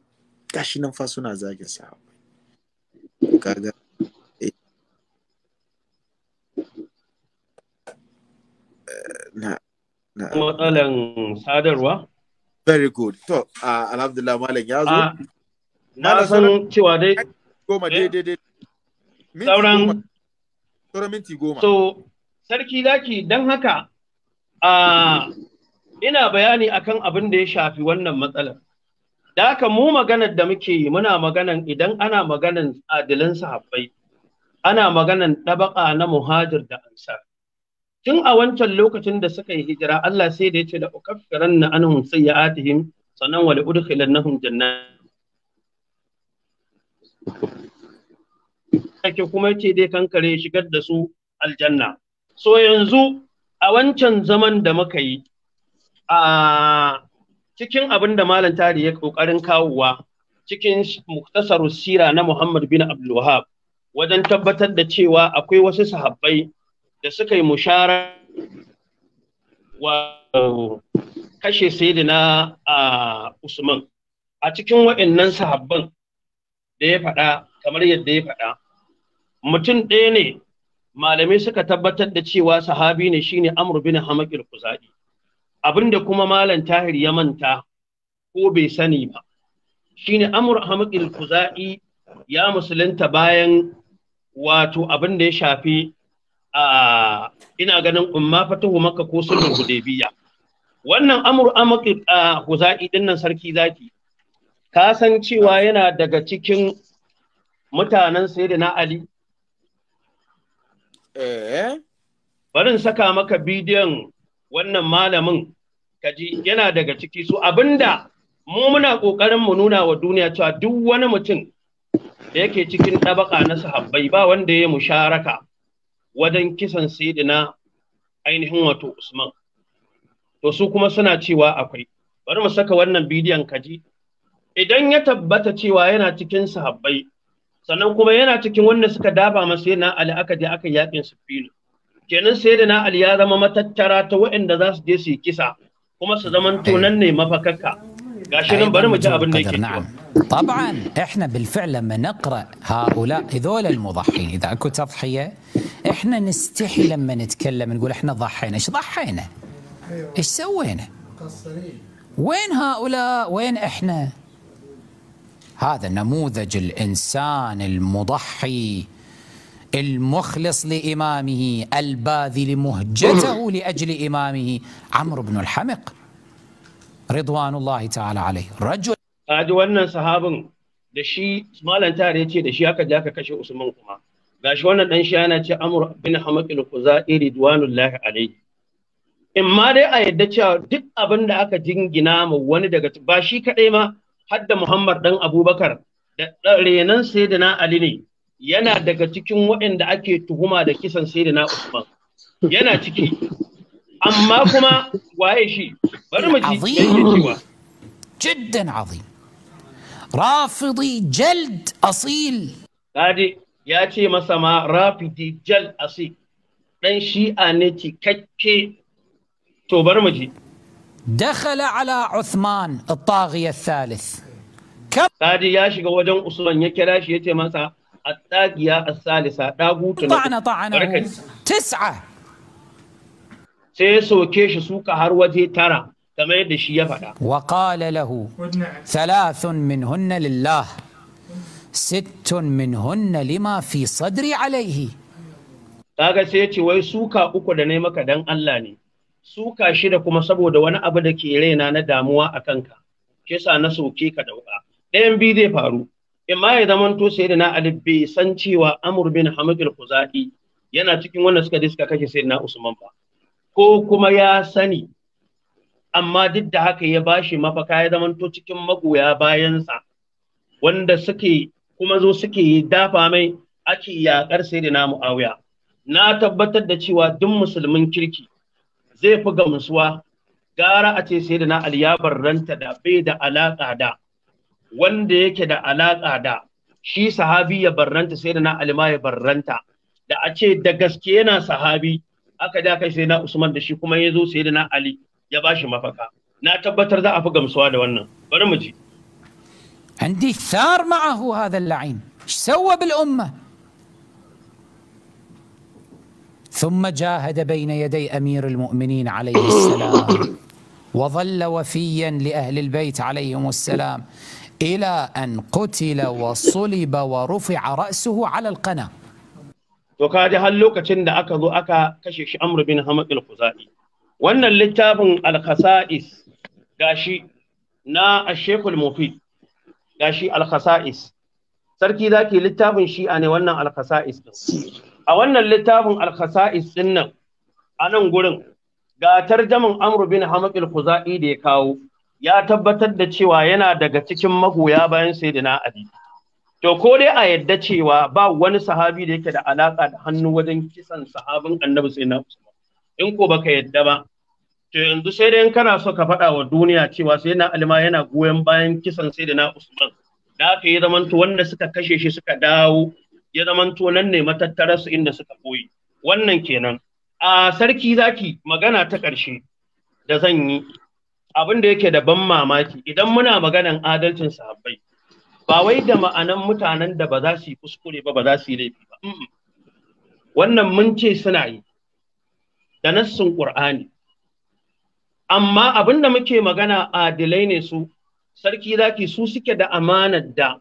gashi nan fa suna zagin sa kaga eh, eh, na na matsalan sadarwa Very good. To, uh, alhamdulillah malam ya
zo. Na san cewa dai.
Goma eh? daidai dai. Sauran. Sauran minti goma. So, sarki zaki don haka uh, ina bayani akan abin da ya shafi wannan matsalar. Da haka mu maganar da muke yi muna maganan idan ana maganan adilan sahabbai ana maganan ɗabaƙa na muhajir da ansar. tun a wancan lokacin da suka yi hijira Allah sai da ya ce da ukaffiran na anhum sayyi'atihim sannan wa udkhilannahum jannat ake kuma ce dai kankare shigar da su aljanna so yanzu a wancan zaman da muka yi a cikin abin da malam tari ya kokarin kawowa cikin muktasarus sira na Muhammad bin Abdul wajen tabbatar da cewa akwai wasu sahabbai da suka yi mushara wa um, kashe sayyidina a Usman a cikin waɗannan sahabban da ya faɗa kamar yadda ya faɗa mutum ɗaya ne Malami suka tabbatar da cewa sahabi ne shine Amr bin Hamakil Kuzadi abinda kuma malam Tahir ya manta ko bai sani ba shine Amr Hamakil Kuzadi ya musulunta bayan wato abinda ya shafi ina ganin umma fatahu makka ko sulhul hudaybiya wannan amru amaki huza'i din nan sarki zaki ka san cewa yana daga cikin mutanen sayyidina ali eh barin saka maka bidiyon wannan malamin kaji yana daga ciki su abinda mu muna ƙoƙarin mu nuna wa duniya cewa duk wani mutum da yake cikin ɗabaka na sahabbai ba wanda ya musharaka wajen kisan sayidina ainihin wato Usman. To su kuma suna cewa akwai. Bari mu saka wannan bidiyon kaji. Idan ya tabbata cewa yana cikin sahabbai, sannan kuma yana cikin wanda suka daba masa yana Ali aka je aka yaƙin su filo. Kenan sayidina Ali ya zama matattara ta waɗanda za su je su yi kisa kuma su zaman nan ne mafakakka. نعم
طبعا احنا بالفعل لما نقرا هؤلاء هذول المضحين اذا اكو تضحيه احنا نستحي لما نتكلم نقول احنا ضحينا ايش ضحينا؟ ايش سوينا؟ وين هؤلاء؟ وين احنا؟ هذا نموذج الانسان المضحي المخلص لامامه الباذل مهجته لاجل امامه عمرو بن الحمق Ridwanulahi ta'ala alaihi rajul
kaji wannan sahabin da shi malam ya ce da shi aka ja ka kashe Usman kuma gashi wannan dan shi yana ce Amr bin Hamad al-Khuzai ridwanullahi alaihi in ma dai a yadda cewa duk abin da aka jingina ma wani daga ba shi kadai ma har da Muhammad dan Abubakar da renan Sayyidina Ali ne yana daga cikin waɗanda ake tuhuma da kisan Sayyidina Usman yana ciki أما كما وهي شيء عظيم جدا عظيم
رافضي
جلد أصيل هذه يا شيء مسما رافضي جلد أصيل دن شيء أنتي كتشي تو برمجي
دخل على عثمان الطاغية الثالث
هذه يا شيء قوجن أصلا يكلا شيء مسا الطاغية الثالثة طعنة
طعنة تسعة
sai ya soke shi suka har waje tara kamar yadda shi ya faɗa
wa qala lahu thalathun minhunna lillah sittun minhunna lima fi sadri alaihi
kaga sai ya ce wai suka uku da ne maka dan Allah ne suka shida kuma saboda wani abu da ke raina na damuwa a kanka ke sa na soke ka dauka ɗayan biyu zai faru imma ma ya zamanto sai da na Ali bai san cewa Amr bin Hamid al-Khuzai yana cikin wanda suka diska kashe sai na Usman ba ko kuma ya sani amma duk da haka ya bashi mafaka ya zamanto cikin magoya bayansa wanda suke kuma zo suke dafa mai ake yaƙar sai da namu awuya na tabbatar da cewa duk musulmin kirki zai fi gamsuwa gara a ce sai da na aliyabar ranta da bai da alaƙa da wanda yake da alaƙa da shi sahabi ya barranta sai da na alima ya barranta da a ce da gaske yana sahabi aka ja kai sayyidina Usman da shi kuma yazo sayyidina Ali ya bashi mafaka na tabbatar za a fi gamsuwa da wannan bari mu ji
عندي ثار معه هذا اللعين ايش سوى بالامه ثم جاهد بين يدي امير المؤمنين عليه السلام وظل وفيا لاهل البيت عليهم السلام الى ان قتل وصلب ورفع راسه على القنا to ka
ji har lokacin da aka zo aka kashe shi amr bin hamak al wannan littafin al-khasa'is gashi na ash-shaykh al-mufid gashi al-khasa'is sarki zaki littafin a ne wannan al-khasa'is din a wannan littafin al-khasa'is din nan a nan gurin ga tarjaman amr bin hamak al da ya kawo ya tabbatar da cewa yana daga cikin magoya bayan sayyidina ali To ko dai a yadda cewa ba wani sahabi da yake da alaka da hannu wajen kisan sahabin Annabi sai na In ko baka yadda ba, to yanzu sai dai kana so ka faɗa wa duniya cewa sai na alima yana goyon bayan kisan sai da na Usman. Da aka yi zamanto wanda suka kashe shi suka dawo ya zamanto nan ne matattararsu inda suka koyi. Wannan kenan. A sarki zaki magana ta ƙarshe da zan yi abin da yake da ban mamaki idan muna maganan adalcin sahabbai ba wai da ma'anan mutanen da ba za su yi kuskure ba ba za su yi laifi ba wannan mun ce suna yi da nassun qur'ani amma abin da muke magana adilai ne su sarki zaki su suke da amanar da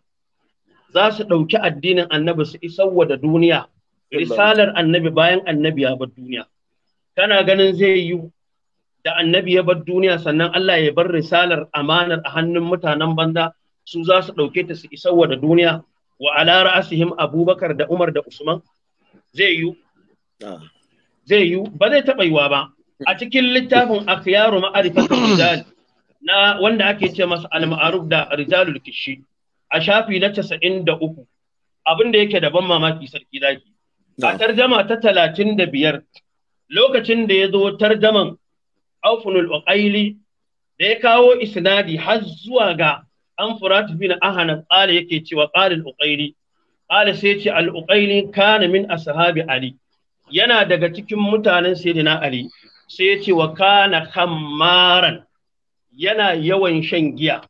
za su ɗauki addinin annabi su isa wada duniya risalar annabi bayan annabi ya bar duniya kana ganin zai yi da annabi ya bar duniya sannan Allah ya bar risalar amanar a hannun mutanen banza su za su ɗauke ta su isa da duniya wa ala ra'asihim abubakar da umar da usman zai yi ah. zai yi ba zai taɓa yiwa ba a cikin littafin akhyaru ma'arifatul rijal na wanda ake ce masa al-ma'ruf da rijalul kishi a shafi na 93 abin da yake da ban mamaki sarki zaki a tarjama ta 35 lokacin da ya zo tarjaman aufunul uqaili da ya kawo isnadi har zuwa ga an furat bin ahana qala yake cewa qala al-uqayli qala sai ce al-uqayli kana min ashabi ali yana daga cikin mutanen sayyidina ali sai ce wa kana khammaran yana yawan shan giya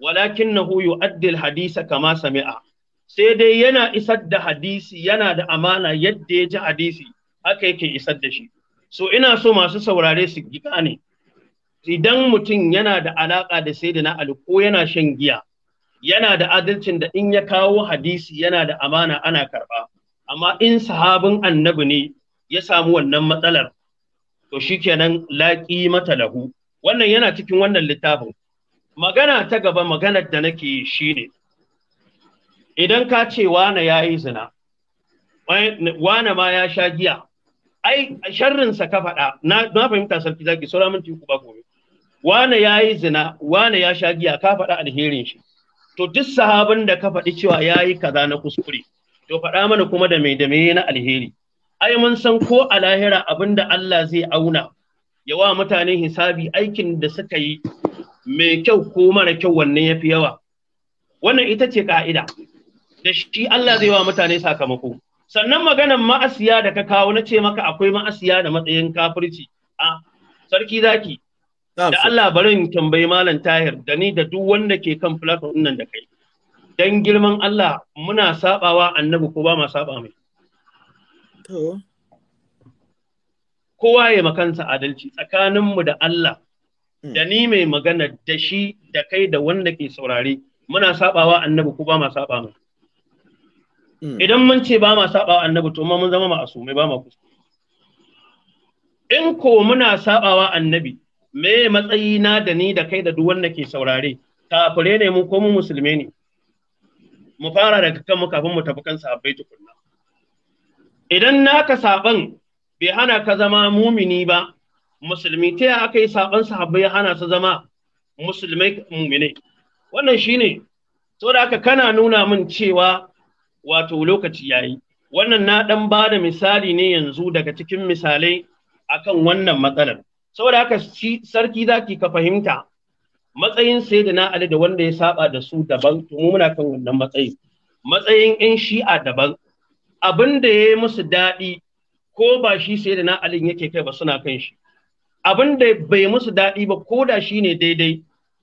walakinahu yu'addi al-hadisa kama sami'a sai dai yana isar da hadisi yana da amana yadda ya ji hadisi haka yake isar da shi so ina so masu saurare su gane idan mutum yana da alaƙa da da na ko yana shan giya yana da adalcin da in ya kawo hadisi yana da amana ana karɓa amma in sahabin annabi ne ya samu wannan matsalar to shikenan laƙi mata lahu wannan yana cikin wannan littafin magana ta gaba maganar da nake yi ne. idan ka ce wane ya yi zina wane ma ya sha giya ai sharrinsa ka faɗa na fahimta sarki zaki saura minti ku ba gobe wane ya yi zina wane ya sha giya ka faɗa alherin shi to duk sahabin da ka faɗi cewa ya yi kaza na kuskure to faɗa mana kuma da mai da mai na alheri ai mun san ko a lahira da Allah zai auna ya wa mutane hisabi aikin da suka yi mai kyau ko mara kyau wanne ya fi yawa wannan ita ce ka'ida da shi Allah zai wa mutane sakamako sannan maganan ma'asiya da ka kawo na ce maka akwai ma'asiya da matsayin kafirci a sarki zaki da Allah bari in tambayi malam Tahir da ni da duk wanda ke kan platform nan da kai dan girman Allah muna sabawa annabi ko ba ma saba mai to kowa ya makansa adalci tsakaninmu da Allah hmm. da ni mai magana da shi da kai da wanda ke saurare muna sabawa annabi ko ba ma saba mai hmm. idan mun ce ba ma sabawa annabi to ma mun zama asume ba ma kusa. in ko muna sabawa annabi me matsayi na da ni da kai da duk wanda ke saurare kafire ne mu ko mu musulmi ne mu fara daga kanmu kafin mu tafi kan sahabbai tukunna idan naka saban bai hana ka zama mumini ba musulmi ta ya aka yi saban sahabbai hana su zama musulmai mumine wannan shine saboda haka kana nuna min cewa wato lokaci yayi wannan na dan bada misali ne yanzu daga cikin misalai akan wannan matsalar saboda haka shi sarki zaki ka fahimta matsayin sayyidina ali da wanda ya saba da su daban to mu muna kan wannan matsayi matsayin in shi'a daban abin da ya yi musu daɗi ko ba shi sayyidina ali yake kai ba suna kan shi abin da bai musu daɗi ba ko da shi ne daidai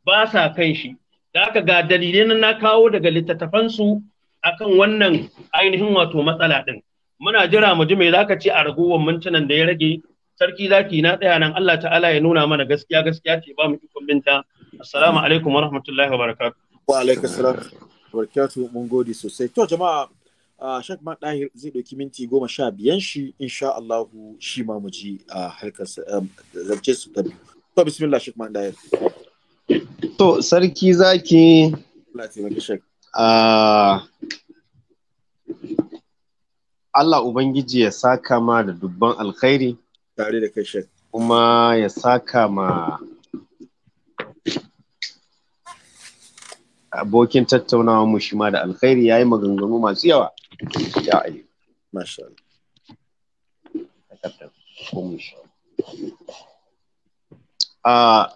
ba sa kan shi da aka ga dalilai na na kawo daga littattafansu akan wannan ainihin wato matsala din? muna jira mu ji me zaka ce a ragowar mintunan da ya rage sarki zaki na tsaya nan Allah ta'ala ya nuna mana gaskiya gaskiya ce ba mu ikon binta assalamu alaikum wa rahmatullahi wa barakatuh
wa alaikum salam barkatu, mun gode sosai to jama'a Sheikh Man Dahir zai ɗauki minti goma sha biyan shi insha Allah shi ma mu ji a harkar um, zance su tabi to bismillah Sheikh Man Dahir
to sarki zaki
Allah taimaka Sheikh
Allah Ubangiji ya saka ma da dubban alkhairi tare da kashe kuma ya saka ma abokin tattaunawa mu shi ma da alkhairi yayi maganganu masu yawa ya ayi masha Allah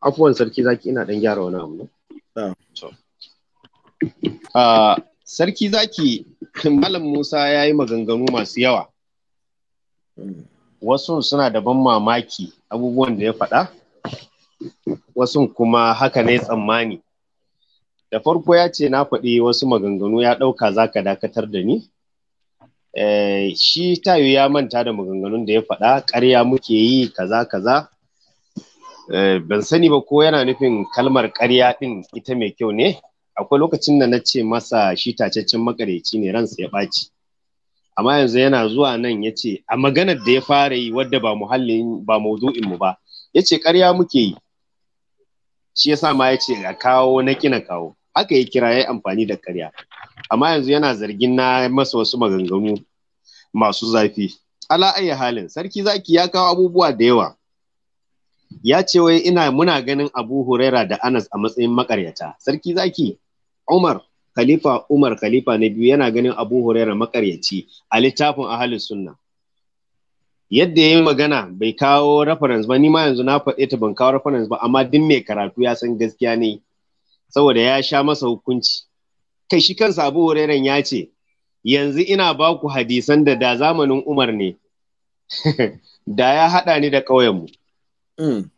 afuwan sarki zaki ina dan gyara wani abu ne sarki zaki malam musa ya yi maganganu masu yawa wasu suna da ban mamaki abubuwan da ya faɗa wasu kuma haka ne tsammani da farko ya ce na faɗi wasu maganganu ya ɗauka za ka dakatar da ni eh, shi tayo ya manta da maganganun da ya faɗa ƙarya muke yi kaza kaza eh, ban sani ba ko yana nufin kalmar ƙarya ɗin ita mai kyau ne akwai lokacin da na ce masa shi tacaccen makareci ne ransa ya ɓaci amma yanzu yana zuwa nan ya ce a maganar da ya fara yi wadda ba muhallin ba maudu'in mu ba ya ce ƙarya muke yi shi ya sa ma ya ce a kawo na kina kawo haka ya kira ya yi amfani da karya. amma yanzu yana zargin na masa wasu maganganu masu zafi ala ayya halin sarki zaki ya kawo abubuwa da yawa ya ce wai ina muna ganin abu huraira da anas a matsayin makaryata sarki zaki Umar Khalifa Umar Khalifa na biyu yana ganin Abu Huraira makaryaci a littafin Ahlus Sunna yadda ya yi magana bai kawo reference ba ni ma yanzu na faɗe ta ban kawo reference ba amma duk mai karatu ya san gaskiya ne saboda ya sha masa hukunci kai shi kansa Abu Huraira ya ce yanzu ina ba ku hadisan da da zamanin Umar ne da ya haɗa ni da ƙauyenmu. mu. Mm.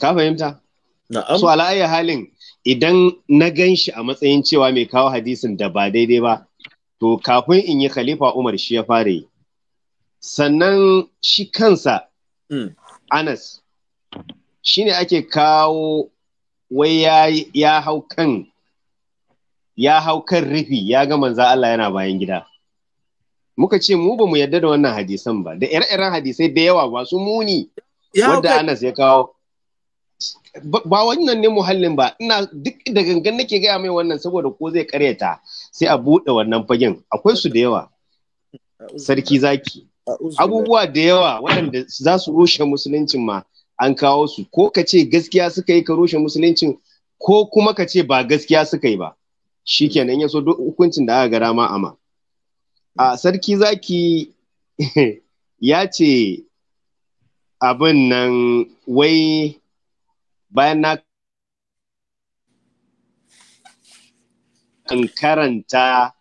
Ka fahimta? Na'am. So halin idan na gan shi a matsayin cewa mai kawo hadisin da ba daidai ba to kafin in yi khalifa umar shi ya fara yi sannan shi kansa hmm. anas shi ne ake kawo wai ya hau kan ya hau kan rufi ya ga manza Allah yana bayan gida muka ce mu ba mu yarda da wannan hadisan ba da ire-iren hadisai da yawa ba su muni wadda Anas ya kawo ba wannan ne muhallin ba ina duk da gangan nake gaya mai wannan saboda ko zai karyata sai a buɗe wannan fagen akwai su da yawa sarki zaki abubuwa da yawa waɗanda za su rushe musuluncin ma an kawo su ko ka ce gaskiya suka yi ka rushe musuluncin ko kuma ka ce ba gaskiya suka yi ba shikenan ya so duk hukuncin da aka gara ma ama a sarki zaki ya ce abin nan wai bayan na kan karanta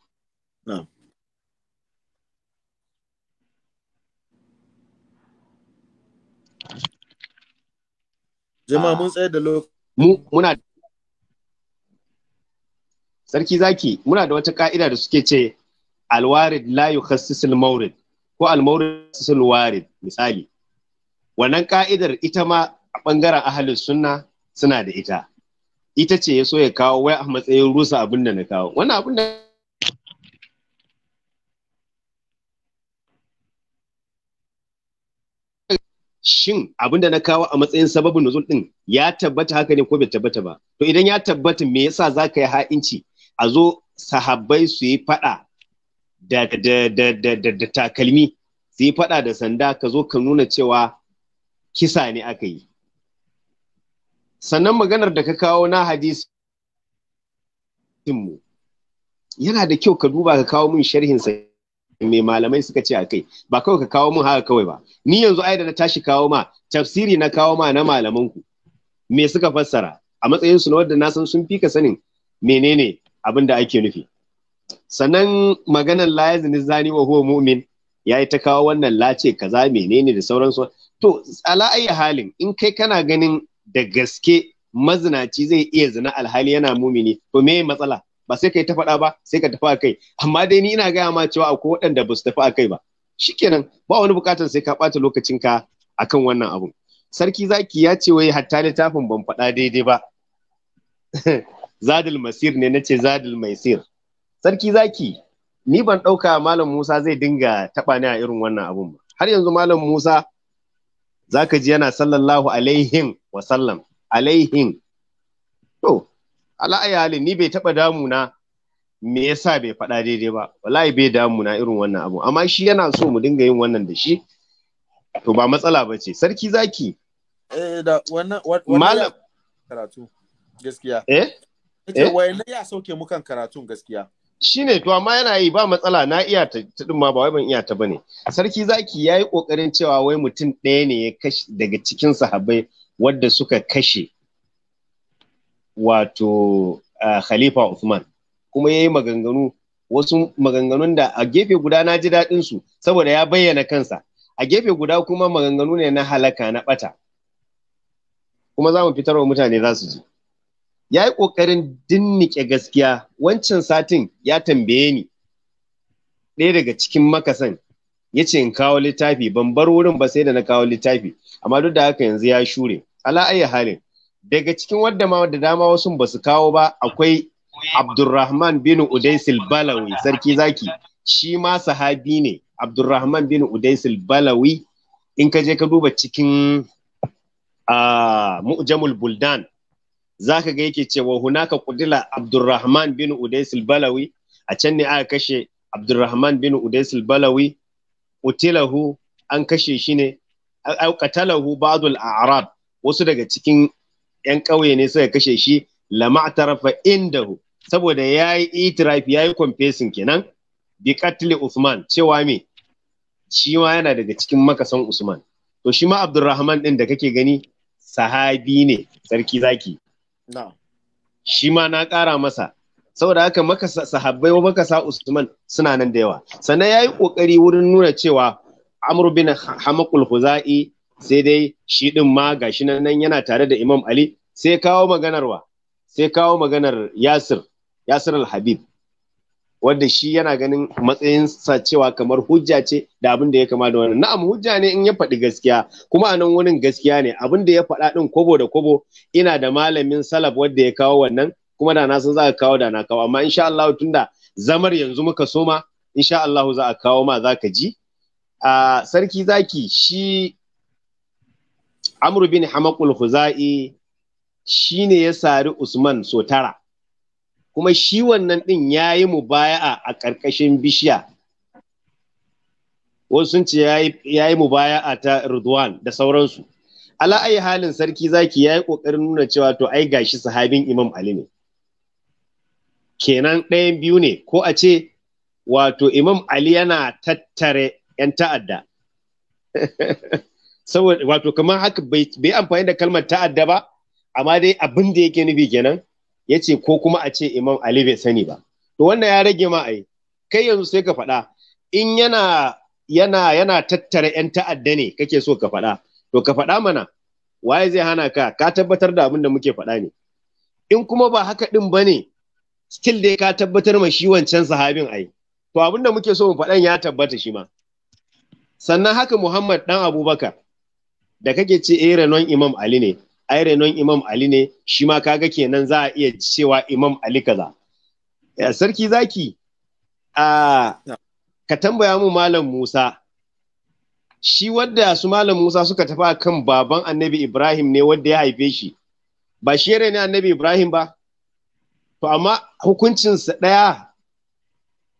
Jama'a mun tsaye da Muna Sarki zaki, muna da wata ka'ida da suke ce alwarid la yukhassis al Maurid, ko al-mawrid warid misali. Wannan ka'idar ita ma a ɓangaren ahalin sunna suna da ita ita ce ya so ya kawo wai a matsayin rusa abin da na kawo wannan abin da shin abin da na kawo a matsayin sababin nuzul din ya tabbata haka ne ko bai tabbata ba to idan ya tabbata me yasa za ka yi ha'inci a zo sahabbai su yi fada da, takalmi su yi fada da sanda ka zo ka nuna cewa kisa ne aka yi sannan maganar da ka kawo na hadisi yana da kyau ka duba ka kawo min sharhin sa me malamai suka ce a kai ba kawai ka kawo min haka kawai ba ni yanzu ai da na tashi kawo ma tafsiri na kawo ma na malaman ku me suka fassara a matsayin su na wanda na san sun fika sanin menene abinda da ake nufi sannan maganar la yazni zani wa huwa mu'min yayi ta kawo wannan lace kaza menene da sauransu to ala ayi halin in kai kana ganin da gaske mazinaci zai iya zina alhali yana mumini to me matsala ba sai kai ta faɗa ba sai ka tafi akai amma dai ni ina gaya ma cewa akwai waɗanda ba su tafi akai ba shikenan ba wani bukatar sai ka ɓata lokacinka akan wannan abun sarki zaki ya ce wai hatta littafin ban faɗa daidai ba zadul masir ne nace zadul maisir sarki zaki ni ban ɗauka malam musa zai dinga taɓa ni a irin wannan abun ba har yanzu malam musa zaka ji yana sallallahu alaihin wa sallam alaihin to ala ayali ni bai taba damuna me yasa bai faɗa daidai ba wallahi bai damuna irin wannan abu amma shi yana so mu dinga yin wannan da shi to ba matsala ba ce sarki zaki
eh da wannan malam karatu gaskiya eh eh wai ya sauke mu kan karatun gaskiya
shine to amma yana yi ba matsala na iya ta ma ba wai ban iya ta bane sarki zaki yayi kokarin cewa wai mutum ɗaya ne ya kashe daga cikin sahabbai wadda suka kashe wato khalifa Uthman kuma yayi maganganu wasu maganganun da a gefe guda na ji daɗin su saboda ya bayyana kansa a gefe guda kuma maganganu ne na halaka na bata kuma za mu fitar wa mutane za su ji ya yi ƙoƙarin dinnike gaskiya wancan satin ya tambaye ni ɗaya daga cikin makasan ya ce in kawo littafi ban bar wurin ba sai da na kawo littafi amma duk da haka yanzu ya shure ala ayya halin daga cikin wadda ma da dama wasu ba su kawo ba akwai abdurrahman bin udaisil balawi sarki zaki shi ma sahabi ne abdurrahman bin udaisil balawi in ka je ka duba cikin ah, mu'jamul buldan Za ka ga yake cewa hunaka kudila Abdulrahman bin Udais balawi a can ne aka kashe Abdulrahman bin Udais balawi utilahu an kashe shi ne Al-Aukatalahu ba'd a arab wasu daga cikin yan ƙauye ne suka kashe shi lama'tarafa indahu saboda ya yayi itirafi yi kwamfesin kenan bi Usman cewa me shi ma yana daga cikin makasan Usman to shi ma Abdulrahman din da kake gani sahabi ne sarki zaki Shi ma na ƙara masa. Saboda haka maka sahabbai wa maka sa Usman suna nan da yawa. Sannan ya yi ƙoƙari wurin nuna cewa Amr bin Hamakul Huza'i sai dai shi ɗin ma gashi nan yana tare da Imam Ali sai kawo maganarwa sai kawo maganar Yasir Yasir al-Habib wanda shi yana ganin matsayinsa cewa kamar hujja ce da abin da ya kama da wannan na'am hujja ne in ya faɗi gaskiya kuma a nan wurin gaskiya ne abin da ya faɗa ɗin kobo da kobo ina da malamin salaf wanda ya kawo wannan kuma da na san za ka kawo da na kawo amma insha Allah tunda zamar yanzu muka soma insha Allah za a kawo ma za ka ji a sarki zaki shi Amr bin Hamakul Khuzai shine ya sari Usman Sotara kuma shi wannan ɗin ya yi mu baya'a a ƙarƙashin bishiya wasu sun ce ya yi mu baya'a ta Ridwan da sauransu ala ai halin sarki zaki ya yi ƙoƙarin nuna cewa to ai gashi sahabin imam Ali ne kenan ɗayan biyu ne ko a ce wato imam Ali yana tattare 'yan ta'adda wato kamar haka bai amfani da kalmar ta'adda ba amma dai abin da yake nufi kenan ya ce ko kuma a ce imam ali bai sani ba to wannan ya rage ma ai kai yanzu sai ka faɗa in yana yana tattara yan ta'adda ne kake so ka faɗa to ka faɗa mana waye zai hana ka ka tabbatar da abin da muke faɗa ne in kuma ba haka ɗin ba ne still dai ka tabbatar ma shi wancan sahabin ai to abin da muke so mu faɗan ya tabbata shi ma sannan haka muhammad ɗan abubakar da kake ce eh renon imam ali ne ai renon imam ali ne shi ma kaga kenan za a iya cewa imam ali kaza Ya sarki zaki a ka tambaya mu malam musa shi wadda su malam musa suka tafi kan baban annabi ibrahim ne wadda ya haife shi ba shi ne annabi ibrahim ba to amma hukuncinsa ɗaya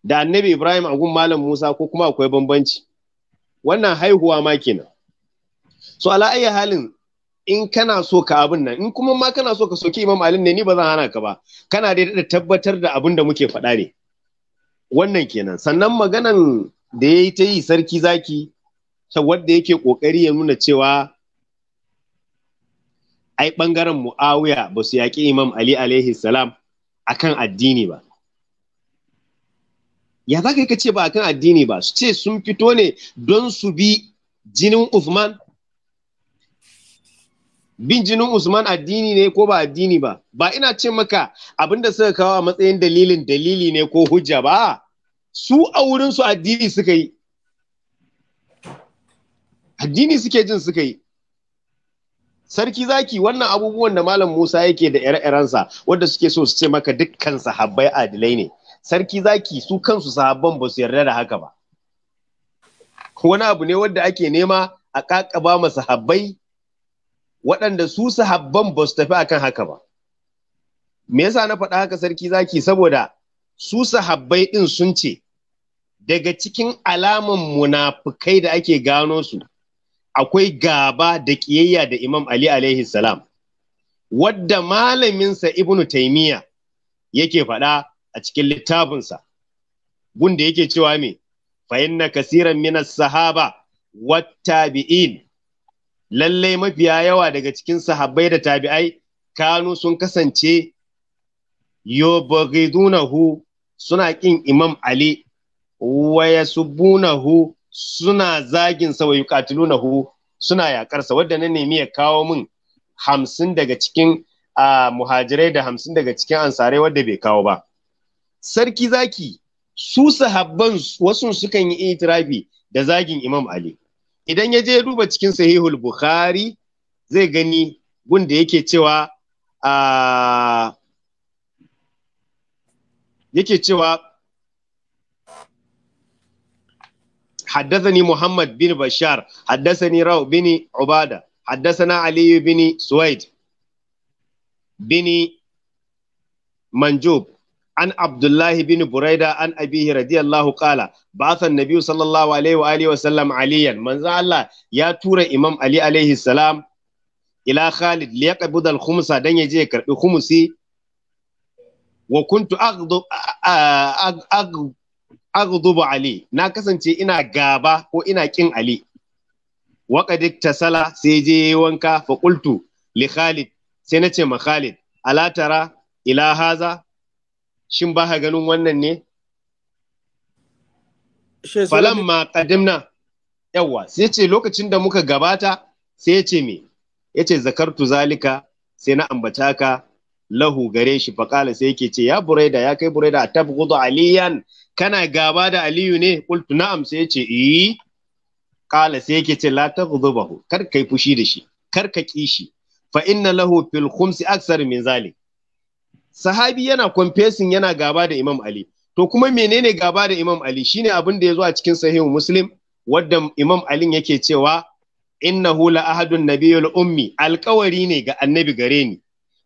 da annabi ibrahim a gun malam musa ko kuma akwai bambanci wannan haihuwa ma kenan so ala halin in kana so ka abin nan in kuma ma kana so ka soki imam ali ne ni ba zan hana ka ba kana dai da tabbatar da abin da muke faɗa ne wannan kenan sannan maganan da ya yi ta yi sarki zaki ta wadda yake kokari ya nuna cewa ai bangaren muawiya ba su yaƙi imam ali alaihi salam akan addini ba ya za ka yi ka ce ba akan addini ba su ce sun fito ne don su bi jinin Uthman bin jinin Usman addini ne ko ba addini ba ba ina ce maka abinda suka kawo a matsayin dalilin dalili ne ko hujja ba su a wurinsu addini suka yi addini suke jin suka yi sarki zaki wannan abubuwan da malam Musa yake da ire-irensa wadda suke so su ce maka dukkan sahabbai adilai ne sarki zaki su kansu sahabban ba su yarda da haka ba wani abu ne wadda ake nema a kakaba sahabai? waɗanda su sahabban ba su tafi akan haka ba me yasa na faɗa haka sarki zaki saboda su sahabbai ɗin sun ce daga cikin alaman munafukai da ake gano su akwai gaba da ƙiyayya da imam ali alaihi salam wadda malaminsa ibnu taimiyya yake faɗa a cikin littafinsa gunda yake cewa me fa inna kasiran minas sahaba wattabi'in lallai mafiya yawa daga cikin sahabbai da tabi'ai kanu sun kasance yubghidunahu suna kin imam ali wa yasubbunahu suna zagin sa wa yuqatilunahu suna yakar sa wanda na nemi ya kawo min hamsin daga cikin muhajirai da hamsin daga cikin ansarai wanda bai kawo ba sarki zaki su sahabban wasu sukan yi itirafi da zagin imam ali idan ya je duba cikin sahihul bukhari zai gani gunda yake cewa a yake cewa muhammad bin bashar haddathani rawi bin ubada haddathana Aliyu bin suwaid bin manjub an abdullahi bin buraida an abihi radiyallahu qala ba'atha an-nabiy sallallahu alaihi wa Allah ya tura imam ali alaihi salam ila khalid li yaqbud al-khumsa dan yaje ya karbi si. wa kuntu aghdu aghdu ali na kasance ina gaba ko ina kin ali wa qad iktasala sai je wanka fa qultu li khalid sai nace ma khalid ala tara ila haza shin ba ganin wannan ne ma ƙadimna, yawwa, sai ce lokacin da muka gabata sai ya ce me ya ce zakartu zalika sai na ambata ka lahu gare shi faƙala sai yake ce ya buraida ya kai buraida a tabgudu aliyan kana gaba da aliyu ne kultu na'am sai ya ce eh ƙala sai yake ce la taghdubahu kar kai fushi da shi kar ka ƙi shi fa inna lahu fil khumsi aksar min zalik sahabi yana confessing yana gaba da Imam Ali to kuma menene gaba da Imam Ali shine abin da ya zo a cikin sahihu Muslim wadda Imam Ali yake cewa innahu la ahadun nabiyul ummi alkawari ne ga annabi gare ni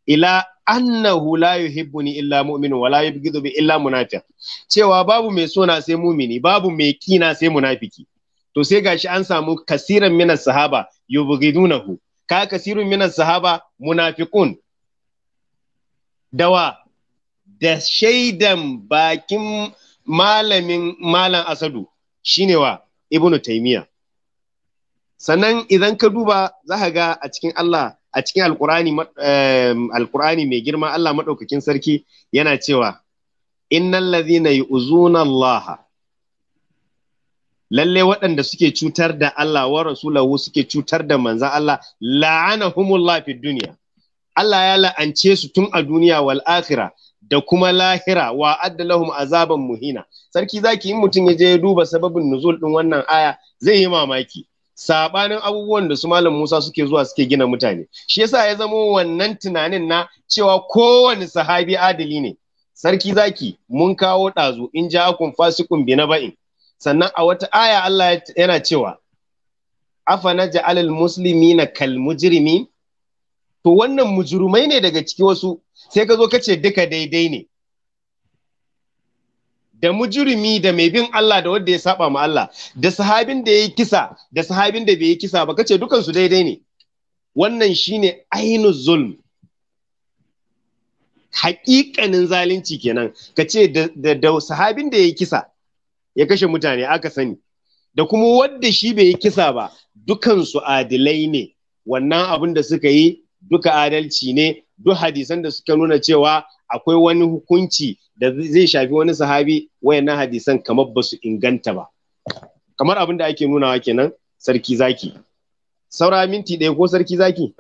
ila annahu la yuhibbuni illa mu'min wa la yubghidu bi illa munafiq cewa babu mai sona sai mumini babu mai kina sai munafiki to sai gashi an samu kasiran minas sahaba yubghidunahu ka kasirun minas sahaba munafiqun dawa da shaidan bakin malamin malam asadu shine wa ibnu taimiya sannan idan ka duba za ga a cikin Allah a cikin alkurani mai girma Allah maɗaukakin sarki yana cewa na yi uzunan Allah lalle waɗanda suke cutar da Allah wa rasulahu suke cutar da manzan Allah la'ana la'anahumullah fid duniya Allah ya la'ance su tun a duniya wal akhira da kuma lahira wa adda lahum azaban muhina sarki zaki in mutum ya je ya duba sababin nuzul din wannan aya zai yi mamaki sabanin abubuwan da su malam Musa suke zuwa suke gina mutane shi yasa ya zama wannan tunanin na cewa kowane sahabi adali ne sarki zaki mun kawo ɗazu in ja akun fasikun bi na ba'in sannan a wata aya Allah yana cewa afa naj'alul muslimina kal mujrimin to wannan mujurumai ne daga ciki wasu sai ka zo ka ce duka daidai ne da mujurumi da mai bin Allah da wanda ya saba ma Allah da sahabin da yi kisa da sahabin da bai yi kisa ba kace dukan su daidai ne wannan shine ainu zulm haƙiƙanin zalunci kenan kace da da sahabin da yi kisa ya kashe mutane aka sani da kuma wanda shi bai yi kisa ba dukansu adilai ne wannan abin da suka yi duka adalci ne duk hadisan da suka nuna cewa akwai wani hukunci da zai shafi wani sahabi wayannan hadisan kamar ba su inganta ba kamar abin da ake nunawa kenan sarki zaki saura minti ɗaya ko sarki zaki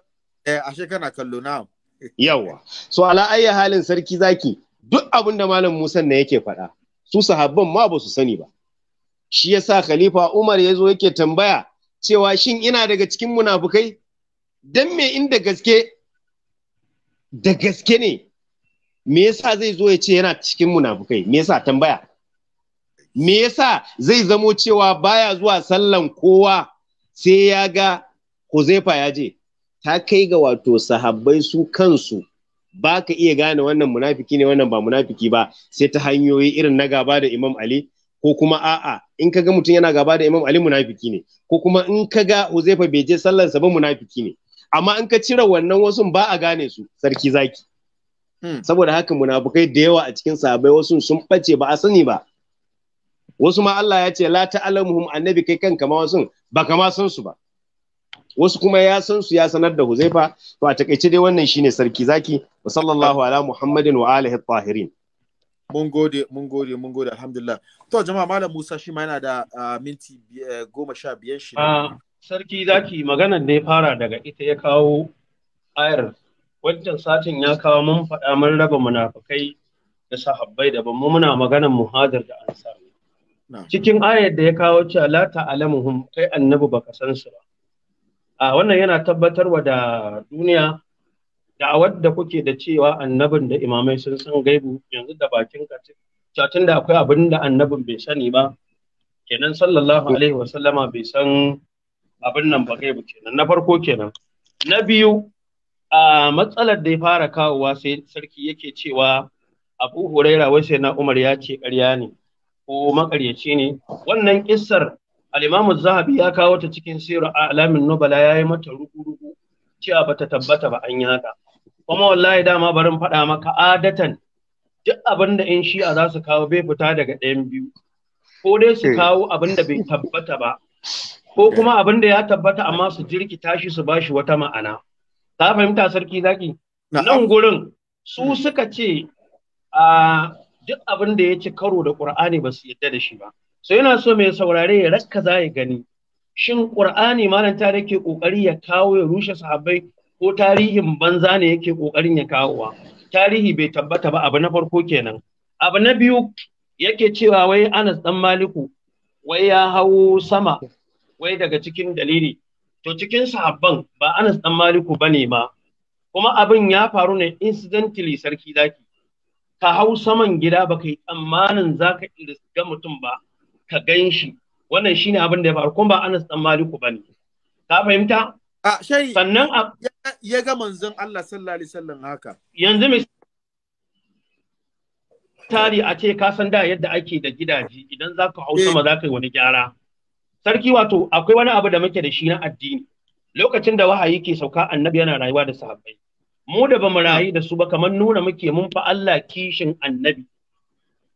eh ashe kana kallo na yawa so ala ayya halin sarki zaki duk abin da malam Musa ne yake faɗa su sahabban ma ba su sani ba shi yasa khalifa Umar ya zo yake tambaya cewa shin ina daga cikin munafukai don me inda gaske da gaske ne me yasa zai zo ya ce yana cikin munafukai me yasa tambaya me yasa zai zamo cewa baya zuwa sallan kowa sai ya ga Huzaifa ya je ta kai ga wato sahabbai su kansu ba ka iya gane wannan munafiki ne wannan ba munafiki ba sai ta hanyoyi irin na gaba da Imam Ali ko kuma a'a in ka ga mutum yana gaba da Imam Ali munafiki ne ko kuma in ka ga Huzaifa bai je sallansa ba munafiki ne amma in ka cire wannan wasu ba a gane su sarki zaki hmm. saboda haka munafukai da yawa a cikin sabai wasu sun bace ba a sani ba wasu ma Allah ya ce la ta'lamuhum annabi kai kanka ma wasu ba kama san su ba wasu kuma ya san su ya sanar da Huzaifa to a takaice dai wannan shine sarki zaki wa sallallahu ala muhammadin wa alihi tahirin mun gode mun gode mun gode alhamdulillah
to jama'a malam
Musa shi ma yana da ah, minti eh, goma sha biyar shi
sarki zaki maganar da ya fara daga ita ya kawo ayar wancan satin ya kawo mun faɗa mun raba munafukai da sahabbai da ban muna maganar muhadar da ansar cikin ayar da ya kawo cewa la ta'lamuhum kai annabi baka san su ba a wannan yana tabbatarwa da duniya a wadda kuke da cewa annabin da imamai sun san gaibu yanzu da bakin ka da akwai abinda da annabin bai sani ba kenan sallallahu alaihi wasallama bai san abin nan ba gaibu kenan na farko kenan na biyu a matsalar da ya fara kawowa sai sarki yake cewa abu huraira wai sai na umar ya ce ƙarya ne ko makaryaci ne wannan kissar al-imamu zahabi ya kawo ta cikin a alamin nubala ya yi mata rugurugu. rugu cewa bata tabbata ba an yaka. kuma wallahi dama barin faɗa maka adatan duk abin da in shi'a za su kawo bai fita daga ɗayan biyu ko dai su eh. kawo abin da bai tabbata ba ko kuma abin da ya tabbata amma su jirkita shi su bashi wata ma'ana ta fahimta sarki zaki nan gurin su suka ce a duk abin da ya ci karo da qur'ani ba su yadda da shi ba so yana so mai saurare ya rakka za ya gani shin qur'ani malam ta yake kokari ya kawo ya rushe sahabbai ko tarihin banza ne yake kokarin ya kawowa tarihi bai tabbata ba abu na farko kenan abu na biyu yake cewa wai Anas dan Maliku wai ya hawo sama wai daga cikin dalili to cikin sahabban ba Anas dan Maliku bane ma kuma abin ya faru ne incidentally sarki zaki ka hau saman gida ba kai tsammanin zaka ga mutum ba ka gan shi wannan shine abin da ya faru kuma ba Anas dan Maliku bane ka fahimta a shai sannan ya ga manzon Allah sallallahu alaihi wasallam haka yanzu mai tari a ce ka san da yadda ake da gidaje idan zaka hau eh. sama zaka yi wani gyara sarki wato akwai wani abu da muke da shi na addini lokacin da wahayi ke sauka annabi yana rayuwa da sahabbai mu da bamu rayu da su ba kamar nuna muke mun fa Allah kishin annabi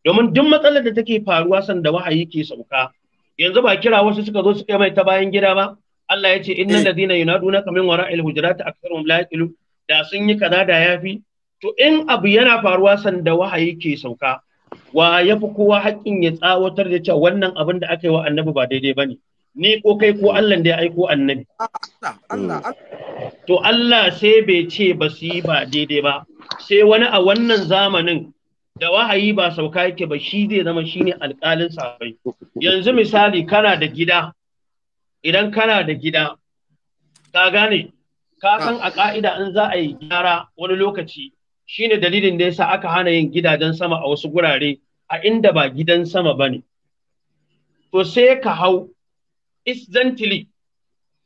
domin duk matsalar da take faruwa sanda wahayi ke sauka yanzu ba kira wasu suka zo su kai mai ta bayan gida ba Allah ya ce innal eh. ladina yunaduna min wara'il hujurati aktharuhum la yaqilu da sun yi kaza da yafi to in abu yana faruwa sanda wahayi ke sauka wa ya fi kowa haƙƙin ya tsawatar da cewa wannan abin da aka yi wa annabi ba daidai ba ne ni ko kai ko Allah da ya aiko annabi ah, hmm. to Allah sai bai ce ba su yi ba daidai ba sai wani a wannan zamanin da wahayi ba sauka yake ba shi zai zama shi ne alƙalin sabai. yanzu misali kana da gida idan kana da gida ka gane ka san a ƙa'ida in za a yi gyara wani lokaci shine dalilin da yasa aka hana yin gidajen sama a wasu gurare a inda ba gidan sama ba ne. To sai ka hau instantly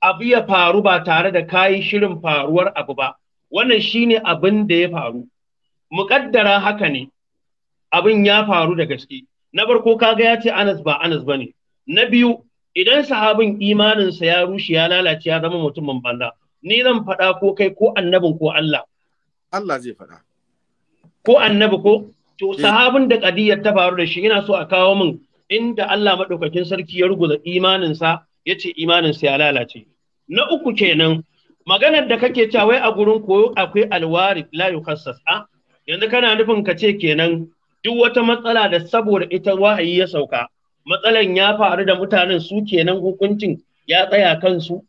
abu ya faru ba tare da kayi shirin faruwar abu ba, wannan shine abin da ya faru. Muƙaddara haka ne, abin ya faru da gaske. Na farko kaga ya ce Anas ba Anas ba ne. Na biyu, idan sahabin imaninsa ya rushe ya lalace ya zama mutumin banza, ni zan faɗa ko kai ko annabin ko Allah. Allah zai faɗa. ko annabi ko to eh. sahabin da kadiyar ta faru da shi ina so a kawo min inda Allah madaukakin sarki ya ruguza sa ya ce imaninsa ya lalace na uku kenan maganar da kake cewa wai a gurin koyo akwai alwari la yukassas a yanzu kana nufin ka ce kenan duk wata matsala da saboda ita wahayi ya sauka matsalan ya faru da mutanen su kenan hukuncin ya tsaya kansu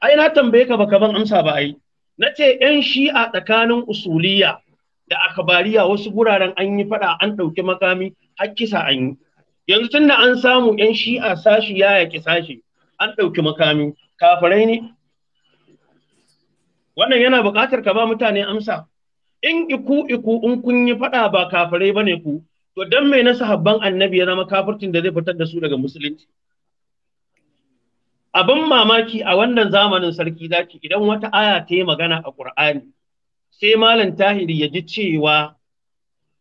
ai na tambaye ka baka ban amsa ba ai na ce yan shi'a tsakanin usuliya da akabariya wasu guraren an yi faɗa an ɗauki makami har kisa an yi yanzu tunda an samu yan shi'a sashi ya yaƙi sashi an ɗauki makami kafirai ne wannan yana buƙatar ka ba mutane amsa in iku iku in kun yi faɗa ba kafirai bane ku to dan me na sahabban annabi ya zama kafircin da zai fitar da su daga musulunci abin mamaki a wannan zamanin sarki zaki idan wata aya ta yi magana a ƙur'ani sai malam tahiri ya ji cewa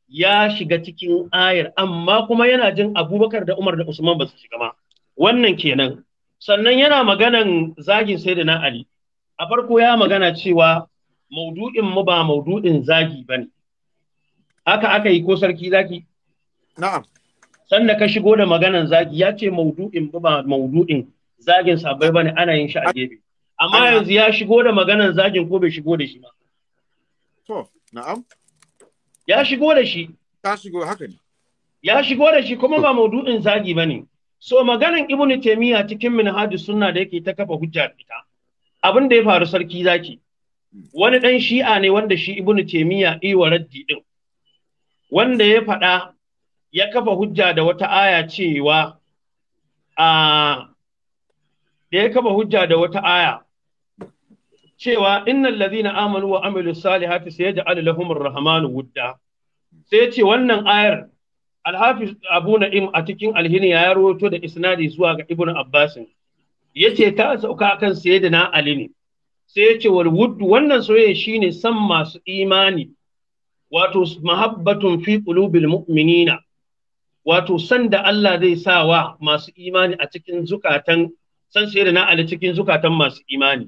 ya shiga cikin ayar amma kuma yana jin abubakar da umar da usman ba su shiga ma wannan kenan sannan yana maganan zagin na ali a farko ya magana cewa maudu'in mu ba maudu'in zagi ba ne haka aka yi ko sarki zaki na'am sanda ka shigo da maganan zagi ya ce maudu'in mu ba maudu'in zagin sabai ba ne ana yin shi a gefe amma yanzu ya shigo da maganan zagin ko bai shigo da shi ba To, na'am. Ya shigo da shi. Ta shigo haka ne. Ya shigo da shi kuma ba maudu'in zagi bane. So maganan Ibn Taymiyyah cikin Minhaj Sunna da yake ta kafa hujja ita. Abin da ya faru sarki zaki. Hmm. Wani dan Shi'a ne wanda shi Ibn Taymiyyah iwa raddi din. Wanda ya faɗa ya kafa hujja da wata aya cewa a da ya kafa hujja da wata aya cewa innal ladina amanu wa amilu salihati sayaj'al lahum ar-rahmanu wudda sai ce wannan ayar Alhafiz Abu Na'im a cikin alhini ya rawaito da isnadi zuwa ga Ibn Abbas yace ta sauka kan sayyidina Ali ne sai yace wal wudd wannan soyayya shine san masu imani wato mahabbatun fi qulubil mu'minina wato san da Allah zai sa wa masu imani a cikin zukatan san sayyidina Ali cikin zukatan masu imani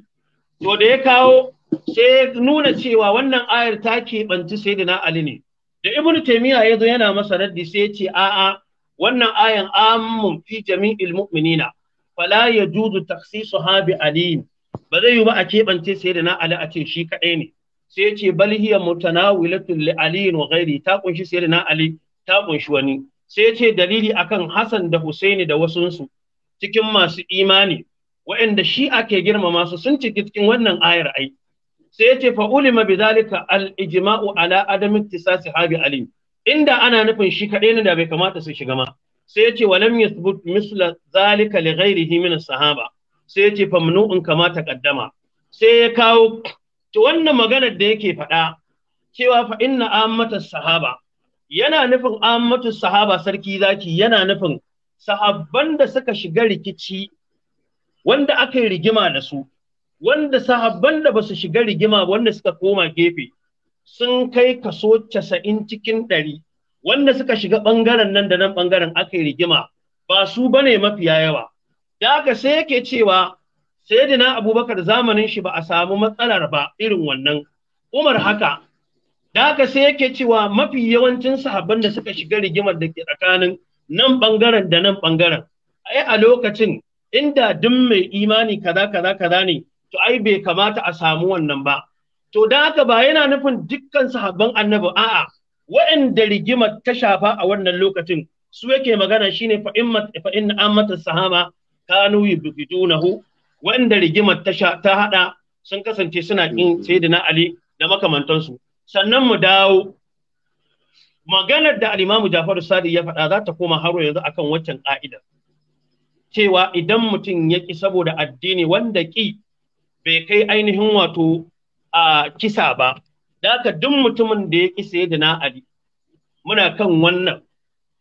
to da ya kawo sai nuna cewa wannan ayar ta keɓanci na Ali ne da ibn taymiya ya zo yana masa raddi sai ya ce a'a wannan ayan amun fi jami'il mu'minina fala yajuzu su bi ali ba zai yi ba a keɓance na Ali a ce shi kaɗai ne sai ya ce bal hiya mutanawilatun li Ali wa ghairi ta kunshi na Ali ta kunshi wani sai ya ce dalili akan Hassan da Husaini da wasunsu cikin masu imani waɗanda shi ake girmama su sun ciki cikin wannan ayar ai sai yace fa ulima bidhalika al ijma'u ala adam ittisasi habi ali inda ana nufin shi kaɗai ne da bai kamata su shiga ma sai yace walam yathbut misla zalika li ghairihi min sahaba sai yace famnu'un kama taqaddama sai ya kawo wannan maganar da yake faɗa cewa fa inna sahaba yana nufin ammatus sahaba sarki zaki yana nufin sahabban da suka shiga rikici wanda aka yi rigima da su wanda sahabban da ba su shiga rigima wanda suka koma gefe sun kai kaso casa'in cikin ɗari wanda suka shiga ɓangaren nan da nan ɓangaren aka yi rigima ba su ba ne mafiya yawa da haka sai yake cewa sayyidina abubakar zamanin shi ba a samu matsalar ba irin wannan umar haka da haka sai yake cewa mafi yawancin sahabban da suka shiga rigimar da ke tsakanin nan ɓangaren da nan ɓangaren ai a lokacin inda duk mai imani kaza kaza kaza ne to ai bai kamata a samu wannan ba to dan haka ba yana nufin dukkan sahabban annabi a'a waɗanda rigimar ta shafa a wannan lokacin su yake magana shine fa in fa in ammatu sahaba kanu waɗanda rigimar ta ta hada sun kasance suna kin sayyidina ali da makamantansu sannan mu dawo maganar da al-imamu Jafaru Sadi ya faɗa za ta koma haro yanzu akan waccan ka'idar cewa idan mutum ya ƙi saboda addini wanda ƙi bai kai ainihin wato a kisa ba, daka duk mutumin da ya ƙi saye da na muna kan wannan,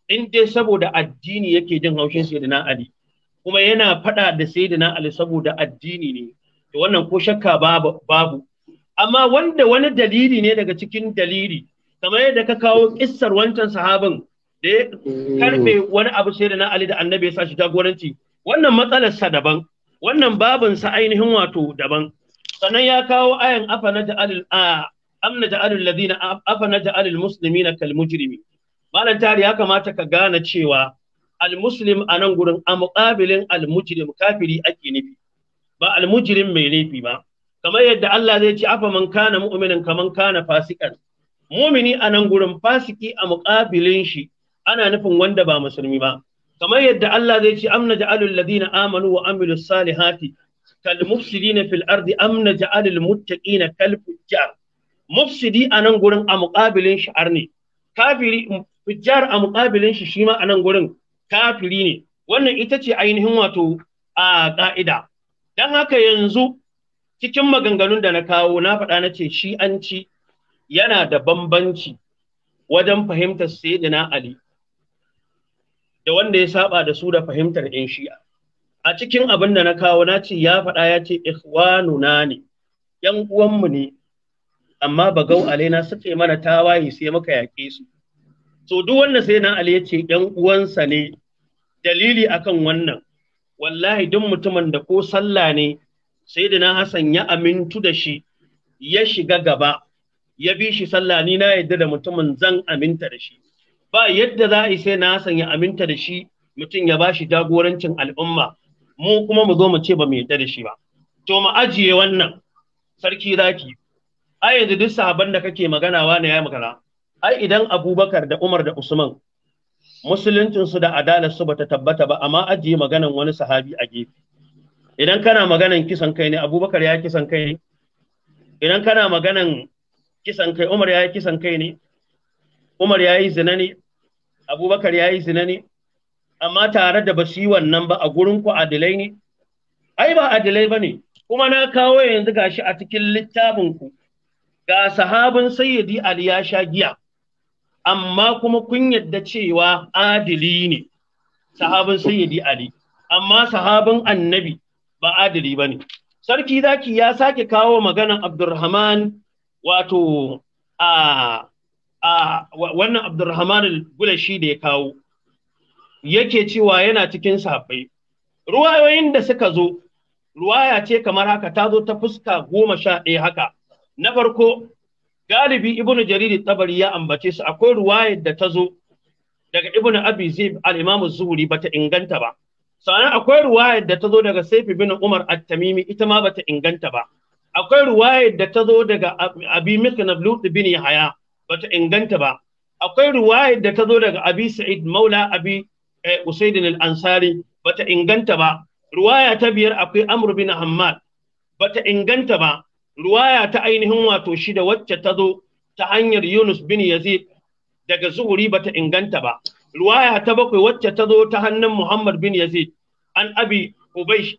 in dai saboda addini yake jin haushin saye da na kuma yana faɗa da saye da na saboda addini ne, to wannan ko shakka babu. Amma wanda wani dalili ne daga cikin dalili, kamar yadda ka kawo ƙissar wancan sahabin da eh, mm. karfe wani abu sai da na Ali da Annabi ya sashi jagoranci wannan matsalar sa daban wannan babin sa ainihin wato daban sannan ya kawo ayan afa na a amna ja'alil ladina afana na ja'alil muslimina kal mujrimi malam tari ya kamata ka gane cewa al muslim a nan gurin a muqabilin al mujrim kafiri ake nufi ba al mujrim mai nufi ba kamar yadda Allah zai ce afa man kana mu'minin kaman kana fasikan mu'mini a nan gurin fasiki a muqabilin shi ana nufin wanda ba musulmi ba kamar yadda Allah zai ce amna ja'alul ladina amanu wa amilu salihati kal mufsidina fil ardi amna ja'alul muttaqina kal fujjar mufsidi a nan gurin a muqabilin shi arne, kafiri fujjar a muqabilin shi shi ma a gurin kafiri ne wannan ita ce ainihin wato a ƙa'ida dan haka yanzu cikin maganganun da na kawo na faɗa na ce shi'anci yana da bambanci wajen fahimtar sayyidina ali da wanda ya saba da su da fahimtar yan shi'a a cikin abin da na kawo na ce ya faɗa ya ce ikhwanuna ne yan uwanmu ne amma ba bagau su suke mana tawaye sai muka yaƙe su so duk wanda sai na ya ce yan uwansa ne dalili akan wannan wallahi duk mutumin da ko sallah ne sai da na Hassan ya amintu da shi ya shiga gaba ya bi shi sallah ni na yadda da mutumin zan aminta da shi ba yadda za a sai na san ya aminta da shi mutum ya bashi jagorancin al'umma mu kuma mu zo mu ce ba mu yadda da shi ba to mu ajiye wannan sarki zaki ai yanzu duk sahaban da kake magana wa ne ya magana ai idan Abubakar da Umar da Usman musuluncin su da adalar su bata tabbata ba amma ajiye maganan wani sahabi a gefe idan kana maganan kisan kai ne Abubakar ya kisan kai ne idan kana maganan kisan kai Umar ya kisan kai ne Umar ya yi zina ne abubakar ya yi zina ne amma tare da su yi wannan ba a gurin ku adilai ne ai ba adilai ba ne kuma na kawo yanzu gashi a cikin littafin ku ga sahabin sayyidi ali ya sha giya amma kuma kun yadda cewa adili ne sahabin sayyidi ali amma sahabin annabi ba adili ba ne sarki zaki ya sake kawo maganan abdurrahman wato a a wannan Abdulrahman al-Gulashi da ya kawo yake cewa yana cikin sahabbai ruwayoyin da suka zo ruwaya ce kamar haka ta zo ta fuska goma sha ɗaya haka na farko galibi ibnu jariri tabari ya ambace su akwai ruwayar da ta zo daga ibnu abi zib al-imamu zuhri bata inganta ba sannan akwai ruwayar da ta zo daga saif bin umar at-tamimi ita ma bata inganta ba akwai ruwayar da ta zo daga abi mikna bin yahya bata inganta ba akwai ruwayar da ta zo daga abi sa'id maula abi eh, usaidin al-ansari bata inganta ba ruwaya ta biyar akwai amr bin hammad bata inganta ba ruwaya ta ainihin wato shida wacce ta zo ta hanyar yunus bin yazid daga zuhuri bata inganta ba ruwaya ta bakwai wacce ta zo ta hannun muhammad bin yazid an abi ubaish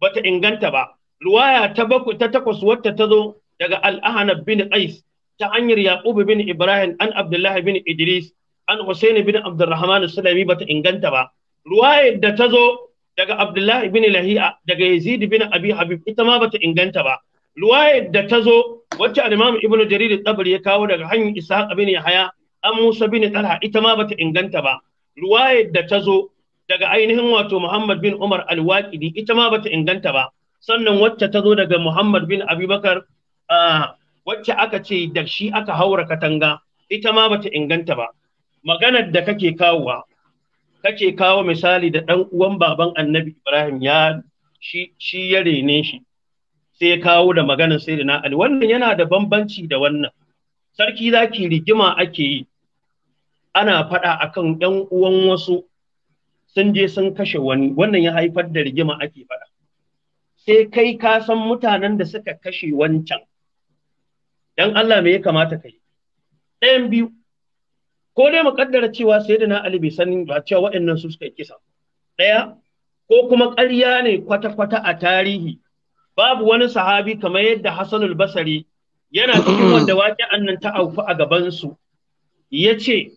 bata inganta ba ruwaya ta bakwai ta takwas wacce ta zo daga al-ahnab bin qais ta hanyar Yaqub bin Ibrahim an Abdullahi bin Idris an Hussein bin Abdurrahman Sulami bata inganta ba ruwayar da ta zo daga Abdullahi bin Lahiya daga Yazid bin Abi Habib ita ma bata inganta ba ruwayar da ta zo wacce al-Imam Ibn Jarir al-Tabari ya kawo daga hanyar Ishaq bin Yahya an Musa bin Talha ita ma bata inganta ba ruwayar da ta zo daga ainihin wato Muhammad bin Umar al-Waqidi ita ma bata inganta ba sannan wacce ta zo daga Muhammad bin Abubakar ah, wacce aka ce da shi aka haura katanga ita ma bata inganta ba maganar da kake kawowa kake kawo misali da ɗan uwan baban annabi ibrahim ya shi shi ya rene shi sai ya kawo da maganar sayyidina ali wannan yana da bambanci da wannan sarki zaki rigima ake yi ana faɗa akan ɗan uwan wasu sun je sun kashe wani wannan ya haifar da rigima ake faɗa sai kai ka san mutanen da suka kashe wancan dan Allah me ya kamata ka yi. ɗayan biyu ko dai mu kaddara cewa da Ali bai sanin ba cewa waɗannan su suka kisa ɗaya ko kuma ƙarya ne kwata-kwata a tarihi babu wani sahabi kamar yadda Hassanul Basari yana cikin wanda waƙi'an nan ta aufu a gabansu ya ce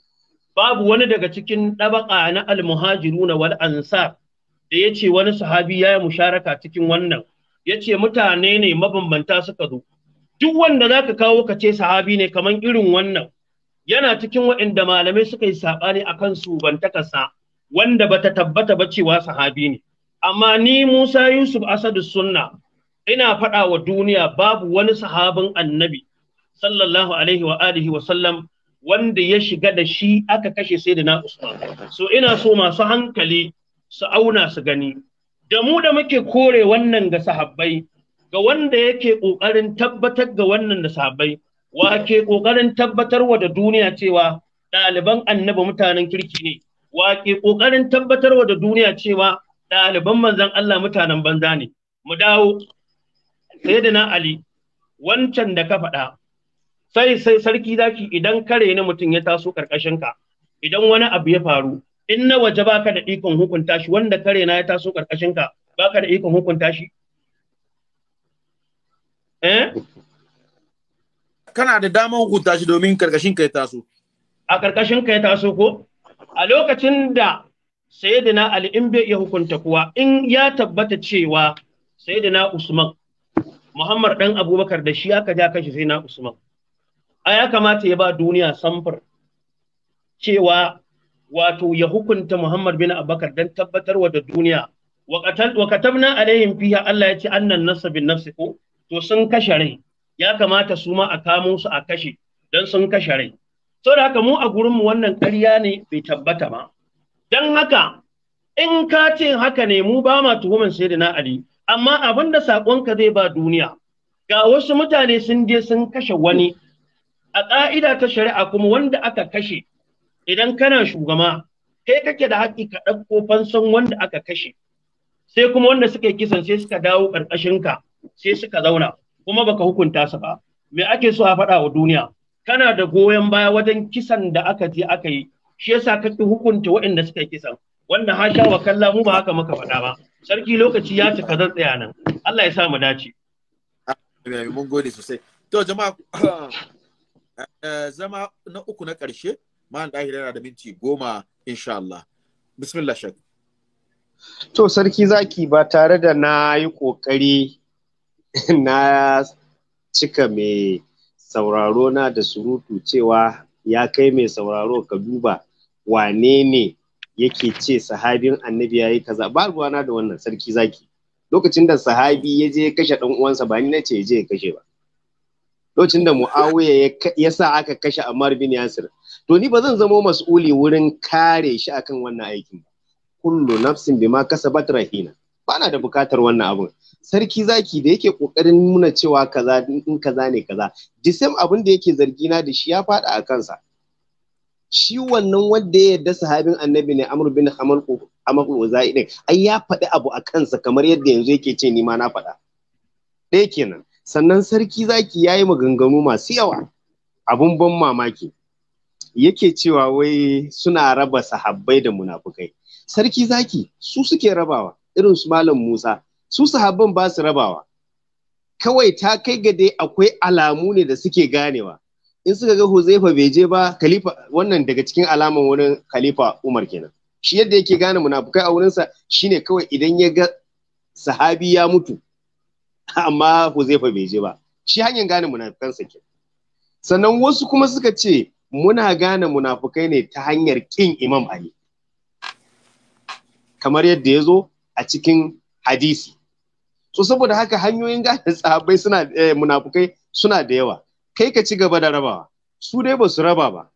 babu wani daga cikin ɗabaƙa na almuhajiruna wal ansar da ya ce wani sahabi ya yi musharaka cikin wannan ya ce mutane ne mabambanta suka zo duk wanda za ka kawo ka ce sahabi ne kaman irin wannan yana cikin waɗanda malamai suka yi saɓani a kan subantakarsa wanda ba ta tabbata ba cewa sahabi ne amma ni Musa Yusuf Asadu Sunna ina faɗa wa duniya babu wani sahabin annabi sallallahu alaihi wa alihi wa sallam wanda ya shiga da shi aka kashe sai da na Usman so ina so masu hankali su auna su gani da mu da muke kore wannan ga sahabbai ga wanda yake ƙoƙarin tabbatar ga wannan da sabai, wa ke ƙoƙarin tabbatarwa da duniya cewa ɗaliban annabi mutanen kirki ne wa ke ƙoƙarin tabbatarwa da duniya cewa ɗaliban manzan Allah mutanen banza ne mu dawo na Ali wancan da ka faɗa sai sai sarki zaki idan kare ni mutum ya taso karkashin ka idan wani abu ya faru in na waje baka da ikon hukunta shi wanda kare na ya taso karkashin ka baka da ikon hukunta shi Eh? Kana da damar hukunta shi domin karkashin ka ya taso. A karkashin ka ya taso ko? A lokacin da Sayyidina Ali in bai iya hukunta kuwa in ya tabbata cewa Sayyidina Usman Muhammad dan Abubakar da shi aka ja kashi sai na Usman. A ya kamata ya ba duniya samfur cewa wato ya hukunta Muhammad bin Abubakar don tabbatarwa da duniya wa katabna alaihim fiha Allah ya ce annan nasa bin nafsi ko to sun kashe rai ya kamata su ma a kamo su a kashe don sun kashe rai saboda haka mu a gurinmu wannan ƙarya ne bai tabbata ba don haka in ka ce haka ne mu ba ma tuhumin sai da na ali amma abin da saƙonka zai ba duniya ga wasu mutane sun je sun kashe wani a ƙa'ida ta shari'a kuma wanda aka kashe idan kana shugaba kai kake da haƙƙi ka ɗauko fansan wanda aka kashe sai kuma wanda suka yi kisan sai suka dawo ƙarƙashinka sai suka zauna kuma baka hukunta su ba me ake so a faɗa wa duniya kana da goyon baya wajen kisan da aka je aka yi shi yasa ka ki hukunta waɗanda suka yi kisan wannan hasha wa kalla mu ba haka muka faɗa ba sarki lokaci ya cika zan tsaya nan Allah ya sa mu dace
mun gode sosai
to jama'a
eh, zama na uku na ƙarshe ma'an ɗahir yana da minti goma insha Allah bismillah shak
to sarki zaki ba tare da na yi ƙoƙari na cika mai sauraro na da surutu cewa ya kai mai sauraro ka duba wane ne yake ce sahabin annabi yayi kaza ba ruwana da wannan sarki zaki lokacin da sahabi ya je kashe dan uwansa ba ni nace ya je ya kashe ba lokacin da muawiya ya sa aka kashe Ammar bin Yasir to ni ba zan zamo mas'uli wurin kare shi akan wannan aikin ba kullu nafsin bima kasabat rahina Bana da bukatar wannan abun sarki zaki da yake kokarin nuna cewa kaza in kaza ne kaza disem abin da yake na da shi ya fada a kansa shi wannan wanda ya yarda sahabin annabi ne amr bin hamal amr wazai din ai ya faɗi abu a kansa kamar yadda yanzu yake ce ni ma na faɗa ɗaya kenan sannan sarki zaki yayi maganganu masu yawa abun ban mamaki yake cewa wai suna raba sahabbai da munafukai sarki zaki su suke rabawa irin su malam Musa su sahabban ba su rabawa kawai ta kai ga dai akwai alamu ne da suke ganewa in suka ga Huzaifa bai je ba khalifa wannan daga cikin alaman wurin khalifa Umar kenan shi yadda yake gane munafukai a wurinsa shine kawai idan ya ga sahabi ya mutu amma Huzaifa bai je ba shi hanyar gane munafukansa ke sannan wasu kuma suka ce muna gane munafukai ne ta hanyar kin Imam Ali kamar yadda ya zo a cikin hadisi so saboda haka hanyoyin gane tsabai suna eh, munafukai suna da yawa kai ka ci gaba da rabawa su dai ba su raba ba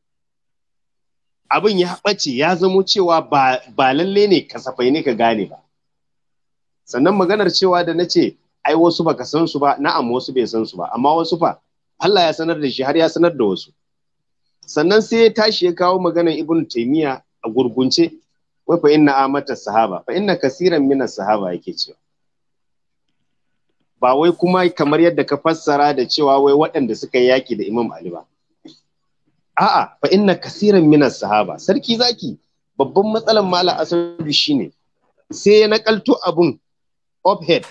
abin ya ɓace ya zamo cewa ba lalle ne kasafai ne ka gane ba sannan maganar cewa da na ce ai wasu ba ka san su ba na'am wasu bai san su ba amma wasu fa Allah ya sanar da shi har ya sanar da wasu sannan sai ya tashi ya kawo maganar ibn taymiya a gurgunce wai fa inna amata sahaba fa inna kasiran minas sahaba yake cewa ba wai kuma kamar yadda ka fassara da cewa wai waɗanda suka yi yaki da Imam Ali ba a'a fa inna kasiran minas sahaba sarki zaki babban matsalan malam shi shine sai ya nakalto abun head.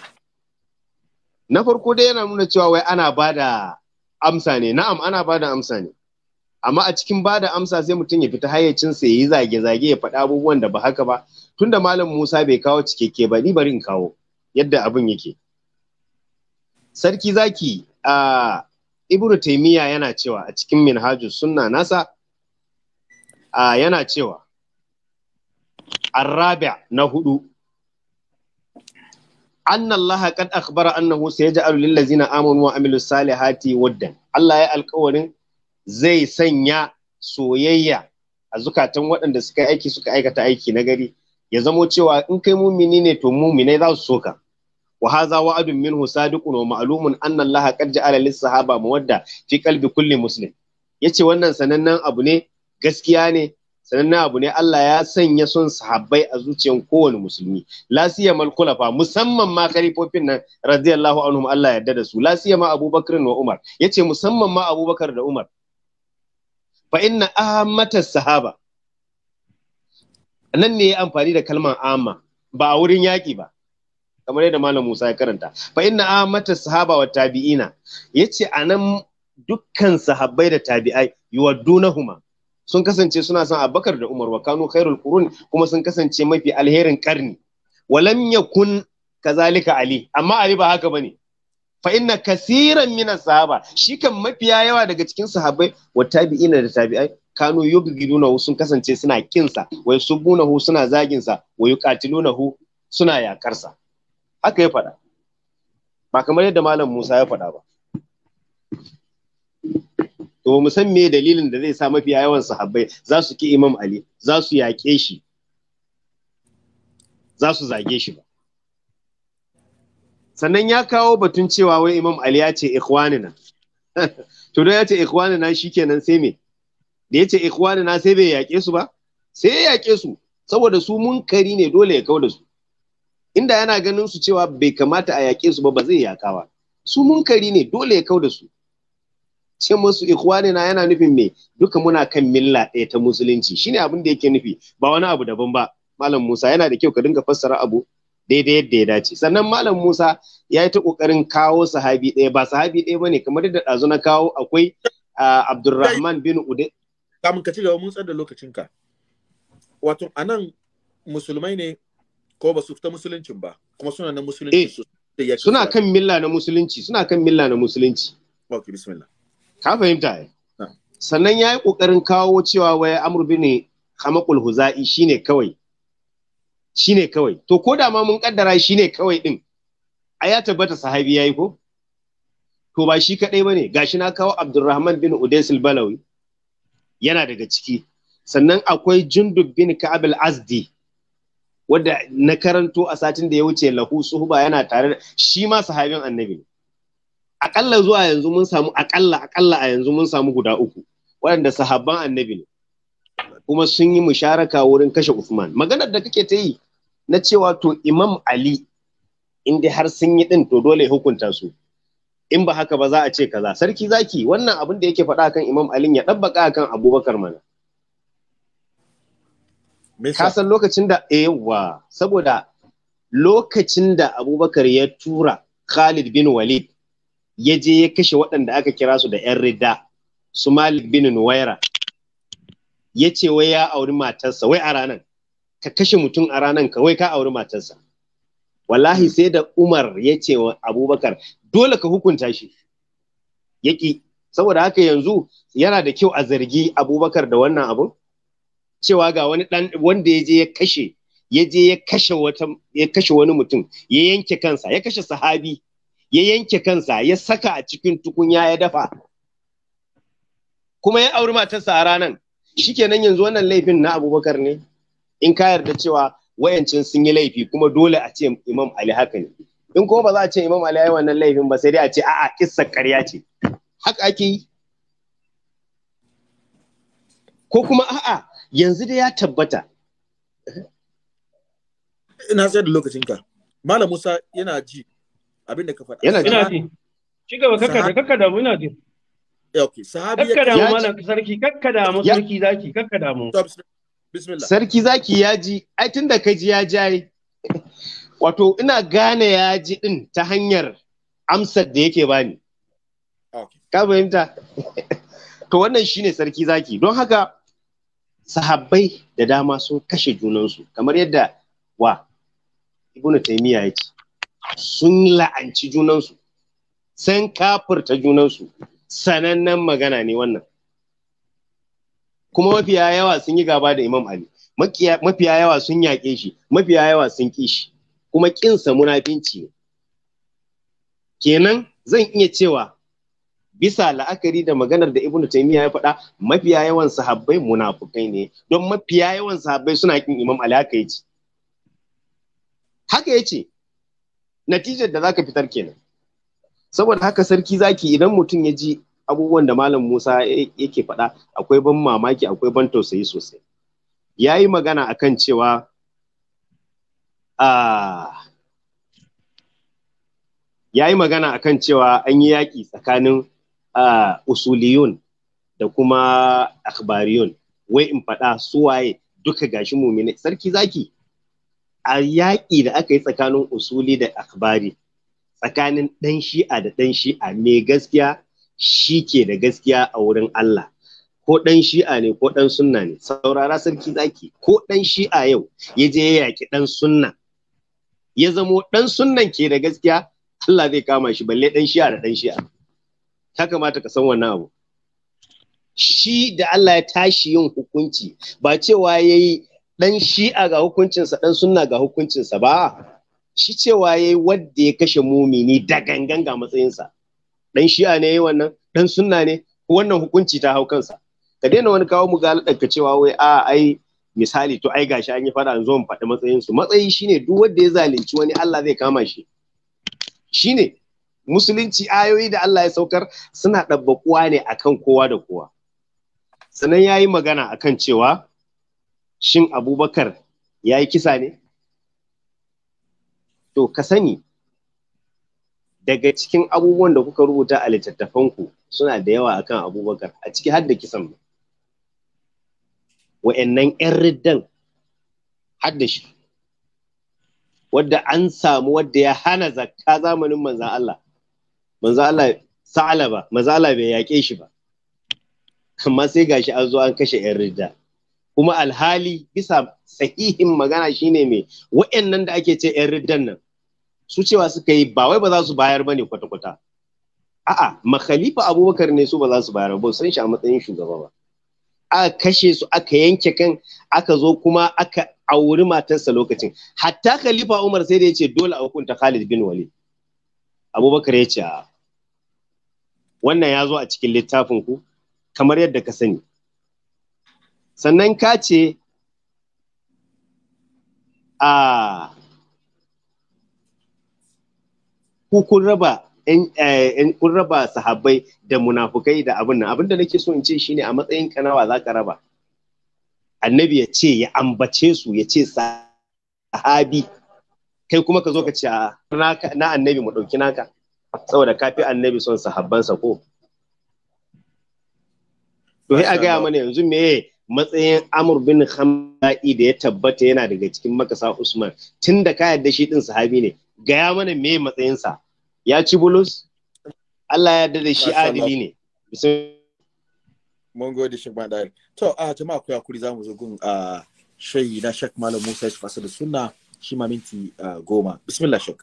na farko dai yana nuna cewa wai ana bada amsa ne na'am ana bada amsa ne amma a cikin bada amsa sai mutum ya fita hayyacin ya yi zage-zage ya faɗi abubuwan da ba haka ba tunda malam Musa bai kawo cikakke ba ni bari in kawo yadda abin yake sarki zaki a ibnu taimiyya yana cewa a cikin minhaju sunna nasa a yana cewa arrabi na hudu anna allaha qad akhbara annahu sayaj'alu lil ladzina amanu wa amilus salihati waddan Allah ya alkawarin zai sanya soyayya a zukatan waɗanda suka aiki suka aikata aiki na gari ya zamo cewa in kai mumini ne to muminai za su soka wa hadha wa'adun minhu sadiqun wa ma'lumun anna Allah qad ja'ala lis sahaba mawadda fi qalbi kulli muslim yace wannan sanannen abu ne gaskiya ne sanannen abu ne Allah ya sanya son sahabbai a zuciyar kowane musulmi la malkulafa musamman ma kalifofin nan radiyallahu anhum Allah yarda da su la ma Abubakar da Umar yace musamman ma Abubakar da Umar fa inna ahammatas sahaba nan ne ya amfani da kalmar amma ba a wurin yaki ba kamar yadda malam Musa ya karanta fa inna amata sahaba wa tabi'ina yace anan dukkan sahabbai da tabi'ai yuwaddunahuma sun kasance suna son Abakar da Umar wa kanu khairul qurun kuma sun kasance mafi alherin karni walam yakun kazalika Ali amma Ali ba haka bane fa inna kasiran min sahaba shi kan mafiya yawa daga cikin sahabbai wa tabi'ina da tabi'ai kanu yubghidunahu sun kasance suna kinsa wa yusubunahu suna zagin sa wa suna yakarsa haka ya faɗa ba kamar yadda malam Musa ya faɗa ba to mu san me dalilin da zai sa mafi yawan sahabbai za su ki Imam Ali za su yaƙe shi za su zage shi ba sannan ya kawo batun cewa wai Imam Ali ya ce ikhwanina to da ya ce ikhwanina shikenan sai me da ya ce ikhwanina sai bai yaƙe su ba sai ya yaƙe su saboda su munkari ne dole ya kau da su inda yana ganin su cewa bai kamata a yaƙe su ba ba zai yaƙa ba su munkari ne dole ya kau da su ce musu ikhwani na yana nufin me duka muna kan milla ɗaya ta musulunci shine abin da yake nufi ba wani abu daban ba malam Musa yana da kyau ka dinga fassara abu daidai yadda ya dace sannan malam Musa ya yi ta kokarin kawo sahabi ɗaya ba sahabi ɗaya bane kamar yadda ɗazu na kawo akwai Abdulrahman bin Ude kamun ka ci gaba mun da lokacinka wato
anan musulmai ne ko ba su fita musuluncin ba kuma suna na musulunci eh, su
suna kan milla na musulunci suna kan milla na musulunci ok bismillah ka fahimta sannan ya yi ƙoƙarin kawo cewa waya amurbi ne hamakul huza'i shine kawai shine kawai to ko da ma mun kaddara shine kawai din a ya tabbata sahabi yayi ko to ba shi kadai bane gashi na kawo Abdulrahman bin Udays al-Balawi yana daga ciki sannan akwai Jundub bin Ka'ab al-Azdi wadda na karanto a satin da ya wuce lahu suhuba yana tare da shi ma sahabin annabi ne akalla zuwa yanzu mun samu akalla akalla a yanzu mun samu guda uku waɗanda sahabban annabi ne kuma sun yi musharaka wurin kashe Usman maganar da kake ta yi na cewa to Imam Ali in dai har sun yi din to dole ya hukunta su in ba haka ba za a ce kaza sarki zaki wannan abin da yake faɗa kan Imam Ali ya dabbaka kan Abubakar mana ka san lokacin da eh, yawa saboda lokacin da abubakar ya tura khalid bin walid ya je ya kashe waɗanda aka kira su da 'yan rida su malik bin nuwaira ya ce wai ya auri matarsa wai a ranar ka kashe mutum a ranar ka wai ka auri matarsa wallahi sai da umar ya ce wa abubakar dole ka hukunta shi yaki saboda haka yanzu yana da kyau a zargi abubakar da wannan abun cewa ga wani dan wanda ya je ya kashe ya je ya kashe wata ya kashe wani mutum ya yanke kansa ya kashe sahabi ya yanke kansa ya saka a cikin tukunya ya dafa kuma ya auri matarsa a ranan shikenan yanzu wannan laifin na abubakar ne in ka yarda cewa wayancin sun yi laifi kuma dole a ce imam ali haka ne in kuma ba za a ce imam ali yayi wannan laifin ba sai dai a ce a'a kissa ƙarya ce haka ake yi ko kuma a'a yanzu da ya tabbata
ina sai da lokacinka malam musa yana ji
abin da ka faɗa yana ji ci gaba kakka da kakka da muna ji
eh, ok, sahabi kakka da malam
sarki kakka da mu sarki zaki kakka da mu bismillah sarki zaki
ya ji ai tunda ka ji ya jaye wato ina gane ya ji din ta hanyar amsar da yake bani ah, ka fahimta to wannan shine sarki zaki don haka sahabbai da dama sun kashe junansu kamar yadda wa ibnu taymiya ya sun la'anci junansu sun kafirta junansu sanannen magana ne wannan kuma mafiya yawa sun yi gaba da imam ali mafiya yawa sun yaƙe shi mafiya yawa sun ƙi shi kuma ƙinsa munafinci ne kenan zan iya cewa bisa la'akari da maganar da ibnu taymiya ya faɗa mafiya yawan sahabbai munafukai ne don mafiya yawan sahabbai suna kin imam ali haka yace haka yace natijar da zaka fitar kenan saboda haka sarki zaki idan mutum ya ji abubuwan da malam musa yake faɗa akwai ban mamaki akwai ban tausayi sosai ya yi magana akan cewa ah, ya yi magana akan cewa an yi yaƙi tsakanin usuliyun da kuma akhbariyun wai in faɗa waye duka gashi mumini sarki zaki a yaƙi da aka yi tsakanin usuli da akhbari tsakanin ɗan shi'a da ɗan shi'a mai gaskiya shi ke da gaskiya a wurin Allah ko ɗan shi'a ne ko ɗan sunna ne saurara sarki zaki ko ɗan shi'a yau ya je ya yaƙi ɗan sunna ya zamo ɗan sunnan ke da gaskiya Allah zai kama shi balle ɗan shi'a da ɗan shi'a Ta kamata ka san wannan abu shi da Allah ya tashi yin hukunci ba cewa yayi dan shi'a ga hukuncinsa dan sunna ga hukuncinsa ba shi cewa yayi wanda ya kashe mumini da gangan ga matsayinsa dan shi'a ne yayi wannan dan sunna ne wannan hukunci ta hau kansa ka daina wani kawo mu mugalar ka cewa wai a ai misali to ai gashi an yi fada an zo mu faɗi matsayin su matsayi shine duk wanda ya zalunci wani Allah zai kama shi shine musulunci ayoyi da Allah ya saukar suna ɗabbaƙuwa ne akan kowa da kowa sannan ya yi magana akan cewa shin abubakar ya yi kisa ne to ka sani daga cikin abubuwan da kuka rubuta a littattafanku suna da yawa akan abubakar a ciki har da kisan wa'annan 'yan riddan har da shi wadda an samu wadda ya hana zakka zamanin manzan Allah manzo Allah sa'alaba bai yaƙe shi ba amma sai gashi an zo an kashe yan ridda kuma alhali bisa sahihin magana shine mai wa'annan da ake ce yan riddan nan su cewa suka yi ba wai ba za su bayar ne kwata-kwata a'a makhalifa abubakar ne su ba za su bayar ba san shi a matsayin shugaba ba aka kashe su aka yanke kan aka zo kuma aka auri matarsa lokacin hatta khalifa umar sai da ya ce dole a hukunta khalid bin walid abubakar ya ce wannan ya zo a cikin littafin ku kamar yadda ka sani sannan ka ce a kun raba eh, kun raba sahabbai da munafukai da abin nan abin da nake so in ce shine a matsayin kanawa za ka raba annabi ya ce ya ambace su ya ce sahabi kai kuma ka zo ka ce a na annabi mu ɗauki naka saboda ka fi annabi son sahabbansa ko to a gaya mana yanzu me matsayin amur bin hamda'i da ya tabbata yana daga cikin makasa usman tun da ka yarda shi din sahabi ne gaya mana me matsayinsa ya ci bulus allah ya yarda da shi adili ne
mun gode shi to a jama'a ku yakuri za mu zo gun a shayi na shek malam musa ya fasa da sunna shi ma minti ah, goma bismillah shak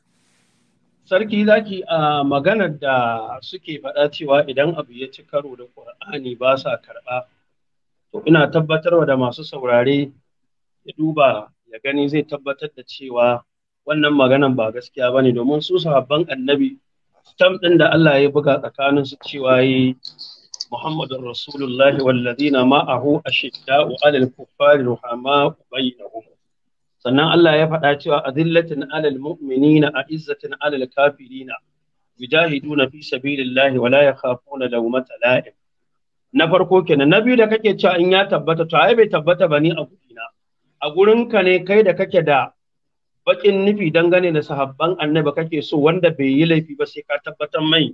sarki zaki a ah, maganar da suke faɗa cewa idan abu ya ci karo da ƙur'ani ba sa karɓa to ina tabbatarwa da masu saurare ya duba ya gani zai tabbatar da cewa wannan maganan ba gaskiya ba ne domin su sahabban annabi tam ɗin da Allah ya buga tsakanin su cewa yi Muhammadun Rasulullahi wallazina ma'ahu a ashidda'u alal kuffari ruhama bainahum sannan Allah ya faɗa cewa a adillatin alal mu'minina a izzatin alal kafirina yujahiduna fi sabilillahi wala yakhafuna lawmata la'im na farko kenan na biyu da kake cewa in ya tabbata to ai bai tabbata bane a gurina a gurin ka ne kai da kake da bakin nufi dangane da sahabban annabi kake so wanda bai yi laifi ba sai ka tabbatar mai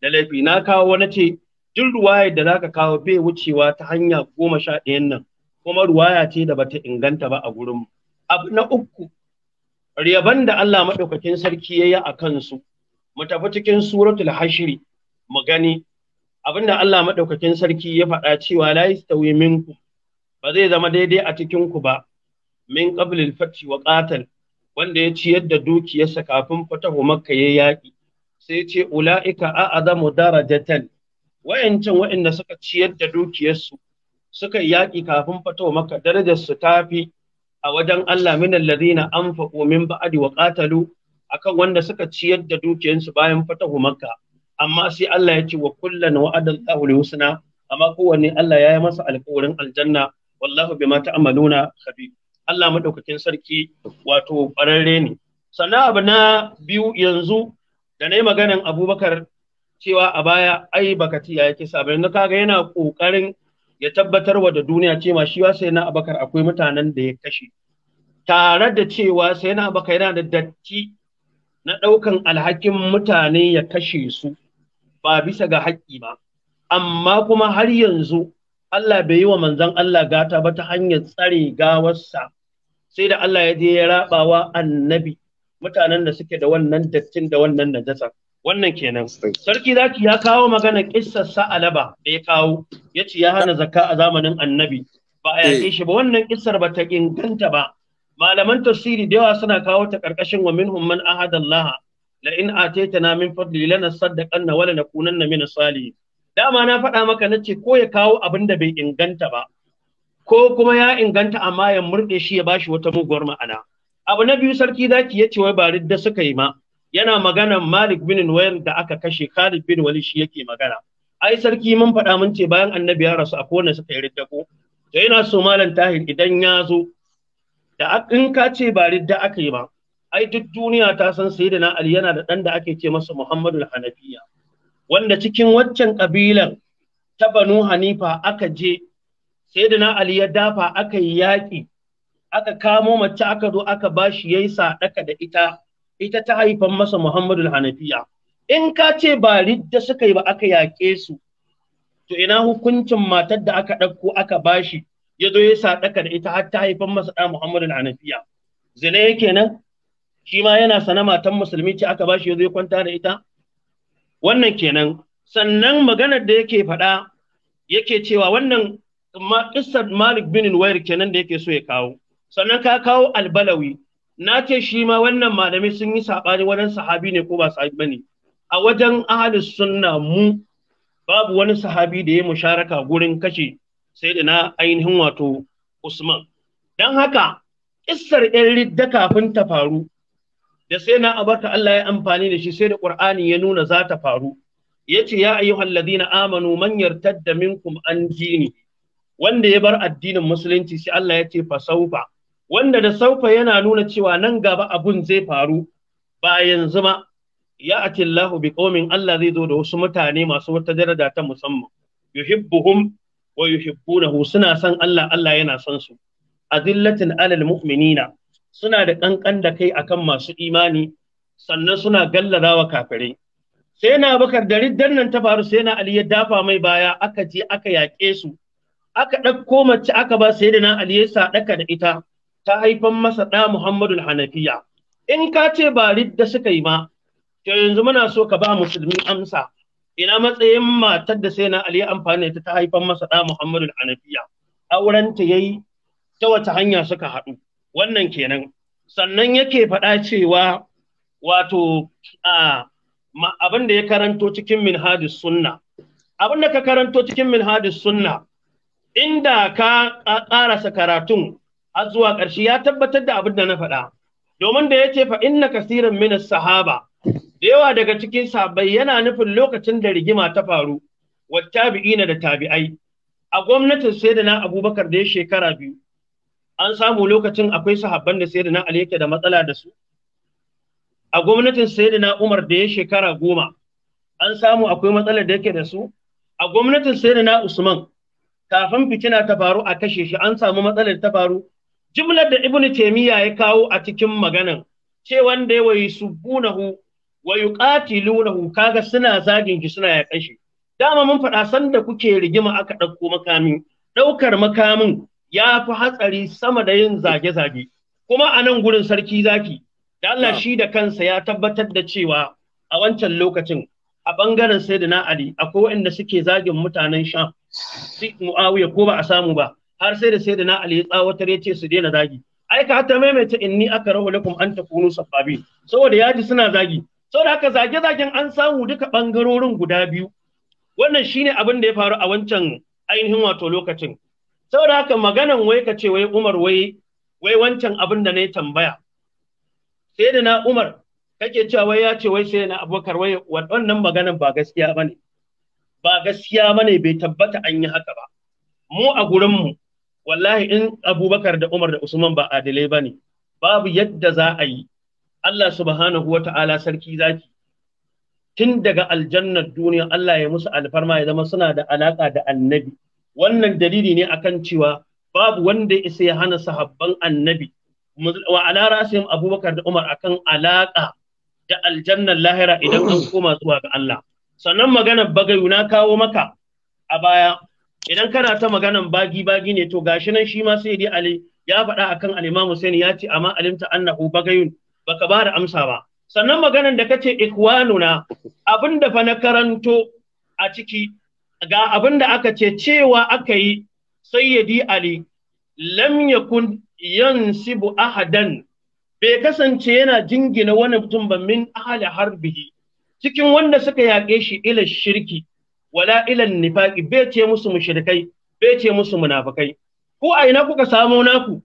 da laifi na kawo wani ce duk ruwaya da zaka kawo bai wucewa ta hanya goma sha ɗayan nan kuma ruwaya ce da bata inganta ba a gurin mu abu na uku riyaban da Allah maɗaukakin sarki ya yi a kansu mu tafi cikin suratul hashiri mu gani abinda Allah maɗaukakin sarki ya faɗa cewa la yastawi minkum ba zai zama daidai a cikin ku ba min qablil fathi wa qatal wanda ya ci yadda dukiyarsa kafin fatahu makka ya yaƙi sai ce ula'ika azamu darajatan wayancan waɗanda suka ciyar da dukiyarsu suka yaƙi kafin fatahu maka darajarsu ta fi a wajen Allah min alladhina anfaqu min ba'di wa qatalu akan wanda suka ciyar da dukiyansu bayan fatahu makka amma sai Allah ya ce wa kullan wa'ada Allahu husna amma kowanne Allah ya yi masa alƙawarin aljanna wallahu bima ta'maluna khabir Allah madaukakin sarki wato ƙwararre ne sannan abu na biyu yanzu da nayi yi maganin abubakar cewa a baya ai baka ci ya kisa na kaga yana ƙoƙarin ya tabbatar wa da duniya cewa shi wa sai na abakar akwai mutanen da ya kashe tare da cewa sai na abakar yana da datti na ɗaukan alhakin mutane ya kashe su ba bisa ga haƙƙi ba amma kuma har yanzu Allah bai yi wa manzon Allah gata ba ta hanyar tsare gawarsa sai da Allah ya je ya rabawa annabi mutanen da suke da wannan dattin da wannan najasa wannan kenan sarki zaki ya kawo magana kissar Alaba da ya kawo ya ce ya hana zakka a zamanin annabi ba a yaƙe eh. shi ba wannan kissar ba ta inganta ba malaman tafsiri da yawa suna kawo ta karkashin wa minhum man ahada Allah la in ataitana min fadli lana saddaqanna wala nakunanna min salihin dama na faɗa maka na ce ko ya kawo abin da bai inganta ba ko kuma ya inganta amma ya murɗe shi ya bashi wata muguwar ma'ana abu na biyu sarki zaki ya ce wai baridda da suka yi ma yana magana Malik bin Nuwayr da aka kashe Khalid bin Walid shi yake magana ai sarki mun faɗa mun ce bayan annabi ya rasu akwai wanda suka yi riddako to ina so malam tahir idan ya zo da in ka ce ba ridda aka yi ba ai duk duniya ta san sayyidina Ali yana da ɗan da ake ce masa Muhammadu Hanafiya wanda cikin waccan kabilan ta Banu Hanifa aka je sayyidina Ali ya dafa aka yi yaƙi aka kamo mace aka zo aka bashi yayi sadaka da ita ita ta haifan masa Muhammadu Hanafiya in ka ce ba ridda suka yi ba aka yaƙe su to ina hukuncin matar da aka ɗauko aka bashi ya zo ya saɗaka da ita har ta haifan masa ɗa Muhammadu Hanafiya zina yake nan shi ma yana sana matan musulmi ce aka bashi ya zo ya kwanta da ita wannan kenan sannan maganar da yake faɗa yake cewa wannan ƙissar Malik bin nuwayar kenan da yake so ya kawo sannan ka kawo albalawi na ce shi ma wannan malamai sun yi saɓani wajen sahabi ne ko ba sahabi ba ne a wajen ahli sunna mu babu wani sahabi da ya musharaka gurin kashe sai da na ainihin wato usman don haka kissar yan ridda kafin ta faru da sai na abarka Allah ya amfani da shi sai da Qur'ani ya nuna za ta faru yace ya ayyuhal ladina amanu man yartadda minkum an dini wanda ya bar addinin musulunci sai Allah ya ce fa saufa wanda da saufa yana nuna cewa nan gaba abun zai faru bayan zuma, ya ati Allahu bi qaumin Allah zai zo da wasu mutane masu wata daraja ta musamman yuhibbuhum wa yuhibbunahu suna san Allah Allah yana san su azillatin alal mu'minina suna da kankan da kai akan masu imani sannan suna gallazawa kafirai sai na bakar da riddar nan ta faru sai na ali ya dafa mai baya aka je aka yaƙe su aka ɗauko mace aka ba sai da na ali ya sadaka da ita ta haifan masa ɗa Muhammadu Hanafiya. In ka ce ba ridda suka yi ma, to yanzu muna so ka ba musulmi amsa. Ina matsayin matar da sai na Ali amfani ta ta haifan masa ɗa Muhammadu Hanafiya. Aurenta yayi ta wata hanya suka haɗu. Wannan kenan. Sannan yake faɗa cewa wato a abin da ya karanto cikin minhajus sunna. Abin da ka karanto cikin minhajus sunna inda ka ƙarasa karatun har zuwa ƙarshe ya tabbatar da abin da na faɗa domin da ya ce fa inna kasirin min sahaba da yawa daga cikin sahabbai yana nufin lokacin da rigima ta faru wa tabi'ina da tabi'ai a gwamnatin sayyidina abubakar da ya shekara biyu an samu lokacin akwai sahabban da sayyidina ali yake da matsala da su a gwamnatin sayyidina umar da ya shekara goma an samu akwai matsalar da yake da su a gwamnatin sayyidina usman kafin fitina ta faru a kashe shi an samu matsalar ta faru Jimlar da ibnu taymiya ya kawo a cikin maganan ce wanda ya wayi subunahu wa yuqatilunahu kaga suna zagin shi suna ya kashe. dama mun faɗa san da kuke rigima aka ɗauko makami ɗaukar makamin ya fi hatsari sama da yin zage-zage kuma a nan gurin sarki zaki da Allah shi da kansa ya tabbatar da cewa a wancan lokacin a bangaren sayyidina Ali akwai waɗanda suke zagin mutanen si Muawiya ko ba a samu ba har sai da sai da na Ali tsawatar ya ce su daina zagi ai ka hata maimaita inni aka rahu lakum an takunu sababi saboda yaji suna zagi saboda haka zage zagen an samu duka bangarorin guda biyu wannan shine abin da ya faru a wancan ainihin wato lokacin saboda haka maganan wai ka ce wai Umar wai wai wancan abin da na tambaya sai da na Umar kake cewa wai ya ce wai sai na Abubakar wai wannan maganan ba gaskiya bane ba gaskiya bane bai tabbata an yi haka ba mu a gurinmu wallahi in abubakar da umar da usman ba adalai ba ne babu yadda za a yi allah subhanahu wa ta'ala sarki zaki tun daga aljannar duniya allah ya musu alfarma ya zama suna da alaka da annabi wannan dalili ne akan cewa babu wanda ya isa ya hana sahabban annabi wa ala rasim abubakar da umar akan alaka da aljannar lahira idan an koma zuwa ga allah sannan maganar bagayu na kawo maka a baya idan kana ta maganan bagi bagi ne to gashi nan shi ma sai ali ya faɗa akan al-Imam Hussein ya ce amma alimta annahu bagayun baka ba da amsa ba sannan maganan da kace ikwanuna abinda fa na karanto a ciki ga abin da aka ce cewa aka yi sayyidi ali lam yakun yansibu ahadan bai kasance yana jingina wani mutum ba min ahli harbihi cikin wanda suka yaƙe shi ila shirki wala ilan nifaqi bai ce musu mushrikai bai ce musu munafikai ko a ina kuka samo naku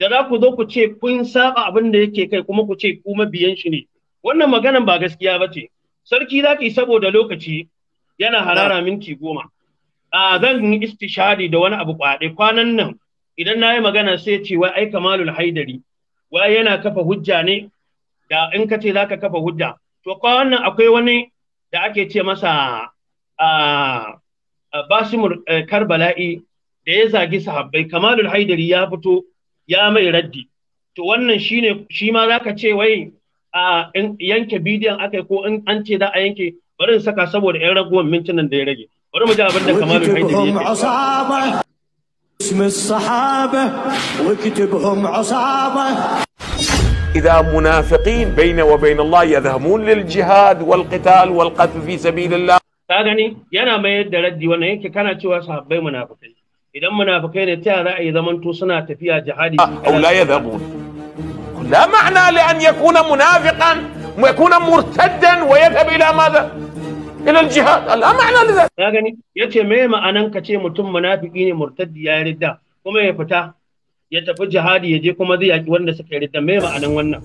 da za ku zo ku ce kun saba abin da yake kai kuma ku ce ku mabiyan shi ne wannan maganan ba gaskiya ba ce sarki za ki saboda lokaci yana harara minti goma a zan yi istishadi da wani abu kwaɗe kwanan nan idan na yi magana sai ce wai ai kamalul haidari wai yana kafa hujja ne da in ka ce za ka kafa hujja to kwanan akwai wani da ake ce masa باسمر كربلائي ديزا جيسا بي كمال الحيدر يابتو يامي ردي تو ونن شيني شيما راكا چه وي ينك بيديان اكي كو انتي دا ينك برن سكا سبور ايرقو منتنن دي رجي برن مجابر دا كمال الحيدر يابتو
اسم الصحابة وكتبهم عصابة
إذا منافقين بين وبين الله يذهبون للجهاد
والقتال والقتل في سبيل الله ka gani yana mai da raddi wannan yake kana cewa sahabbai munafikai idan munafikai ne ta ra'ayi zaman to suna tafiya jihadi aw la yadhabu la ma'na li an yakuna munafiqan wa yakuna murtaddan wa yadhhab ila madha ila al-jihad la ma'na li dhalik ka gani yace me ma'anan ka ce mutum munafiki ne murtaddi ya ridda kuma ya fita ya tafi jihadi ya je kuma zai yaki wanda suka ridda me ma'anan wannan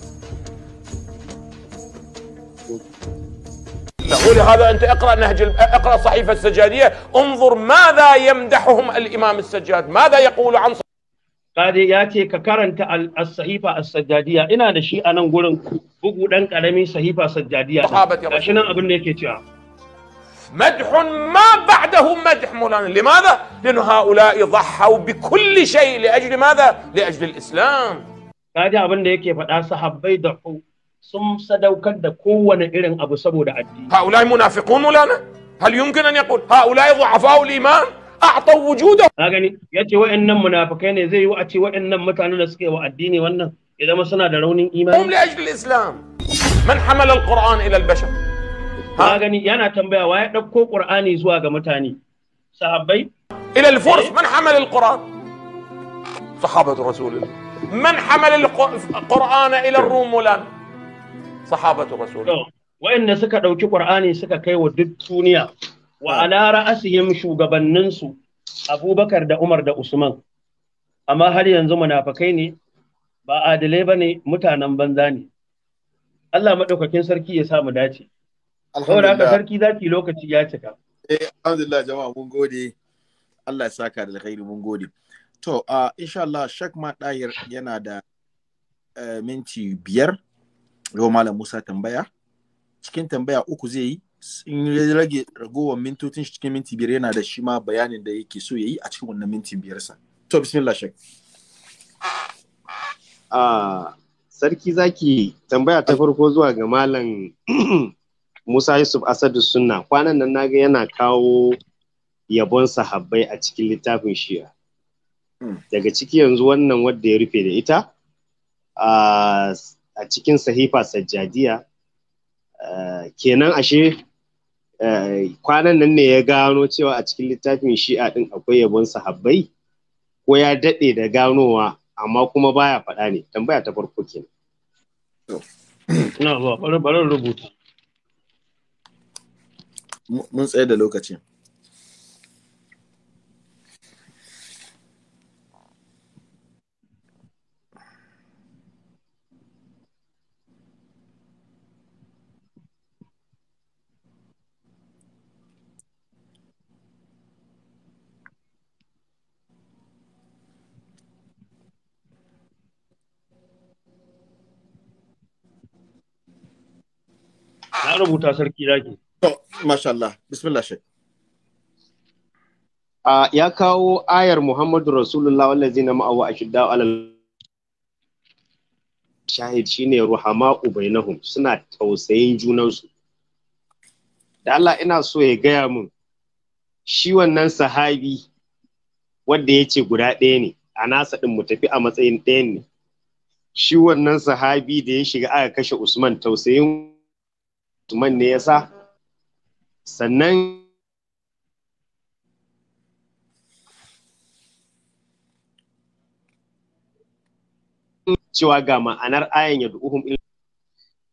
يقول هذا انت اقرا نهج اقرا الصحيفه السجاديه انظر ماذا يمدحهم الامام السجاد ماذا يقول عن قادي ياتي ككرنت الصحيفه السجاديه انا da انا a nan gurin bugu dan karamin sahifa sajjadiya gashi nan abin مدح ما بعده مدح مولانا لماذا؟ لأن هؤلاء ضحوا بكل شيء لأجل ماذا؟ لأجل الإسلام هذا أبن ديك فدا صحابي ضحوا sun sadaukar da kowane irin abu saboda addini haulai munafiqun mulana hal yumkin an yaqul haulai du'afa'u al-iman a'taw wujuda ka gani yace wa'annan munafikai ne zai yi a ce wa'annan mutanen da suke wa addini wannan idan ma suna da raunin imani hum li ajli al-islam man hamala al-quran ila al-bashar ka gani yana tambaya wa ya dauko qur'ani zuwa ga mutane sahabbai ila al-furs man hamala al-quran sahabatu rasulillah من حمل القرآن إلى الروم والآن sahabatu rasulullah wa'anda suka ɗauki qur'ani suka kai wa duk duniya wa ah. ala ra'asihim su abubakar da umar da usman amma har yanzu munafakai ne ba adalai bane mutanen banza ne Allah maɗaukakin sarki ya sa mu dace saboda haka sarki zaki lokaci ya cika
eh alhamdulillah jama'a mun gode Allah ya saka da alkhairi mun gode to uh, insha Allah Sheikh ma Dahir yana da uh, minti biyar yau malam musa tambaya cikin tambaya uku zai yi in rage ragowar mintocin shi cikin minti biyar yana da shi ma bayanin da yake so ya yi a cikin wannan minti biyar sa to bismillah shek a
ah, sarki zaki tambaya ta farko zuwa ga malam musa yusuf asadu sunna kwanan nan naga yana kawo yabon sahabbai a cikin littafin shi'a hmm. daga ciki yanzu wannan wanda ya rufe da ita ah, a cikin sahifa sajjadiya eh, kenan ashe eh, kwanan nan ne ya gano cewa a cikin littafin shi'a din akwai yabon sahabbai ko ya daɗe da ganowa amma kuma baya faɗa ne tambaya ta farko kenan
ina zuwa bari rubuta
mun tsaye da lokacin
an rubuta
sarki zaki to mashallah, bismillah shek ya kawo ayar Muhammadu Rasulullah zai na ma'awa a shidda alal shahid shine ruhama ubainahum suna tausayin junansu da Allah ina so ya gaya mun shi wannan sahabi wanda ya ce guda ɗaya ne a nasa ɗin mu tafi a matsayin ɗaya ne shi wannan sahabi da ya shiga aka kashe Usman tausayin tuman ne ya sa sannan cewa ga ma'anar ayan ya du'uhum ila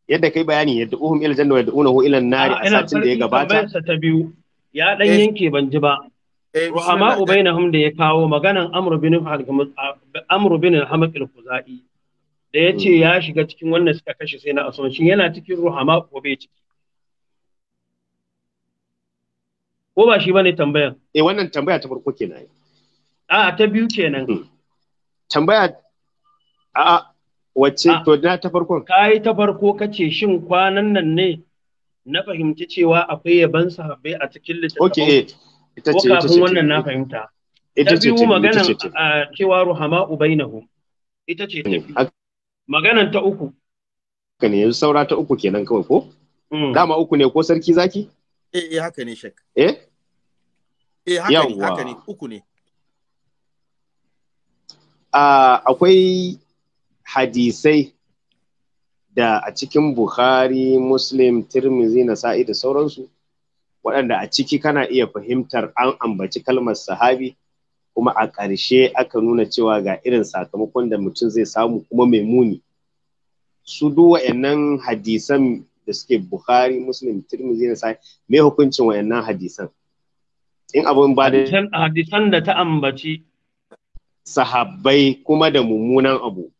yadda kai bayani ya du'uhum ila janna wa du'unahu ila nari a satin da ya gabata
ta biyu ya dan eh. yanke ban ji ba eh, ruhama ubainahum da ya kawo maganan amru bin amru bin hamak al khuzai da yace hmm. ya shiga cikin wannan suka kashe sai na aswan shin yana cikin ruhama ko bai ciki
ko ba shi bane tambayan eh wannan tambaya ta farko kenan a ta biyu kenan hmm. tambaya a wacce
to na ta farko kai ta farko kace shin kwanan nan ne na fahimci cewa akwai yaban sahabbai a cikin littattafan okay eh,
ita ce ita ce wannan na fahimta ita ce ta hmm, biyu
a cewa ruhama ubainahu ita ce
ta biyu maganan ta uku ne yanzu saura ta uku kenan kawai ko hmm. dama uku ne ko sarki zaki
eh eh haka ne shek
eh eh haka ne haka ne uku ne uh, akwai hadisai da a cikin Bukhari, Muslim, Tirmizi, Nasa'i da sauransu waɗanda a ciki kana iya fahimtar an ambaci kalmar sahabi kuma a ƙarshe aka nuna cewa ga irin sakamakon da mutum zai samu kuma mai muni su duwa wa'annan hadisan da suke Bukhari, Muslim, Tirmidhi na sai me hukuncin wayannan hadisan? In abun ba da hadisan da ta ambaci sahabbai kuma da mummunan abu.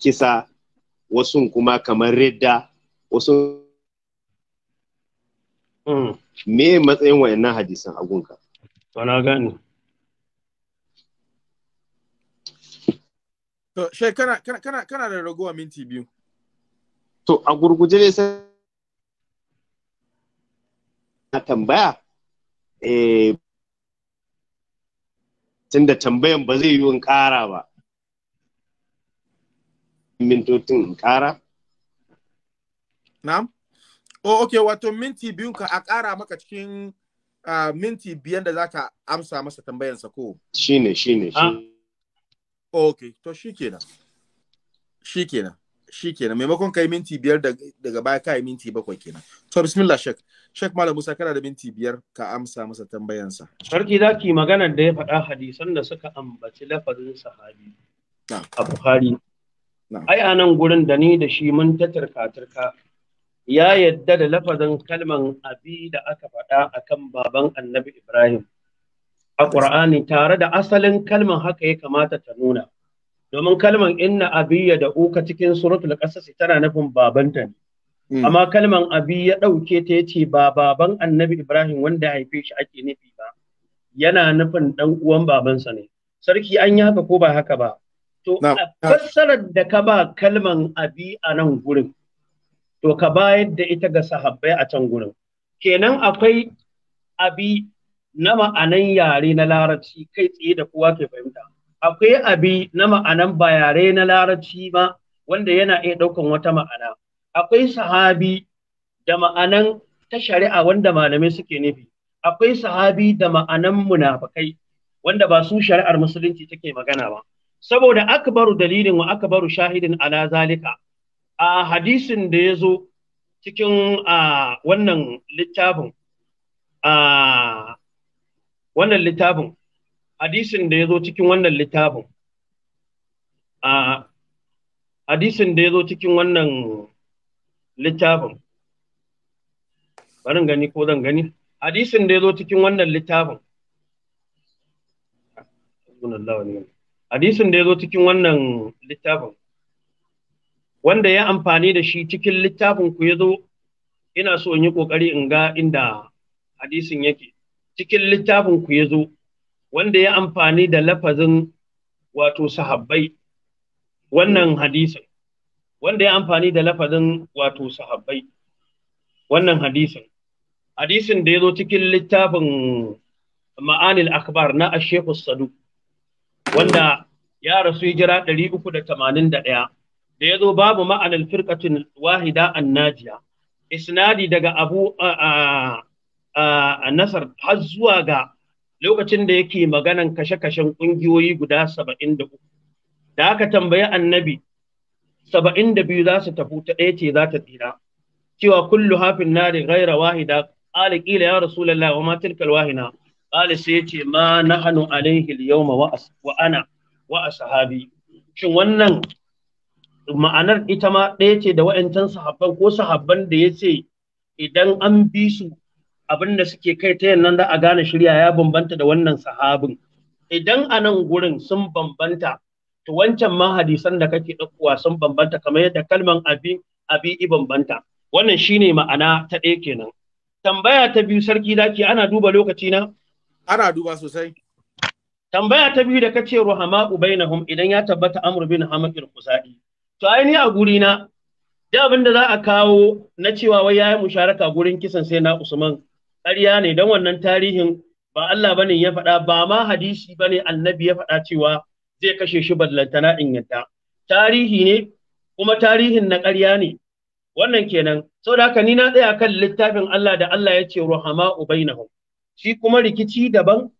Kisa wasu kuma kamar ridda wasu hmm. me matsayin wayannan hadisan agunka? Wana gani.
To, kana, kana, kana, kana da ragowa minti biyu. to a
gurguje ne sai na tambaya eh, tunda tambayan ba zai yi in ƙara ba mintotin in ƙara Na, oh
okay wato minti biyun ka a ƙara maka cikin ah, minti biyan da za ka amsa masa tambayansa ko
Shi ne, shi ne, shi ah.
okay to shi ke shikenan shi kenan maimakon kai minti biyar daga baya kai minti bakwai kenan to bismillah shek shek malam musa kana da minti biyar ka amsa masa tambayansa sarki zaki
magana da ya faɗa hadisan da suka ambaci lafazin sahabi a buhari ai a nan gurin da ni da shi mun ta turka ya yadda da lafazin kalman abi da aka faɗa akan baban annabi ibrahim a ƙur'ani tare da asalin kalman haka ya kamata ta nuna domin kalman inna abiya da uka cikin suratul qasas tana nufin babanta ne hmm. amma kalman abi ya dauke ta yace ba baban annabi ibrahim wanda ya haife shi ake nufi ba yana nufin dan uwan babansa ne sarki an yi haka ko ba haka ba to a fassarar da ka ba kalman abi a nan gurin to ka bayar da ita ga sahabbai a can gurin kenan akwai abi na ma'anan yare na larabci kai tsaye da kowa ke fahimta akwai abi na ma'anan bayare na larabci ma wanda yana iya ɗaukan wata ma'ana akwai sahabi da ma'anan ta shari'a wanda malamai suke nufi akwai sahabi da ma'anan munafakai wanda ba su shari'ar musulunci take magana ba saboda akbaru dalilin wa akbaru shahidin ala zalika a hadisin da ya zo cikin wannan littafin wannan littafin hadisin da ya zo cikin wannan littafin a hadisin da ya zo cikin wannan littafin barin gani ko zan gani hadisin da ya zo cikin wannan littafin hadisin da ya zo cikin wannan littafin wanda ya amfani da shi cikin littafin ku ya zo ina so in yi kokari in ga inda hadisin yake cikin littafin ku ya zo wanda ya amfani da lafazin wato sahabbai wannan hadisin wanda ya amfani da lafazin wato sahabbai wannan hadisin hadisin da ya zo cikin littafin ma'anil akbar na ashefu sadu wanda ya rasu hijira 381 da ya zo babu ma'anil firkatin wahida an najiya isnadi daga abu a nasar har zuwa ga lokacin da yake maganan kashe-kashen ƙungiyoyi guda saba'in da uku da aka tambayi annabi saba'in da biyu za su tafi ta ɗaya ce za ta tsira cewa kullu hafin nari gaira wahida ƙala ƙila ya rasulallah wa ma tilkal wahina sai ce ma nahanu alaihi yawma wa ana wa ashabi shin wannan ma'anar ita ma ɗaya ce da wa'ancan sahabban ko sahabban da ya ce idan an bi su abin da suke kai ta yannan za a gane shirya ya bambanta da wannan sahabin idan a nan gurin sun bambanta to wancan ma hadisan da kake ɗaukowa sun bambanta kamar yadda kalman abi abi i bambanta wannan shine ma'ana ta ɗaya kenan tambaya ta biyu sarki daki ana duba lokaci na ana duba sosai tambaya ta biyu da kace ruhama ubainahum idan ya tabbata amr bin hamakil kusadi to ni a guri na da abin da za a kawo na cewa wai yayi musharaka gurin kisan sai na usman ƙarya ne don wannan tarihin ba Allah bane ya faɗa ba ma hadisi bane annabi ya faɗa cewa zai kashe shi ballantana in yadda tarihi ne kuma tarihin na ƙarya ne wannan kenan saboda haka ni na tsaya kan littafin Allah da Allah ya ce ruhama ubainahu shi kuma rikici daban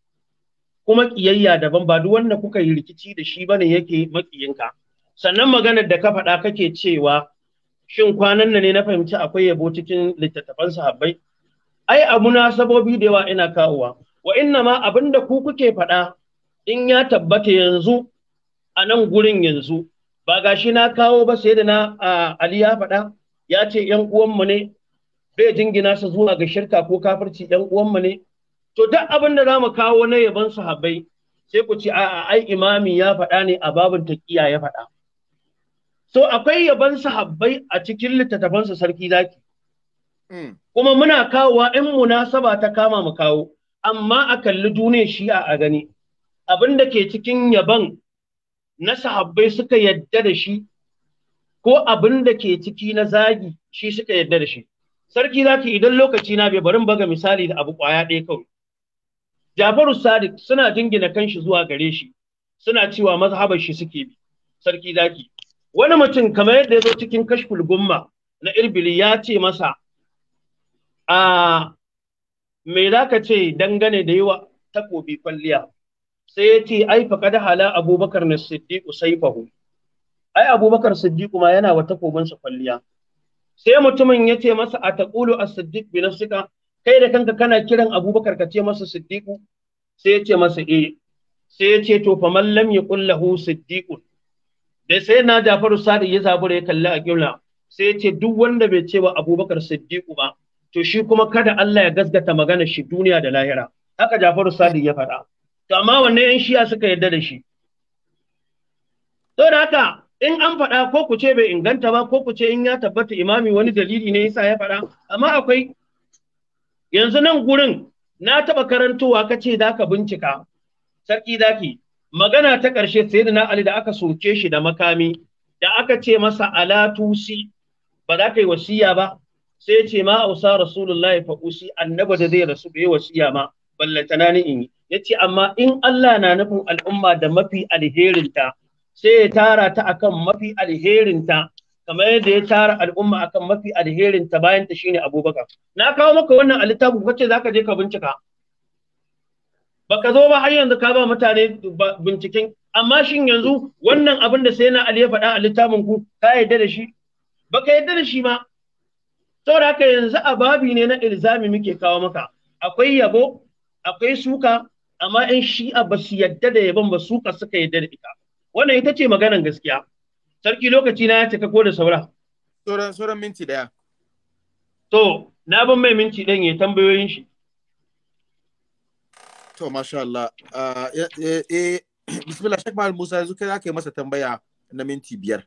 kuma ƙiyayya daban ba duk wanda kuka yi rikici da shi bane yake makiyinka sannan maganar da ka faɗa kake cewa shin kwanan nan ne na fahimci akwai yabo cikin littattafan sahabbai ai abu na sabobi da yawa ina kawowa wa inna ma abinda ku kuke faɗa in ya tabbata yanzu a nan gurin yanzu ba gashi na kawo ba sai da na Ali ya faɗa ya ce ‘yan uwanmu ne bai jingina su zuwa ga shirka ko kafirci ‘yan uwanmu ne to duk abin da za mu kawo na yaban sahabbai sai ku ce a'a ai imami ya faɗa ne a babin taqiya ya faɗa so akwai yaban sahabbai a cikin littattafansa sarki zaki Mm. Kuma muna kawowa in munasaba ta kama mu kawo, amma a kalli duniyar shi'a a gani. Abin da ke cikin yaban na sahabbai suka yadda da shi, ko abin da ke ciki na zagi shi suka yadda da shi. Sarki za zaki idan lokaci na bai barin baga misali da abu kwaya ɗaya kawai. Jafaru Sadiq suna jingina kanshi zuwa gare shi, suna cewa mazhabar shi suke bi. Sarki zaki. Wani mutum kamar yadda ya zo cikin kashful gumma na irbili ya ce masa a me za ka ce dangane da yawa takobi kwalliya sai ya ce ai kada hala abubakar na siddiqu saifahu ai abubakar siddiqu ma yana wa takobinsa kwalliya sai mutumin ya ce masa a taqulu as-siddiq bi nafsika kai da kanka kana kiran abubakar ka ce masa siddiqu sai ya ce masa eh sai ya ce to faman lam yaqul lahu Siddiqu? da sai na Jafaru Sadi ya zabura ya kalli a kibla sai ya ce duk wanda bai ce wa Abubakar Siddiqu ba to shi kuma kada Allah ya gasgata maganar shi duniya da lahira haka Jafaru Sadi ya faɗa to amma wanne yan shiya suka yarda da shi to da haka in an faɗa ko ku ce bai inganta ba ko ku ce in ya tabbata imami wani dalili ne yasa ya faɗa amma akwai yanzu nan gurin na taba karantowa kace za ka bincika sarki zaki magana ta ƙarshe sayyidina Ali da aka soke shi da makami da aka ce masa ala tusi ba za ka yi wasiya ba sai ce ma usa rasulullahi fa usi annaba da zai rasu bai wasiya ma ballatana ni in yace amma in Allah na nufin al'umma da mafi alherinta sai ya tara ta akan mafi alherinta kamar yadda ya tara al'umma akan mafi alherinta bayan ta shine Abubakar na kawo maka wannan a littafin kace zaka je ka bincika baka zo ba har yanzu ka ba mutane binciken amma shin yanzu wannan abin da sai na Ali ya faɗa a littafin ku ka yarda da shi baka yarda da shi ma saboda haka yanzu a babi ne na ilzami muke kawo maka akwai yabo akwai suka amma in shi'a ba su yadda da yabon ba suka suka yadda da ita wannan ita ce maganan gaskiya sarki lokaci na ya cika ko da saura
sauran sauran minti daya
to na ban mai minti ɗan ya tambayoyin shi
to masha Allah eh bismillah shek mal musa yanzu kai zaka yi masa
tambaya na minti biyar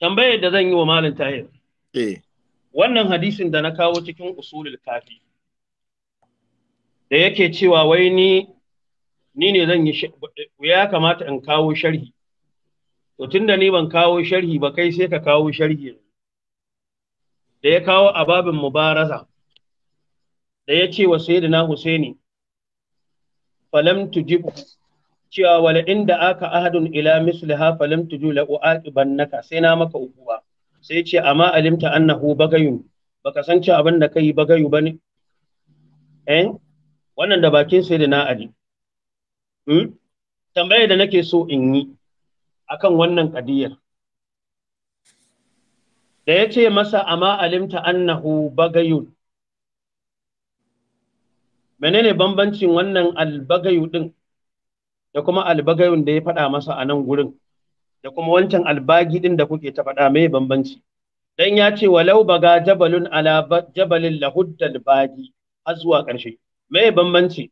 tambayar da zan yi wa malin tahir eh wannan hadisin da na kawo cikin usulul kafi da yake cewa wai ni ni ne zan yi ya kamata in kawo sharhi to tunda ni ban kawo sharhi ba kai sai ka kawo sharhi da ya kawo a babin mubaraza da ya ce wa sayyidina husaini falam tujibu cewa wala inda aka ahadun ila misliha falam tujula uaqibannaka sai na maka uquba sai ce amma alimta annahu bagayu baka san cewa abin da kai bagayu bane eh wannan da bakin sai da na ali hmm? tambaye da nake so in yi akan wannan kadiyar da ya ce masa amma alimta annahu bagayun menene bambancin wannan albagayu din da kuma albagayun da ya faɗa masa a nan gurin da kuma wancan albagi din da kuke ta faɗa mai bambanci dan ya ce walau baga jabalun ala jabalin lahuddal bagi har zuwa ƙarshe mai bambanci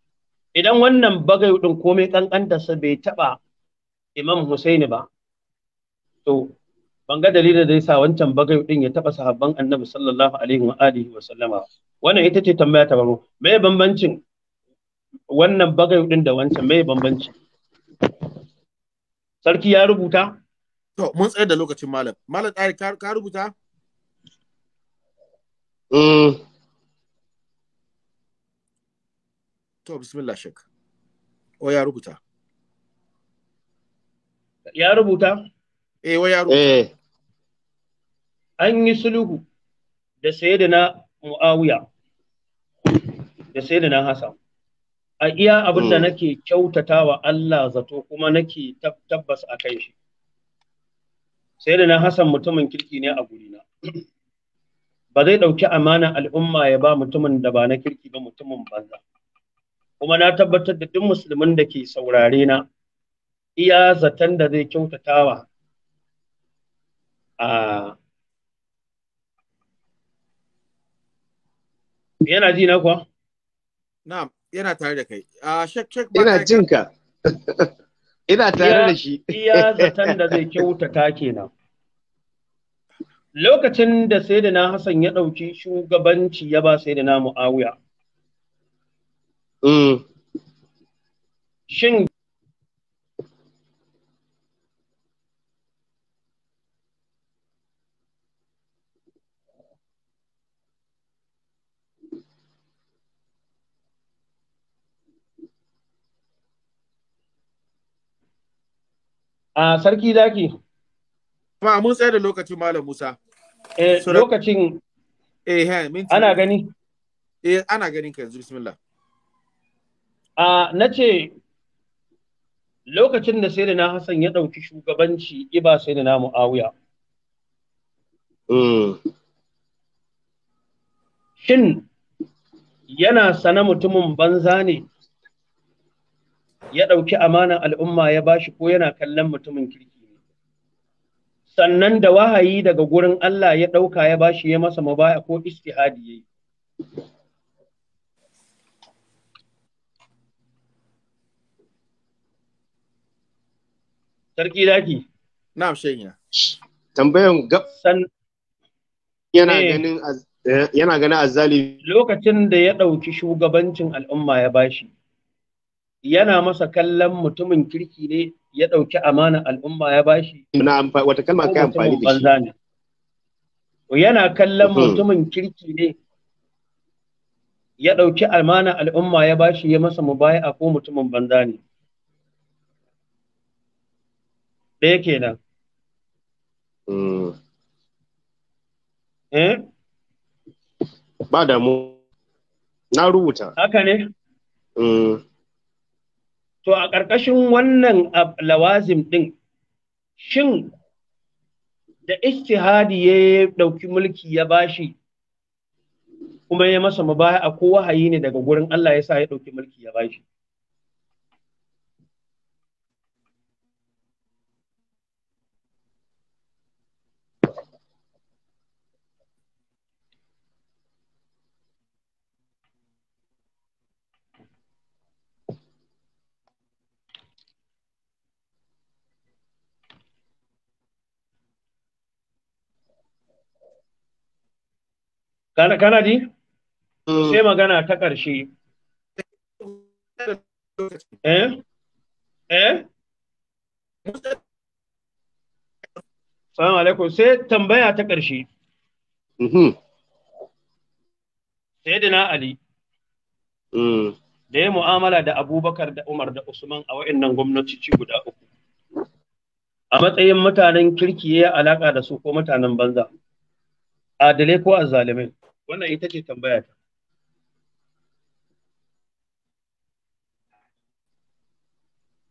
idan wannan bagai din komai kankantarsa bai taɓa imam Husaini ba to ban ga dalilin da yasa wancan bagai din ya taɓa sahabban annabi sallallahu alaihi wa alihi wa sallama wannan ita ce tambaya ta baro mai bambancin wannan bagai din da wancan mai bambanci sarki ya rubuta to mun tsaye da lokacin malam malam ɗari ka rubuta
eh. to bismillah shek o ya rubuta
ya rubuta eh wa ya rubuta eh an yi sulhu da sayyidina muawiya da sayyidina hasan a iya abin da mm. nake kyautatawa Allah zato kuma nake tabbas a kai shi sai da na hasan mutumin kirki ne a gurina ba zai ɗauki amana al'umma ya ba mutumin da ba na kirki ba mutumin banza kuma na tabbatar da duk musulmin da ke saurare na iya zaton da zai kyautatawa a yana ji na kuwa na'am
yana tare da kai. A ah, shek shek ba Ina
jin ka. Ina tare da shi. Iya zaton da zai kyautata kenan. Lokacin da Sayyidina Hassan ya ɗauki shugabanci ya ba Sayyidina Muawiya. Mm. Shin a sarki zaki
ma mun tsaya da lokacin malam Musa eh lokacin
eh he minti ana gani eh ana ganin ka yanzu bismillah a nace lokacin da sai na Hassan ya ɗauki shugabanci iba sai na Muawiya
mm.
shin yana sana mutumin banza ne ya ɗauki amanan al'umma ya bashi ko yana kallon mutumin kirki ne sannan da wahayi daga gurin Allah ya ɗauka ya bashi ya masa baya ko istihadi yayi
Sarki daki. Na'am shayina. Tambayan gab eh. eh, yana ganin yana ganin
azali. lokacin da ya ɗauki shugabancin al'umma ya bashi yana masa kallon mutumin kirki ne ya ɗauki amana al'umma ya bashi.
wata kalma ka amfani da
shi. Yana kallon hmm. mutumin kirki ne ya ɗauki amana al'umma ya bashi ya masa a ko mutumin banza ne.
Ɗaya kenan. Hmm. Eh? Ba damu. Na rubuta.
Haka ne? Hmm. To a ƙarƙashin wannan lawazim ɗin, shin da istihadi ya ɗauki mulki ya bashi kuma ya masa mu a ko wahayi ne daga gurin Allah ya sa ya ɗauki mulki ya bashi. Kana kana ji? Mm. Sai magana ta ƙarshe. Eh? Eh? Salamu alaikum sai tambaya ta ƙarshe. Mm-hmm. na, Ali. Mm. Da ya mu'amala da Abubakar da Umar da Usman a wa'innan ci guda uku. A matsayin mutanen kirki ya alaƙa da su ko mutanen banza. Adalai ko azzalimai. wannan ita ce tambaya ta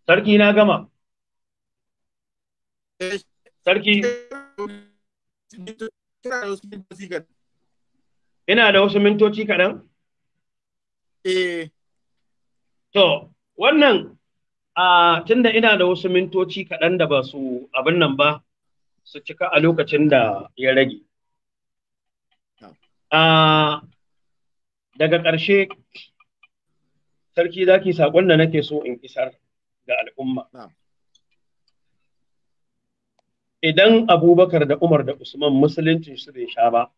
sarki na gama sarki ina da wasu mintoci kaɗan? Eh. to wannan a tunda ina da wasu mintoci kaɗan da ba su abin nan ba su cika a lokacin da ya rage Ah, daga ƙarshe sarki zaki saƙon da nake so in isar ga al'umma idan abubakar da umar da usman musulunci su bai sha ba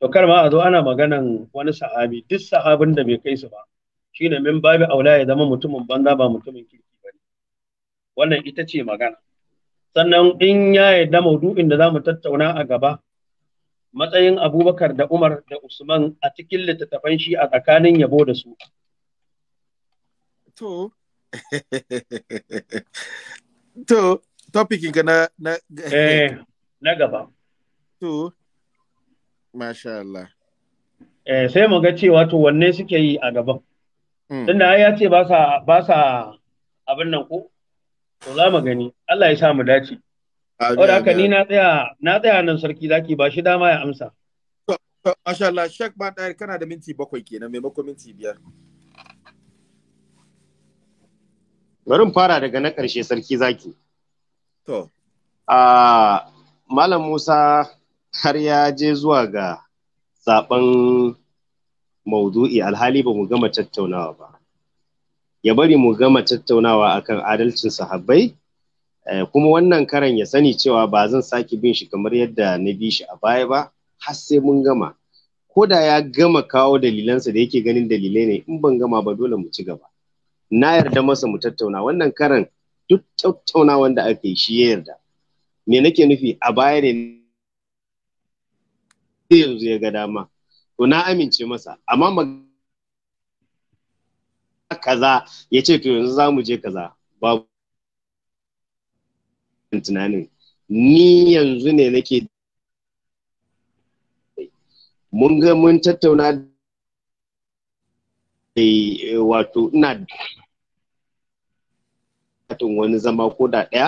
to kar ma a zo ana maganan wani sahabi duk sahabin da bai kai su ba shine min babu aula ya zama mutumin banza ba mutumin kirki ba wannan ita ce magana sannan in ya yarda maudu'in da za mu tattauna a gaba matsayin abubakar da umar da usman a cikin littattafan shi a tsakanin yabo da su to to
topikin ka na na eh, na gaba to masha Allah
eh sai mu ga cewa to wanne suke yi a gaban hmm. tunda ya ce ba sa ba sa abin nan ko to za mu gani Allah ya sa mu dace Wadda haka ni na tsaya nan sarki zaki ba shi dama ya amsa.
Masha Allah, Sheikh ba ɗaya kana da minti bakwai kenan maimakon minti biyar.
Bari fara daga na ƙarshe sarki zaki. To. Malam Musa har ya je zuwa ga zaɓen maudu'i alhali ba mu gama tattaunawa ba. Ya bari mu gama tattaunawa akan adalcin sahabbai Eh, kuma wannan karan ya sani cewa ba zan sake bin shi kamar yadda na bi shi a baya ba har sai mun gama ko da ya gama kawo dalilansa da yake ganin dalilai ne in ban gama ba dole mu ci gaba na yarda masa mu tattauna wannan karan duk tattauna wanda aka yi shi ya yarda me nake nufi a baya ne yanzu ya ga dama to na amince masa amma kaza ya ce to yanzu za mu je kaza babu tunanin ni yanzu ne nake mun ga mun tattauna da eh, wato ina wani zama ko da ɗaya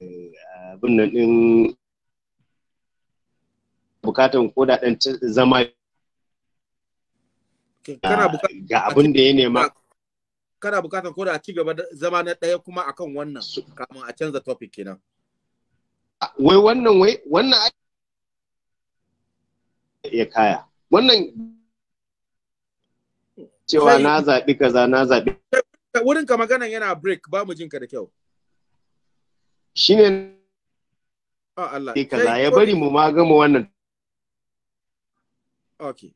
eh, abin nan ɗin bukatan ko da ɗan zama ga abin da ya nema
kana bukatar ko da ci gaba zama na ɗaya kuma
akan wannan kamun a canza topic kenan wai wannan wai wannan ya kaya wannan cewa na zaɓi kaza na zaɓi
wurin ka maganan yana break ba mu jinka da
kyau shine
oh, Allah kaza ya bari mu
ma mu wannan
okay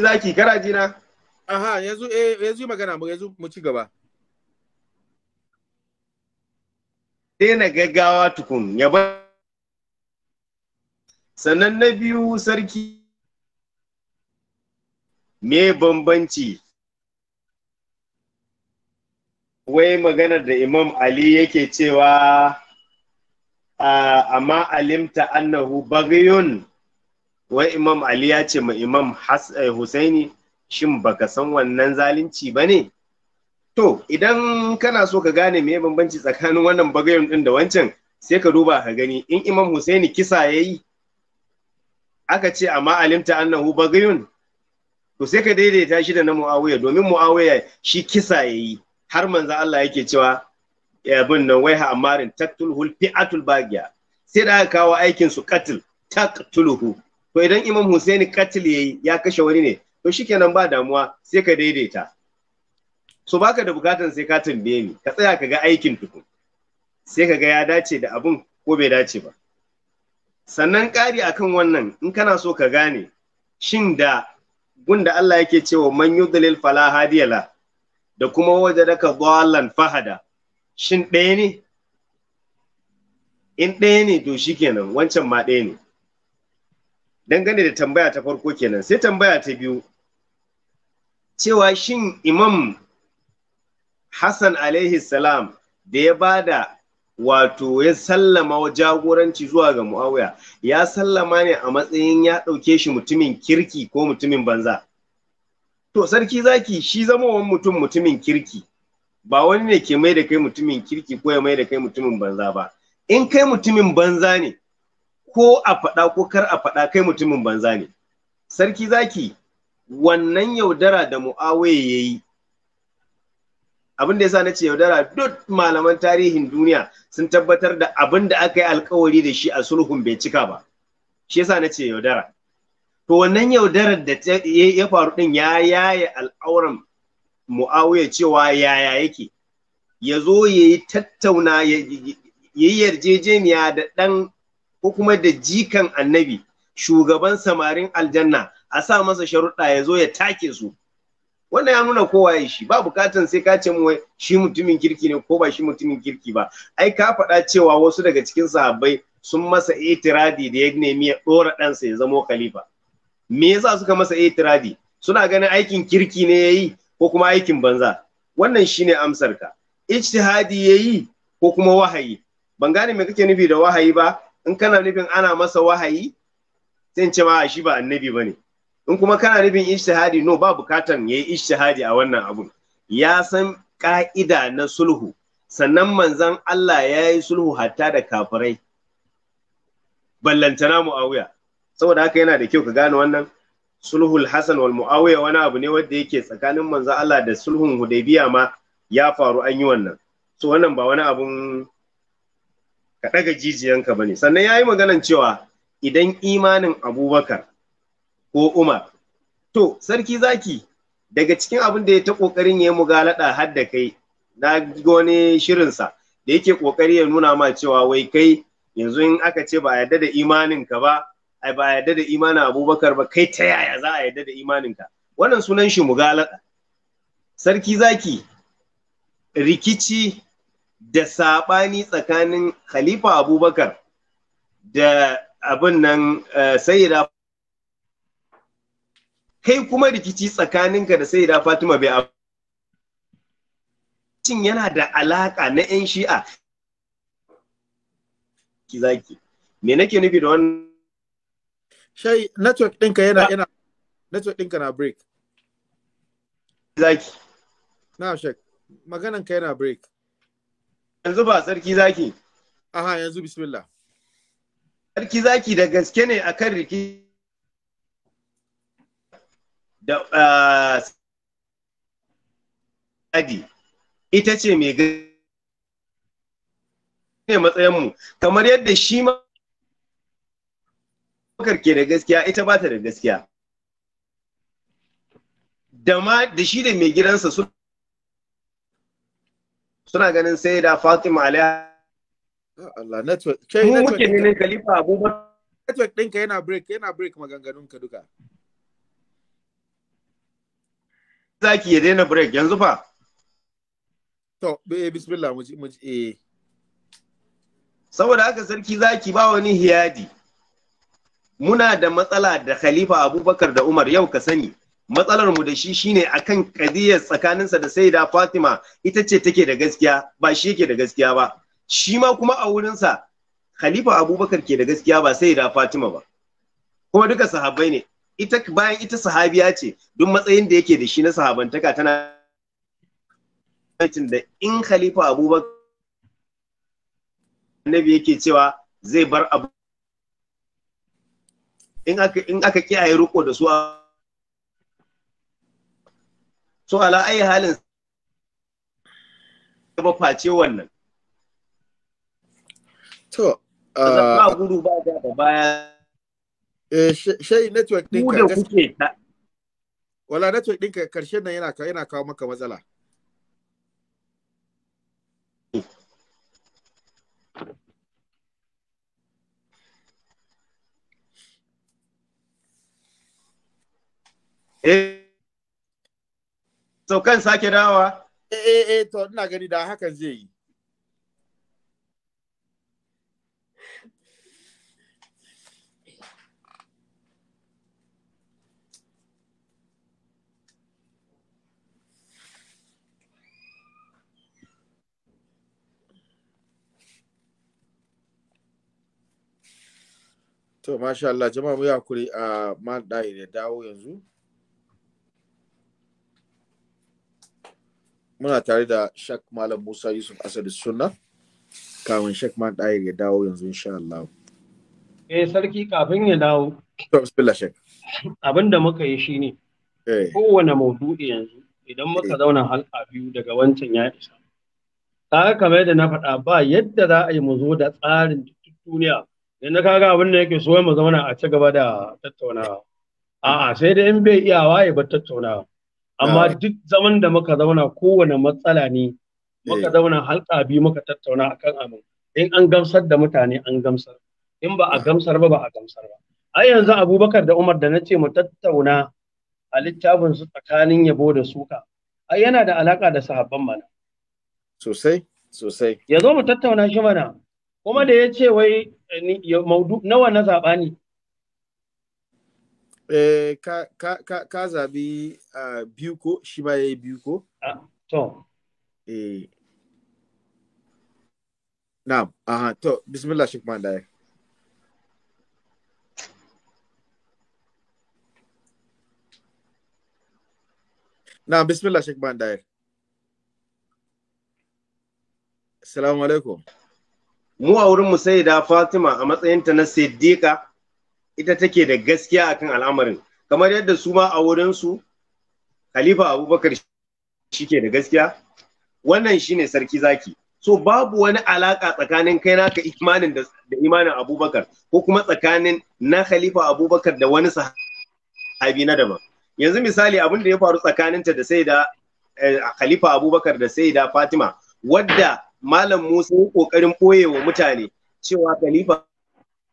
zaki kana ji aha yanzu eh yanzu magana mu yanzu mu
ci gaba daina gaggawa tukun ya ba sannan na biyu sarki me bambanci wai maganar da imam ali yake cewa ah, amma alimta annahu bagayun wai imam ali ya ce ma imam eh, husaini shin baka san wannan zalunci ba ne to idan kana so ka gane me bambanci tsakanin wannan bagayon ɗin da wancan sai ka duba ka gani in imam husaini kisa ya yi aka ce amma alimta annahu bagayun to sai ka daidaita shi da na muawiya domin muawiya shi kisa ya yi har manza Allah yake cewa abin nan wai amarin taqtulhul fi'atul bagiya sai da aka kawo aikin su qatl taqtuluhu to idan imam Hussein katil yayi ya kashe wani ne to shikenan ba damuwa sai ka daidaita so baka da bukatan sai ka tambaye ni ka tsaya ka ga aikin tukun sai ka ga ya dace da abun ko bai dace ba sannan ƙari akan wannan in kana so ka gane shin da gunda Allah yake cewa man yudlil fala hadiyala da kuma waje wajadaka dhallan fahada shin ɗaya ne in ɗaya ne to shikenan wancan ma ɗaya ne dangane da tambaya ta farko kenan sai tambaya ta biyu cewa shin imam hassan alaihi salam da ya ba da wato ya sallama wa jagoranci zuwa ga muawiya ya sallama ne a matsayin ya ɗauke shi mutumin kirki ko mutumin banza to sarki zaki shi zama wani mutum mutumin kirki ba wani ne ke mai da kai mutumin kirki ko ya mai da kai mutumin banza ba in kai mutumin banza ne ko a faɗa ko kar a faɗa kai mutumin banza ne sarki zaki wannan yaudara da mu'awaye ya yi abin da ya sa na ce yaudara duk malaman tarihin duniya sun tabbatar da abin da aka yi alkawari da shi a sulhun bai cika ba shi ya sa na ce yaudara to wannan yaudarar da ya faru ɗin ya yaye al'auran mu'awiya cewa yaya yake ya zo ya yi tattauna ya yi yarjejeniya da ɗan ko kuma da jikan annabi shugaban samarin aljanna a sa masa sharuɗa ya zo ya take su wannan ya nuna kowa ya shi ba bukatan sai ka ce wai shi mutumin kirki ne ko ba shi mutumin kirki ba ai ka faɗa cewa wasu daga cikin sahabbai sun masa itiradi da ya nemi ya ɗora ɗansa ya zamo khalifa me yasa suka masa itiradi suna ganin aikin kirki ne yayi ko kuma aikin banza wannan shine amsar ka ijtihadi yayi ko kuma wahayi ban gane me kake nufi da wahayi ba in kana nufin ana masa wahayi Zan ce ma shi ba annabi bane in kuma kana nufin ishtihadi no ba bukatan yayi ishtihadi a wannan abun ya san ka'ida na sulhu sannan manzan Allah ya yi sulhu hatta da kafirai ballantana mu'awiya saboda haka yana da kyau ka gane wannan sulhul hasan wal mu'awiya wani abu ne wanda yake tsakanin manzan Allah da sulhun hudaybiya ma ya faru an yi wannan so wannan ba wani abun ka ɗaga jijiyanka ba ne sannan ya yi maganan cewa idan imanin abubakar ko umar to sarki zaki daga cikin abin da ya ta ƙoƙarin ya yi mugalaɗa har da kai na wani shirinsa da yake ƙoƙari ya nuna ma cewa wai kai yanzu in aka ce ba a yarda da imaninka ba ai ba a yarda da imanin abubakar ba kai ta yaya za a yarda da imanin ka wannan sunan shi mugalaɗa sarki zaki rikici da saɓani tsakanin khalifa abubakar da abin nan eh, sayyida kai kuma rikici tsakaninka da sayyida fatima bai cin yana da alaƙa na 'yan shi'a zaki me nake nufi da wannan shai network ɗinka yana yana
network ɗinka na break zaki na shek maganan ka yana break yanzu ba sarki zaki. Aha yanzu bismillah.
Sarki zaki da gaske ne a kan riki da ah, adi ita ce mai ne matsayinmu kamar yadda shi ma ke da gaskiya ita ba ta da gaskiya da ma da shi da mai gidansa suna suna ganin sai da Fatima Aliya Allah network kai network muke ne Khalifa Abubakar
network ɗinka yana break yana break maganganun ka duka
zaki ya daina break yanzu fa to eh bismillah mu mu eh saboda haka sarki zaki ba wani hiyadi muna da matsala da Khalifa Abubakar da Umar yau ka sani matsalar mu da shi shine akan kadiyar tsakaninsa da saida Fatima ita ce take da gaskiya ba shi yake da gaskiya ba shi ma kuma a wurinsa Khalifa Abubakar ke da gaskiya ba saida Fatima ba kuma duka sahabbai ne ita bayan ita sahabiya ce duk matsayin da yake da shi na sahabantaka tana da in Khalifa Abubakar annabi yake cewa zai bar abu in aka in aka kiyaye riko da su a so ala ai halin ba face wannan
to ba ah, gudu ba da baya eh shai network din ka kuke wala network din ka karshen nan yana yana kawo maka matsala
Eh saukan sake dawa eh
eh eh to ina gani da hakan zai yi To, masha Allah, jama'a mu ah, ya a man da dawo yanzu. muna tare da shak malam musa yusuf asadu sunna kawun shak man ɗaya ya dawo yanzu
insha Allah. eh sarki kafin ya dawo abinda da muka yi shine eh. kowane maudu'i yanzu idan muka eh. zauna halka biyu daga wancan ya isa kaga kama yadda na faɗa ba yadda za a yi mu zo da tsarin duniya na kaga abin da yake so mu zauna a ci gaba da tattaunawa a'a sai dai in bai iyawa ya bar tattaunawa amma duk zaman da muka zauna kowane matsala ne muka eh. zauna halka biyu muka tattauna akan abin in an gamsar da mutane an gamsar in ba a gamsar ba ba a gamsar ba ai yanzu abubakar da umar da na ce mu tattauna a littafin su tsakanin yabo da suka ai yana da alaka da sahabban mana sosai sosai ya zo mu tattauna shi mana kuma da ya ce wai eh, nawa na zaɓa ne
eh, ka, ka, ka, ka zabi uh, biyu ko shi ba ya yi biyu ko? to. Eh. Na'am, aha, to, bismillah shi kuma da Na'am, bismillah shi kuma da
Salamu alaikum. Mu a wurin mu sai da Fatima a matsayinta na Siddiqa ita take da gaskiya akan al'amarin kamar yadda su ma a su, khalifa abubakar shi ke da gaskiya wannan shine sarki zaki so babu wani alaka tsakanin kai naka imanin da imanin abubakar ko kuma tsakanin na khalifa abubakar da wani sahabi na daban yanzu misali abin da ya faru tsakaninta da sai da eh, khalifa abubakar da sai da fatima wadda malam musa ya kokarin ɓoye wa mutane cewa khalifa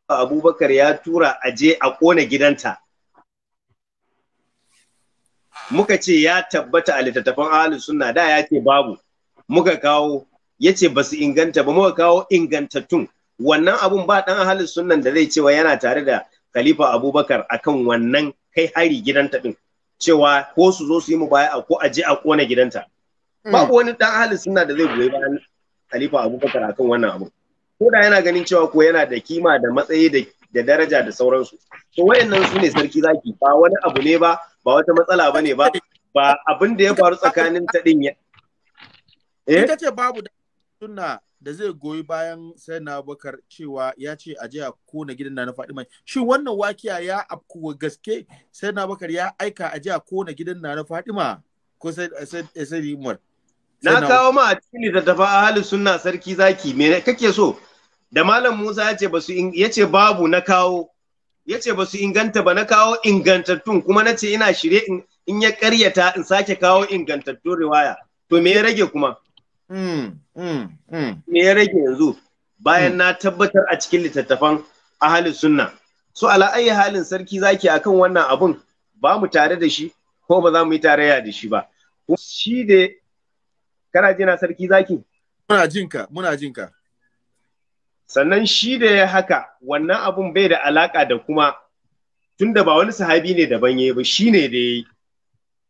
abubakar ya tura a je a kona gidanta muka ce ya tabbata a littattafan ahalin sunna da ya ce babu muka kawo ya ce ba su inganta ba muka kawo ingantattun wannan abun ba dan ahalus sunnan da zai cewa yana tare da khalifa abubakar akan wannan kai hari gidanta ɗin cewa ko su zo su yi mu baya ko a je a kona gidanta babu mm. wani ɗan ahalus sunna da zai goyi bayan khalifa abubakar akan wannan abun ko da yana ganin cewa ko yana da kima da matsayi da da daraja da sauransu to wayannan su ne sarki zaki ba wani abu ne ba ba wata matsala ba ne ba ba abin da ya faru tsakanin ta din ya eh ita ce
babu da sunna da zai goyi bayan sai na bakar cewa ya ce a je a kona gidan na Fadima shin wannan wakiya ya afku gaske sai na bakar ya aika a je a kona gidan na Fadima ko sai sai sai na kawo
ma a cikin littattafa halin suna sarki zaki me kake so da malam Musa ya ce basu ya ce babu na kawo ya ce basu inganta ba na kawo ingantattun kuma na ce ina shirye in ya karyata in sake kawo ingantattun riwaya to me ya rage kuma hmm, hmm, hmm. me ya rage yanzu bayan na tabbatar a cikin littattafan halin sunna so ala ayi halin sarki zaki akan wannan abun ba mu tare da shi ko ba za mu yi tarayya da shi ba shi da kana jina sarki zaki muna jinka muna jinka sannan shi da ya haka wannan abun bai da alaka da kuma tunda ba wani sahabi ne daban yayi ba shine da yayi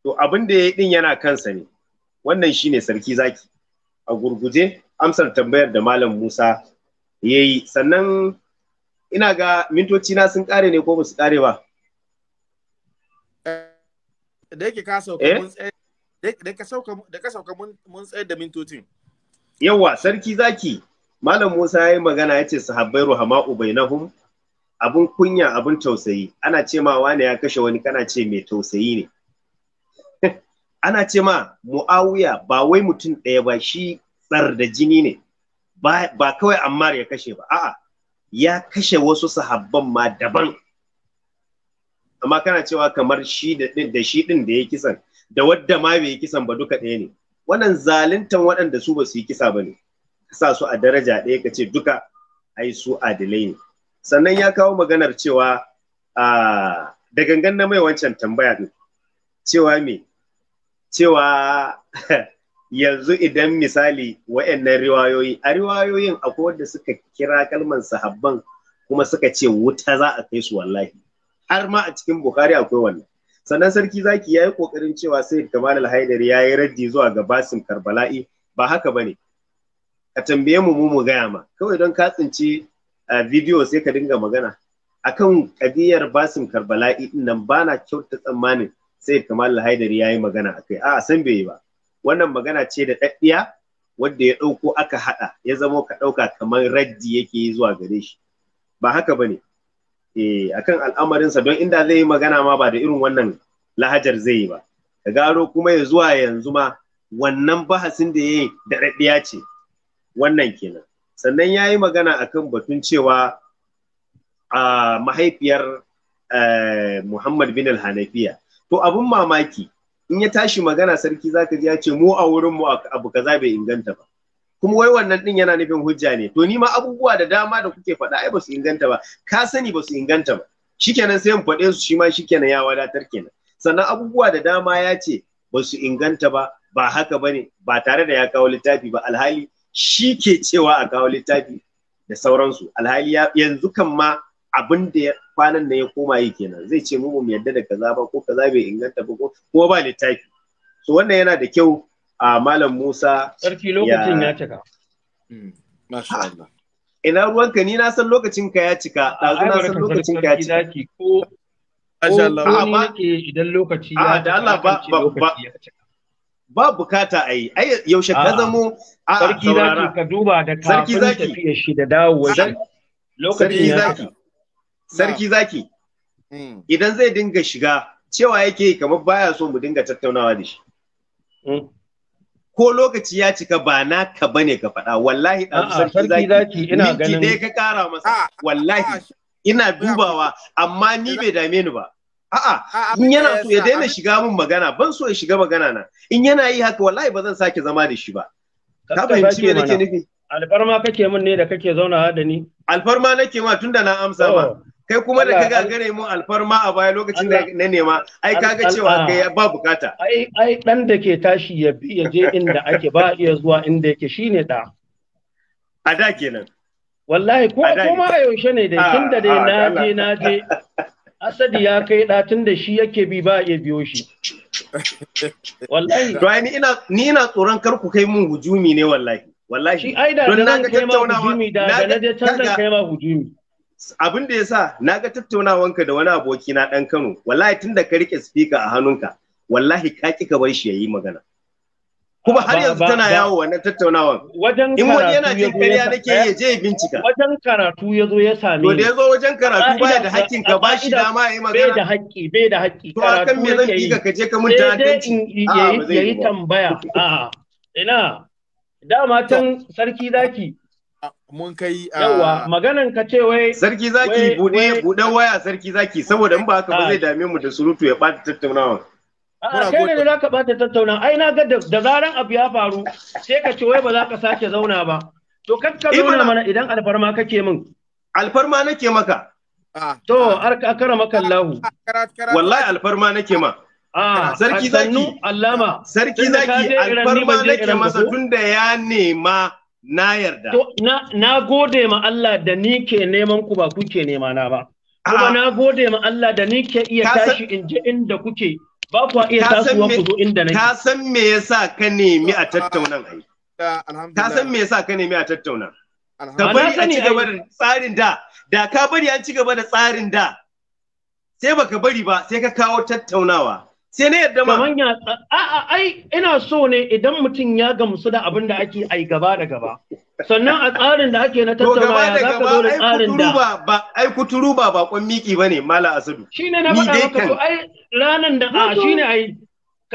to abin da yayi din yana kansa ne wannan shine sarki zaki a gurguje amsar tambayar da malam Musa yayi sannan ina ga mintoci na sun kare ne ko ba su kare ba
eh, da yake ka sauka eh? mun tsaye da ka sauka mun tsayar
da mintocin yawa sarki zaki malam Musa ya yi magana ya ce sahabbai ruhama ubainahum abun kunya abun tausayi ana ce ma wane ya kashe wani kana ce mai tausayi ne ana ce ma mu'awiya ba wai mutum ɗaya ba shi tsar da jini ne ba, kawai ammar ya kashe ba a'a ya kashe wasu sahabban ma daban amma kana cewa kamar shi da, shi ɗin da ya kisan da wadda ma bai yi kisan ba duka ɗaya ne wannan zaluntan waɗanda su ba su yi kisa ba ne ka sa su a daraja ɗaya ka ce duka ai su adilai ne sannan ya kawo maganar cewa da gangan na mai wancan tambaya ɗin cewa me cewa yanzu idan misali wa'annan riwayoyi a riwayoyin akwai wanda suka kira kalman sahabban kuma suka ce wuta za a kai su wallahi har ma a cikin bukari akwai wannan sannan sarki zaki ya yi kokarin cewa sai kamal al ya yi raddi zuwa ga basim karbala'i ba haka bane ka tambaye mu mu mu gaya ma kawai don ka tsinci video sai ka dinga magana akan kadiyar basim karbala'i din nan bana kyauta tsammanin sai kamal al ya yi magana akai a san bai yi ba wannan magana ce da daddiya wanda ya dauko aka hada ya zama ka dauka kamar raddi yake yi zuwa gare shi ba haka bane eh akan al'amarinsa don inda zai yi magana ma ba da irin wannan lahajar zai yi ba ka gano kuma ya zuwa yanzu ma wannan bahasin da ya yi daɗaɗɗiya ce wannan kenan sannan ya yi magana akan batun cewa a mahaifiyar eh, muhammad bin al-hanafiya to abin mamaki in ya tashi magana sarki zaka ji ya ce mu a wurin mu abu kaza bai inganta ba kuma wai wannan din yana nufin hujja ne to ni ma abubuwa da dama da kuke faɗa ai ba su inganta ba ka sani ba su inganta ba shikenan sai mu faɗe su shi ma shikenan ya wadatar kenan sannan abubuwa da dama ya ce ba su inganta ba ba haka ba ne ba tare da ya kawo littafi ba alhali shi ke cewa a kawo littafi da sauransu alhali yanzu kan ma abin da kwanan nan ya koma yi kenan zai ce mu mu yadda da kaza ba ko kaza bai inganta ba ko ba littafi so wannan yana da kyau a malam Musa sarki lokacin ya cika hmm, masha Allah ina ruwanka ni na san lokacin ka ya cika ɗazu na san lokacin ka ya cika ko masha Allah Ko ba ke idan lokaci ya da Allah ba ba ba Ba bukata a yi ai yaushe ka zamo a sarki zaki ka duba da kafin tafiyar shi da dawowa sarki zaki sarki zaki hmm. idan zai dinga shiga cewa yake kamar baya so mu dinga tattaunawa da shi hmm. ko lokaci ya cika ba na ka bane ka faɗa wallahi ɗan sarki zaki ina ganin minti ka kara masa wallahi ina dubawa amma ni bai dame ni ba a'a in yana so ya daina shiga mun magana ban so ya shiga magana na in yana yi haka wallahi ba zan sake zama da shi ba ka fahimci me nake nufi
alfarma kake mun ne da kake zauna da ni alfarma nake
ma tunda na amsa ba. kai kuma da ka gagare mu alfarma a baya lokacin da na nema ai kaga cewa ah. kai ba bukata
ai ai dan da ke tashi ya bi ya je inda ake ba iya zuwa inda yake shine da
a da kenan
wallahi ko kuma a
yaushe ne ah, da tunda dai ah, na je na je
asadi ya kai da tunda shi yake bi
ba iya biyo shi wallahi to ai ina ni ina tsoron kar ku kai mun hujumi ne wallahi wallahi shi ai da nan kai ma hujumi da na je can kai ma hujumi abin da yasa ga tattaunawanka da wani aboki na ɗan Kano wallahi tunda ka rike speaker a hannunka wallahi ka ki ka bar shi yayi magana kuma har yanzu tana yawo wannan tattaunawan in wani yana jin kariya nake ya je eh, bincika wajen karatu ya zo ya same ni to da ya zo wajen karatu baya da hakkin ka ba shi dama yayi magana bai da haƙƙi bai da haƙƙi to akan
me zan kika ka je ka mun ta'addanci yayi yi tambaya a'a ina dama can sarki zaki mun kai a ah, yawa
maganan ka ce wai sarki zaki bude bude waya sarki zaki saboda in ba haka ba ah. zai dame mu da surutu ya bata tattaunawa
ah, a kai ne za ka bata tattaunawa ai na ga da zaran abu ya faru sai ka ce wai ba za ka sake zauna ba to ka zauna eh, mana idan alfarma kake min alfarma nake maka to akara maka Kallahu.
wallahi
alfarma nake ma
sarki zaki allama sarki zaki alfarma nake masa
tunda
ya nema na yarda.
Na gode ma Allah da ni ke neman ku ba kuke nema na ba. Kuma na gode ma Allah da ni ke iya tashi
in je inda
kuke ba kuwa iya tasowa ku zo inda nake. Ka san me yasa ka nemi a tattaunan ai. Ka san me yasa ka nemi a tattaunan.
Ka bari a ci gaba da
tsarin da, da ka bari an ci gaba da tsarin da, sai baka bari ba sai ka kawo tattaunawa. sai na yadda ma kaman ya
a ai ina so ne idan mutum ya gamsu da
abin da ake ai gaba da gaba sannan a tsarin da ake na tattaunawa ya zaka zo da tsarin da ba ai kuturu ba bakon miki bane mala asadu
shine na faɗa maka to ai ranan
da a shine ai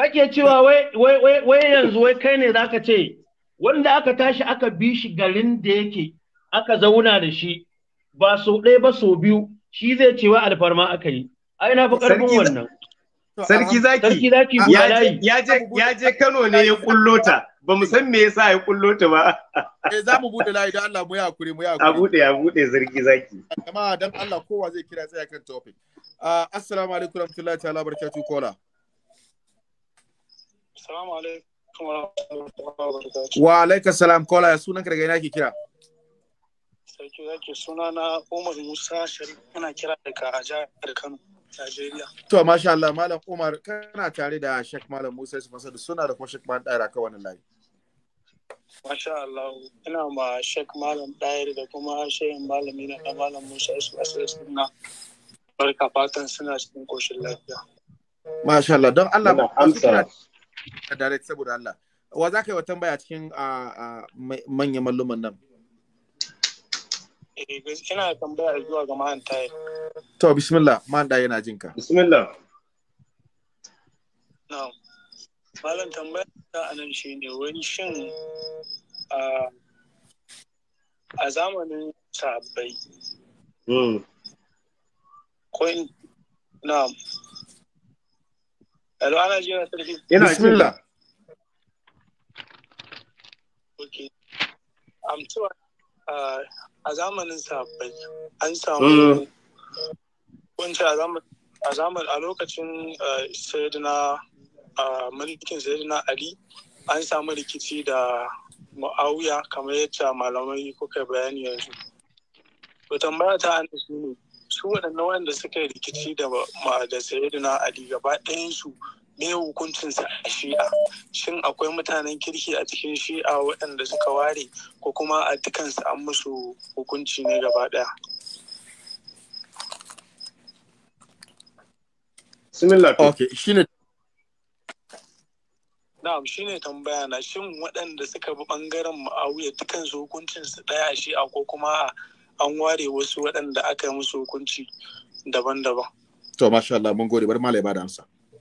kake cewa wai wai wai yanzu wai kai ne zaka ce wanda aka tashi aka bi shi garin da yake aka zauna da shi ba so ɗaya ba so biyu shi zai cewa alfarma aka yi ai na fi ƙarfin wannan
Sarki zaki. Sarki zaki bulayi. Ya je Kano ne ya kullo ta. Ba mu san me yasa ya kullo ta ba.
Eh za mu bude layi don Allah mu ya kure, mu ya kure. A bude
a bude sarki zaki.
Jama'a dan Allah kowa zai kira tsaya kan topic. Uh, assalamu alaikum warahmatullahi ta'ala barakatu kola.
Assalamu alaikum warahmatullahi wabarakatuh.
Wa alaikum salam kola ya sunan ka daga ina ke kira?
Sarki zaki sunana Umar Musa Sharif ana kira daga a Kano. Najeriya.
To masha Allah Malam Umar kana tare da Sheikh Malam Musa Yusuf da suna da kuma Sheikh Malam Daira kan wani layi.
Masha Allah ina ma Sheikh Malam Dair da kuma Malam Malami na Malam Musa Yusuf da suna barka fatan suna cikin koshin lafiya.
Masha Allah don Allah ba da Direct saboda Allah. Wa za ka yi wa tambaya cikin ah, ah, manyan malluman nan?
ina tambaya zuwa ga mahan tayi
to bismillah mahan tayi yana jinka
bismillah na'am malam tambaya ta anan ne, wani shin
a zamanin sabbai hmm. ko in na'am
Hello, ana ji na sarki.
Ina bismillah. Okay.
I'm um, a zamanin sahabbai an samu wancan hmm. a zamanin a lokacin
sayidina mulkin sayidina ali an samu rikici da ma'auya kamar yadda malamai kuka bayani yanzu to tambaya ta an su ne su waɗannan wanda suka yi rikici da sayidina ali gaba ɗayan su me hukuncinsa a shi'a shin akwai mutanen kirki a cikin shi'a waɗanda suka ware ko kuma a dukansu an musu hukunci ne gaba ɗaya
Okay,
shi ne
tambaya na shin waɗanda suka bi ɓangaren ma'auya dukan su hukuncin su ɗaya a shi'a ko kuma an ware wasu waɗanda aka yi musu hukunci daban-daban.
To masha Allah mun gode bari malai ba da amsa.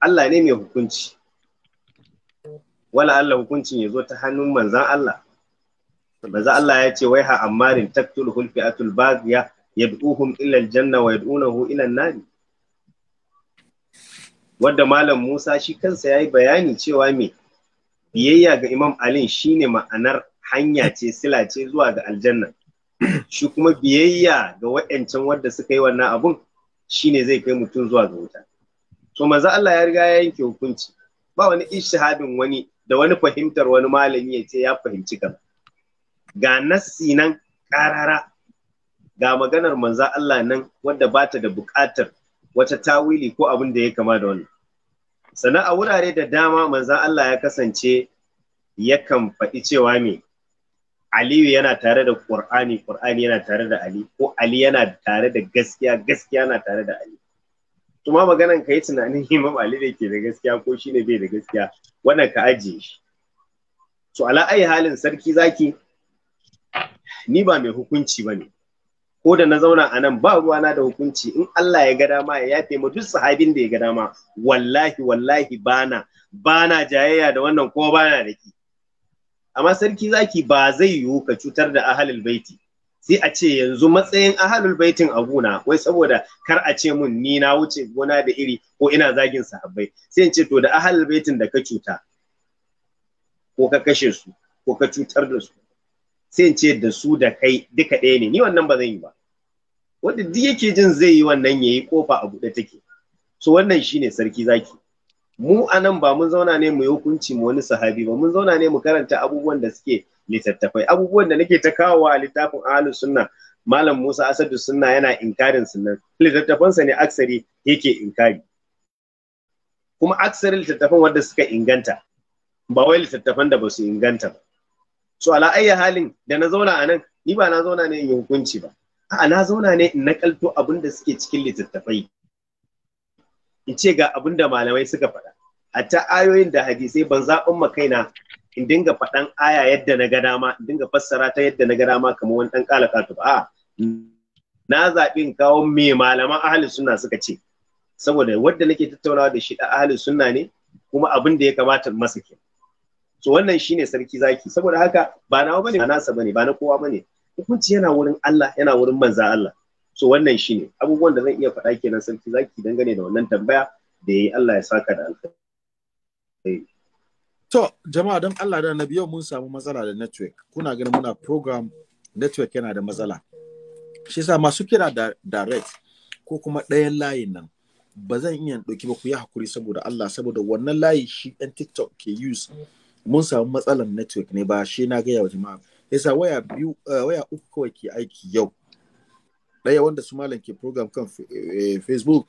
Allah ne mai hukunci wala Allah hukuncin ya zo ta hannun manzan Allah manzan Allah ya ce wai ha ammarin taktul baziya ya yad'uhum ila aljanna wa yad'unahu ila an-nar Wadda malam Musa shi kansa ya yi bayani cewa me biyayya ga Imam Ali shine ma'anar hanya ce sila ce zuwa ga aljanna shi kuma biyayya ga wa'ancan wadda suka yi wannan abun shine zai kai mutum zuwa ga wuta to maza Allah ya riga ya yanke hukunci ba wani ishihadin wani da wani fahimtar wani malami ya ce ya fahimci kan ga nassi nan karara ga maganar manza Allah nan wadda ba ta da buƙatar wata tawili ko abin da ya kama da wannan sana a wurare da dama manza Allah ya kasance yakan faɗi cewa me Aliyu yana tare da Ƙur'ani, Ƙur'ani yana tare da Ali, ko Ali yana tare da gaskiya, gaskiya yana tare da Ali. kuma maganan ka yi tunanin imam ali da ke da gaskiya ko shi ne bai da gaskiya wannan ka ajiye shi to ala ayi halin sarki zaki ni ba mai hukunci ba ne ko da na zauna a nan ba na da hukunci in Allah ya ga dama ya yafe mu duk sahabin da ya ga dama wallahi wallahi bana bana jayayya da wannan ko bana da ki amma sarki zaki ba zai yiwu ka cutar da ahalil baiti sai a ce yanzu matsayin ahalul baitin a gona wai saboda kar a ce mun ni na wuce gona da iri ko ina zagin sahabbai sai in ce to da ahalul baitin da ka cuta ko ka kashe su ko ka cutar da su sai in ce da su da kai duka ɗaya ne ni wannan ba zan yi ba wanda duk yake jin zai yi wannan yayi kofa a buɗe take so wannan shine sarki zaki mu anan ba mun zauna ne mu yi hukunci mu wani sahabi ba mun zauna ne mu karanta abubuwan da suke littattafai abubuwan da nake ta kawo wa littafin ahlu sunna malam Musa Asadu sunna yana inkarin sunnan littattafansa ne aksari yake inkari kuma aksari litattafan wanda suka inganta ba wai littattafan da basu inganta ba so ala halin da na zauna a nan ni ba na zauna ne in hukunci ba a'a na zauna ne in nakalto abin da suke cikin littattafai in ce ga abin malamai suka faɗa ta ayoyin da hadisai ban zaɓin ma kaina in dinga faɗan aya yadda na ga dama in dinga fassara ta yadda na ga dama kamar wani ɗan ƙala ƙatu ba na zaɓi in kawo me malaman ahalin sunna suka ce saboda wadda nake tattaunawa da shi da ahalin sunna ne kuma abin da ya kamata masa ke so wannan shine sarki zaki saboda haka ba nawa bane ba nasa bane ba na kowa bane hukunci yana wurin Allah yana wurin manza Allah so wannan shine abubuwan da zan iya faɗa kenan sarki zaki dangane da wannan tambaya da yayi Allah ya saka da alkhairi To, jama'a don
Allah da na yau mun samu matsala da network. Kuna ganin muna program network yana da matsala. Shi sa masu kira da direct ko kuma ɗayan layin nan ba zan iya ɗauki ba ku yi hakuri saboda Allah saboda wannan layi shi ɗan TikTok ke use mun samu matsalan network ne ba shi na gaya wa jama'a. Yasa waya biyu eh, waya uku kawai ke aiki yau. Ɗaya wanda su malam ke program kan eh, Facebook,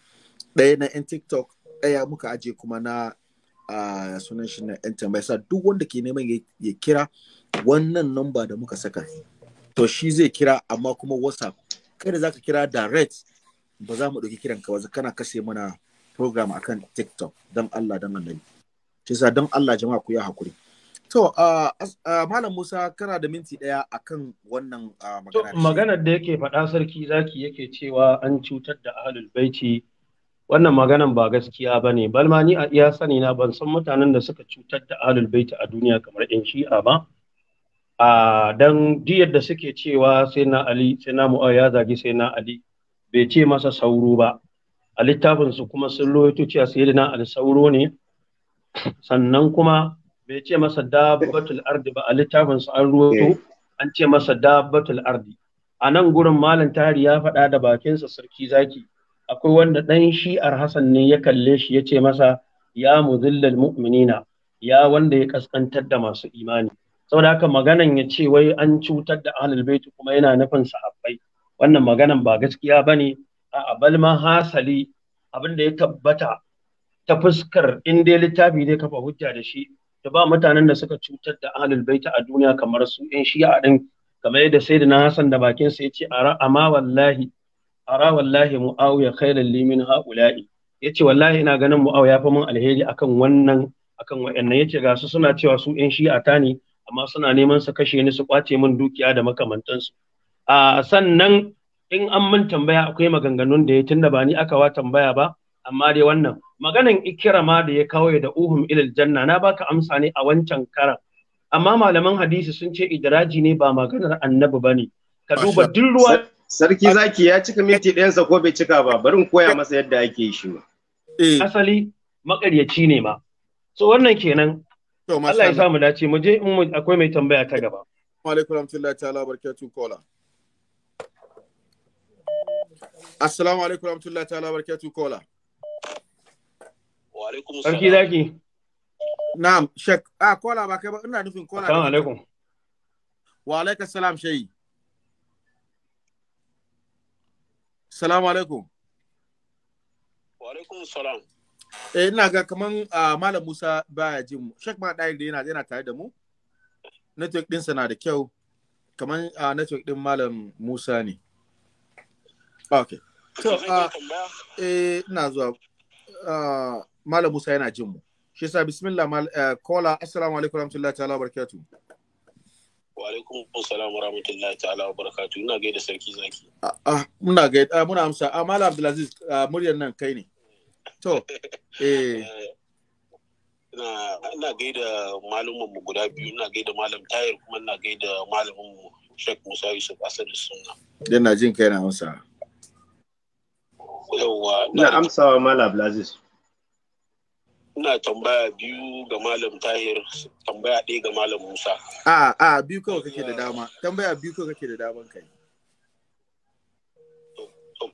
ɗaya na TikTok, ɗaya muka aje kuma na a sunan shi na yan sa duk wanda ke neman ya kira wannan namba da muka saka to shi zai kira amma kuma whatsapp kai da zaka kira direct ba za mu ɗauki kiran ka ba kana kashe mana program akan tiktok don allah don annabi shi sa don allah jama'a ku yi hakuri To, Malam Musa kana da minti ɗaya akan wannan magana. maganar
da yake faɗa sarki zaki yake cewa an cutar da ahlul baiti wannan maganan ba gaskiya ba ne balma ni a iya sani na ban san mutanen da suka cutar da ahlul baiti a duniya kamar yan shi'a ba a dan diyar da suke cewa sai na ali sai na ya zagi sai na ali bai ce masa sauro ba a littafin su kuma sun rawaito cewa na ali sauro ne sannan kuma bai ce masa dabbatul ardi ba a littafin su an rawaito an ce masa dabbatul ardi a nan gurin malam tari ya faɗa da bakinsa sarki zaki akwai wanda ɗan shi'ar Hassan ne ya kalle shi ya ce masa ya muzillal mu'minina ya wanda ya kaskantar da masu imani saboda haka maganan ya ce wai an cutar da ahlul baiti kuma yana nufin sahabbai wannan maganan ba gaskiya bane a balma hasali abin da ya tabbata ta fuskar in dai littafi zai kafa hujja da shi To ba mutanen da suka cutar da ahlul baiti a duniya kamar su yan shi'a din kamar yadda sayyidina Hassan da bakin sa yace ara amma wallahi ara wallahi ya khairan li min haula'i yace wallahi ina ganin ya fi mun alheri akan wannan akan wayannan yace ga su suna cewa su yan shi'a ta ne amma suna neman su kashe ni su kwace min dukiya da makamantansu a sannan in an min tambaya akwai maganganun da ya tunda ba ni aka wa tambaya ba amma dai wannan maganan ikirama da ya kawo da uhum ilal janna na baka amsa ne a wancan karan amma malaman hadisi sun ce idraji ne ba maganar annabi bane ka duba duk ruwa
Sarki zaki ya cika minti ɗayansa ko bai cika ba, bari koya masa yadda ake yi shi ma. Eh.
Asali makaryaci ne ma. So wannan kenan Allah ya sa mu dace mu je in akwai mai tambaya ta gaba. Wa
alaikum warahmatullahi ta'ala barakatuh kola. Assalamu alaikum warahmatullahi ta'ala barakatuh kola. Wa alaikum assalam. Sarki zaki. Na'am, shek. Ah kola ba kai ba ina nufin kola. Assalamu alaikum. Wa alaikum salam shayi. Salamu alaikum.
Wa alaikum salam.
Eh ina ga kaman ah, Malam Musa baya jin mu. Sheikh ma dai yana yana tare da mu. Network ɗinsa na da kyau. Kaman ah, network din Malam Musa ne. Ah, okay. So, eh ina zuwa Malam Musa yana jin mu. Shi sa bismillah mal kola eh, assalamu alaikum warahmatullahi ta'ala barakatuh.
Wa alaikum assalam wa rahmatullahi ta'ala wa barakatuh. Ina gaida sarki zaki.
Ah, ah muna gaida ah, muna amsa. Ah, Malam Abdulaziz, ah, muryar nan kai ne. To, eh ina gaida malamin mu guda biyu, ina gaida
malam Tayir kuma ina gaida malamin mu Sheikh Musa Yusuf Asad Sunna. Dan na jin kai na amsa. Yawwa, amsa wa Malam Abdulaziz.
ina tambaya biyu ga malam tahir tambaya ɗaya ga malam musa
a a biyu kawai kake da dama tambaya biyu kawai kake da daman kai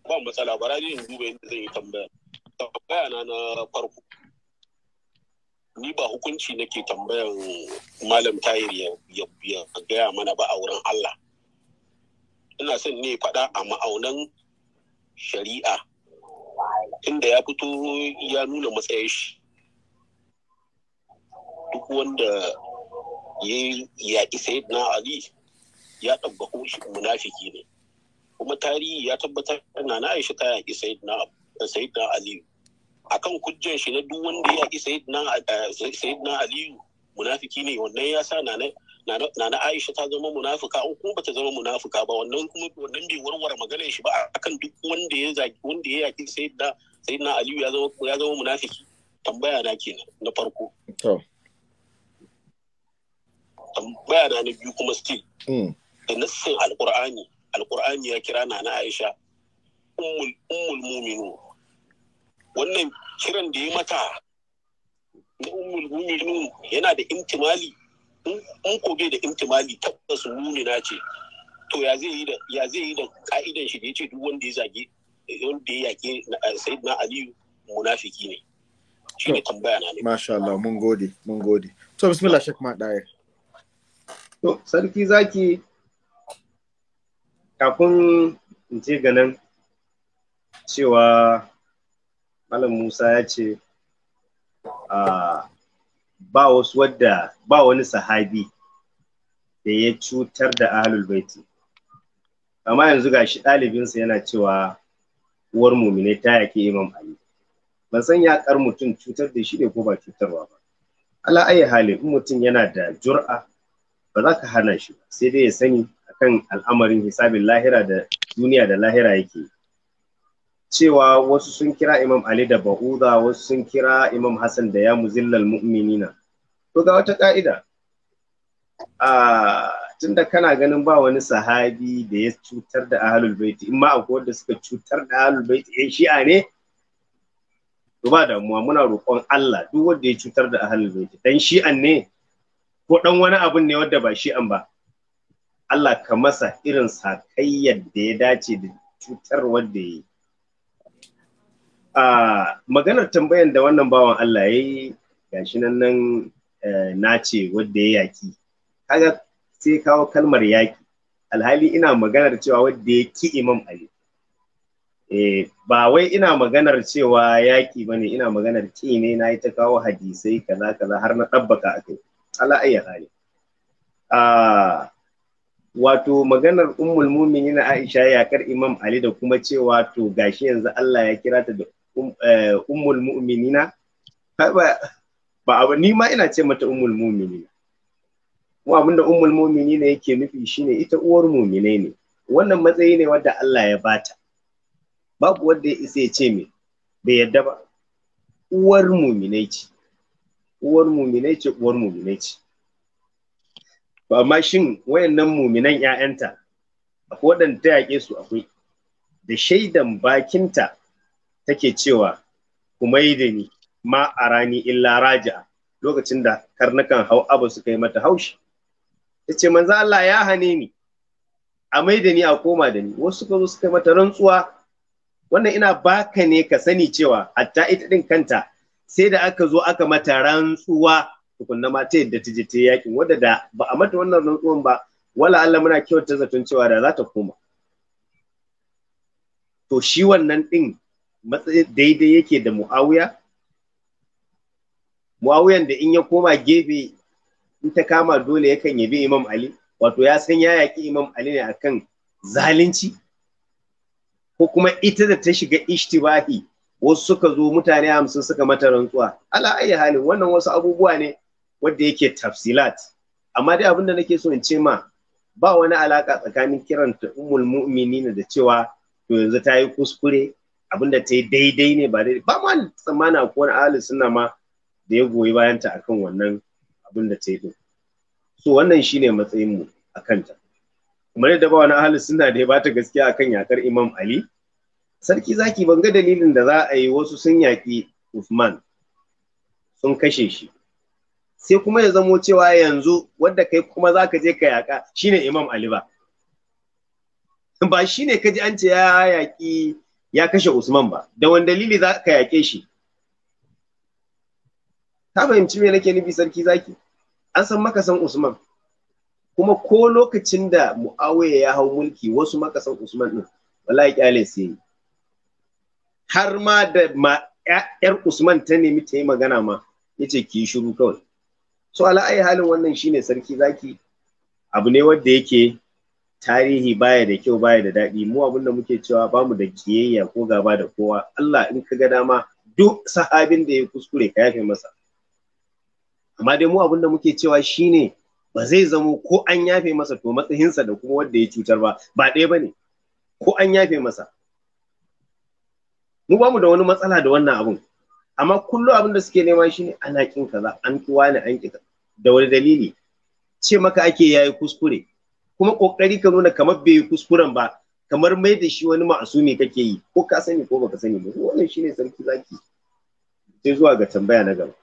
ba matsala ba ne in duba yadda zai yi tambaya tambaya na na farko ni ba hukunci nake tambayan malam tahir ya gaya mana ba a wurin allah ina son ne faɗa a ma'aunan shari'a inda ya fito ya nuna matsayin shi duk wanda ya yaƙi sayid na ali ya ɗabbaku munafiki ne kuma tarihi ya tabbatar na na aisha ta yaƙi sayid eh, na aliyu akan kujjan shi na duk wanda ya yaƙi sayid eh, na aliyu munafiki ne wannan ya sa na na aisha ta zama munafuka ko kuma bata zama munafuka ba wannan kuma wannan bai warware maganar shi ba akan duk wanda ya zaki wanda ya yaƙi sayid na aliyu ya zama munafiki tambaya na kenan na farko baya na na biyu kuma still hmm. da nassin alkur'ani alkur'ani ya kira na na aisha ummul muminu wannan kiran da ya mata na ummul muminu yana da imtimali in ko bai da imtimali tabbas mumina ce to ya zai yi da ya zai yi da ka'idan shi da yace duk wanda ya zage wanda ya yake eh,
sayyidina aliyu munafiki ne shi ne tambaya na ne masha Allah mun gode mun gode to bismillah shek ma daya
To, sarki zaki kafin in ce ganin cewa Malam Musa ya ce ba wasu wadda ba wani sahabi da ya cutar da ahlul baiti. Amma yanzu ga shi ɗalibinsa yana cewa uwar mumine ta yaƙi Imam Ali. Ban san yaƙar mutum cutar da shi ne ko ba cutarwa ba. Ala ayi halin in mutum yana da jur'a ba za ka hana shi ba sai dai ya sani akan al'amarin hisabin lahira da duniya da lahira yake cewa wasu sun kira imam ali da ba'uda wasu sun kira imam hassan da ya muzillal mu'minina to ga wata ka'ida a da kana ganin ba wani sahabi da ya cutar da ahalul baiti in ma akwai wanda suka cutar da ahalul baiti yan shi'a ne to ba damuwa muna roƙon Allah duk wanda ya cutar da ahalul baiti dan shi'an ne ko dan wani abun ne wanda ba shi an ba Allah ka masa irin sakayyar da ya dace da cutar wanda ya yi maganar tambayan da wannan bawan Allah ya yi gashi nan nan eh, na ce wanda ya yaki kaga sai kawo kalmar yaki alhali ina maganar cewa wanda ya ki imam ali Eh, ba wai ina maganar cewa yaki bane ina maganar ki ne na yi ta kawo hadisai kaza kaza har na ɗabbaka a kai ala ayi hali wato maganar ummul mu'minin Aisha yakar Imam Ali da kuma cewa to gashi yanzu Allah ya kira ta da um, eh, ummul mu'minina ba abu ni ma ina ce mata ummul mu'minina mu abinda ummul mu'minina yake nufi shine ita uwar mu'minai ne wannan matsayi ne wanda Allah ya bata babu wanda ya isa ya ce me bai yadda ba uwar mu'minai ce uwar muminai ce uwar muminai ce Ba amma shin wayannan muminan ƴaƴanta akwai waɗanda ta yaƙe su akwai da shaidan bakinta take cewa kuma yi da ni ma a rani illa raja lokacin da karnukan hau abu suka yi mata haushi ta ce manza Allah ya hane ni a mai da ni a koma da ni wasu suka zo suka mata rantsuwa wannan ina baka ne ka sani cewa hatta ita din kanta sai da aka zo aka mata rantsuwa tukunna ma ta yadda ta je ta yakin wadda da ba a mata wannan rantsuwan ba wala Allah muna ta zaton cewa da za ta koma to shi wannan din matsayin daidai yake da Muawiya Muawiyan da in ya koma gefe in ta kama dole yakan yabi Imam Ali wato ya san ya yaki Imam Ali ne akan zalunci ko kuma ita da ta shiga ishtibahi wasu suka zo mutane hamsin suka mata rantsuwa ala ayi halin wannan wasu abubuwa ne wanda yake tafsilat amma dai abinda nake so in ce ma ba wani alaka tsakanin kiranta ummul mu'minin da cewa to yanzu ta yi kuskure abin da ta yi daidai ne ba daidai ba ma tsammani a wani ahli suna ma da ya goyi bayanta akan wannan abin ta yi so wannan shine matsayin mu a kanta Kuma yadda ba wani ahli suna da ya bata gaskiya akan yakar imam ali sarki zaki ban ga dalilin da za a yi wasu sun yaƙi Usman sun kashe shi sai kuma ya zamo cewa yanzu wadda kai kuma za ka je ka yaƙa shine Imam Ali ba ba shine ka ji an ce ya yaƙi ya kashe Usman ba da wani dalili za ka yaƙe shi ta fahimci me nake nufi sarki zaki an san makasan Usman kuma ko lokacin da Muawiya ya hau mulki wasu makasan Usman din wallahi kyale sai har ma da ‘yar Usman ta nemi ta yi magana ma ya ce ki shiru kawai. So ai halin wannan shine sarki zaki abu ne wanda yake tarihi baya da kyau baya da daɗi mu abin da muke cewa ba mu da kiyayya ko gaba da kowa Allah in ka ga dama duk sahabin da ya kuskure ka yafe masa. Amma dai mu abin da muke cewa shine ba zai zamo ko an yafe masa to matsayinsa da kuma wanda ya cutar ba ba ɗaya ba ne ko an yafe masa. mu ba mu da wani matsala da wannan abun amma kullum abin da suke nema shine ana kin kaza an ki wani an kita da wani dalili ce maka ake yayi kuskure kuma kokari ka nuna kamar bai yi kuskuren ba kamar mai da shi wani ma'asumi kake yi ko ka sani ko baka sani ba wannan shine sarki zaki sai zuwa ga tambaya na gaba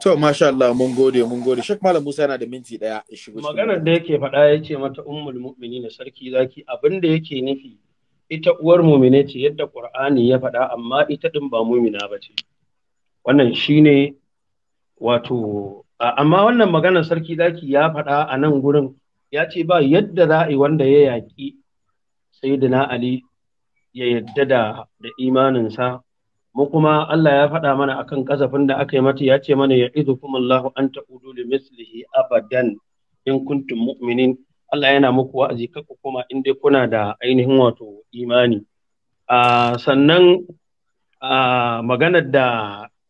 To, masha Allah, mun gode, mun gode. Shek Malam Musa yana da minti ɗaya ya shigo. Maganar
da yake faɗa ya ce mata ummul mu'mini na sarki zaki abin da yake nufi ita uwar mumine ce yadda Qur'ani ya faɗa amma ita ɗin ba mumina ba ce. Wannan shine wato amma wannan maganar sarki zaki ya faɗa a nan gurin ya ce ba yadda za a yi wanda ya yaƙi Sayyidina Ali ya yadda da imaninsa mu kuma Allah ya faɗa mana akan kazafin da aka yi mata ya ce mana ya kuma Allahu an ta'udu da mislihi abadan in kuntum mu'minin Allah yana muku wa'azi kakku kuma in dai kuna da ainihin wato imani a sannan maganar da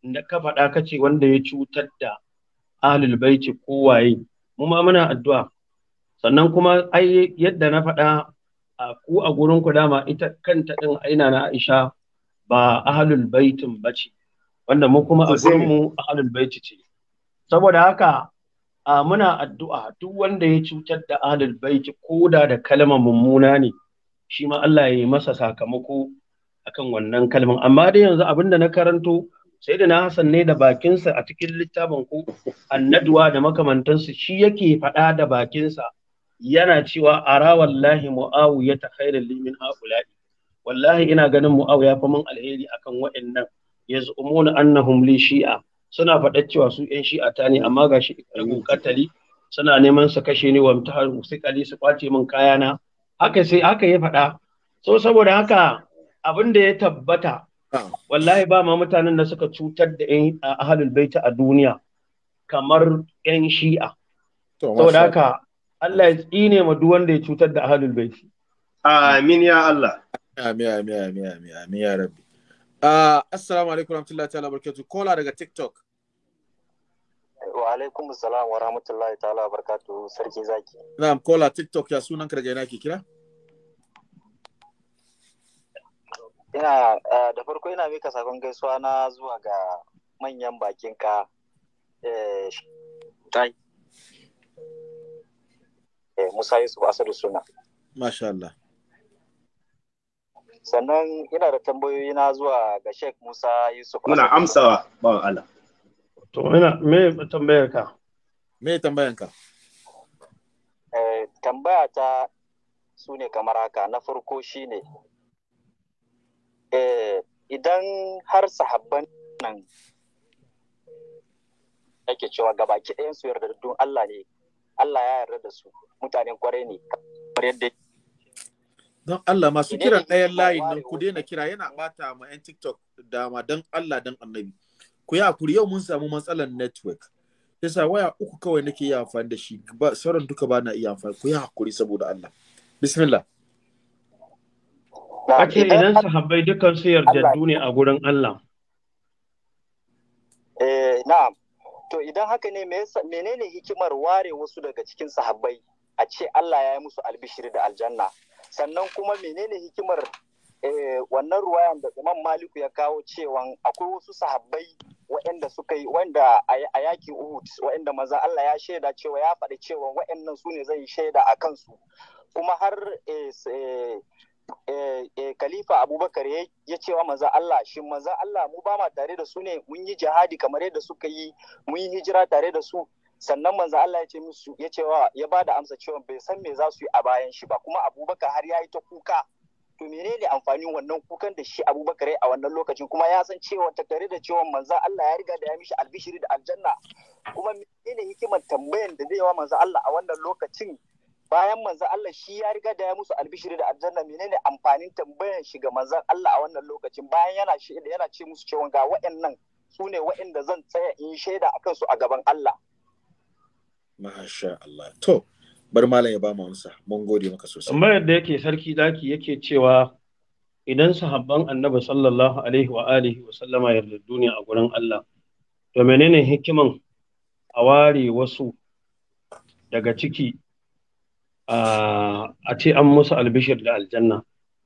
da ka faɗa ka ce wanda ya cutar da ahlul baiti ko waye mu ma muna addu'a sannan kuma ai yadda na faɗa ku a gurin ku dama ita kanta din aina na Aisha ba ahalul baitin bace wanda mu kuma a mu ahalul baiti ce saboda haka a muna addu'a duk wanda ya cutar da ahalul baiti koda da kalmar mummuna ne shi ma Allah ya yi masa sakamako akan wannan kalmar amma dai yanzu abin da na karanto sai da na Hassan ne da bakinsa a cikin littafin ku annaduwa da makamantansu shi yake faɗa da bakinsa yana cewa ara ya mu'awiyata khairul limin haula'i wallahi ina ganin mu'awu ya fi min alheri akan wa'annan yaz'umuna annahum li shi'a suna faɗa cewa su yan shi'a ta ne amma gashi ikragun katali suna neman su kashe ni wa mutahar musikali su kwace min kayana haka sai haka ya faɗa so saboda haka abin da ya tabbata wallahi ba ma mutanen da suka cutar da yan ahlul baita a duniya kamar yan shi'a saboda haka Allah ya tsine ma duk wanda ya cutar da ahlul baiti
amin ya Allah
Amin, amin, amin, amin, amin, ya rabbi. Uh, assalamu alaikum warahmatullahi ta'ala barkatu. Kola daga
TikTok. Wa alaikum assalam wa rahmatullahi ta'ala barkatu sarki zaki.
Na'am, kola TikTok ya sunan ka daga kira?
Ina uh, da farko ina mika sakon gaisuwa na zuwa ga manyan bakin ka. Eh, eh, Musa Yusuf Asadu suna. Masha Allah. sannan ina da tambayoyi na zuwa ga Sheikh Musa Yusuf
muna amsawa ba Allah
to
ina me tambayar
ka
me tambayar ka
eh tambaya ta su ne kamar haka na farko shine eh idan har sahabban nan ake cewa gaba ɗayan su yarda da don Allah ne Allah ya yarda da su mutanen kwarai ne kamar yadda
Don Allah masu kiran ɗayan layin nan ku daina kira yana ɓata ma 'yan TikTok dama don Allah don annabi. Ku yi hakuri yau mun samu matsalar network. Yasa waya uku kawai nake yi amfani da shi sauran duka ba na iya amfani ku yi hakuri saboda Allah. Bismillah. Ake idan
sahabbai dukan su yardaddu ne a gurin Allah.
Eh na'am. To idan haka ne menene hikimar ware wasu daga cikin sahabbai a ce Allah ya yi musu albishir da aljanna sannan kuma menene hikimar eh, wannan ruwayan da imam maliku ya kawo cewa akwai wasu sahabbai waɗanda suka yi wanda a yakin uhud waɗanda maza Allah ya shaida cewa ya faɗi cewa wa'annan su ne zai shaida a kansu kuma har eh, eh, kalifa Abubakar ya cewa maza Allah shi maza Allah mu ba ma tare da su ne mun yi jihadi kamar yadda suka yi mun yi hijira tare da su sannan manzo Allah ya ce musu ya cewa wa ya bada amsa cewa bai san me za su yi a bayan shi ba kuma Abubakar har yayi ta kuka to menene amfanin wannan kukan da shi Abubakar ya a wannan lokacin kuma ya san cewa ta tare da cewa manzo Allah ya riga da ya mishi albishiri da aljanna kuma menene hikimar tambayan da zai yi wa manzo Allah a wannan lokacin bayan manzo Allah shi ya riga da ya musu albishiri da aljanna menene amfanin tambayan shi ga manzan Allah a wannan lokacin bayan yana yana ce musu cewa ga waɗannan su ne waɗanda zan tsaya in shaida akan su a gaban Allah
Masha Allah. To, bar malam ya ba mu amsa. Mun gode maka sosai. amma
yadda yake sarki daki yake cewa idan sahabban Annabi sallallahu alaihi wa alihi wa sallama yarda duniya a gurin Allah. To menene hikiman a ware wasu daga ciki a ce an musu albishir da aljanna.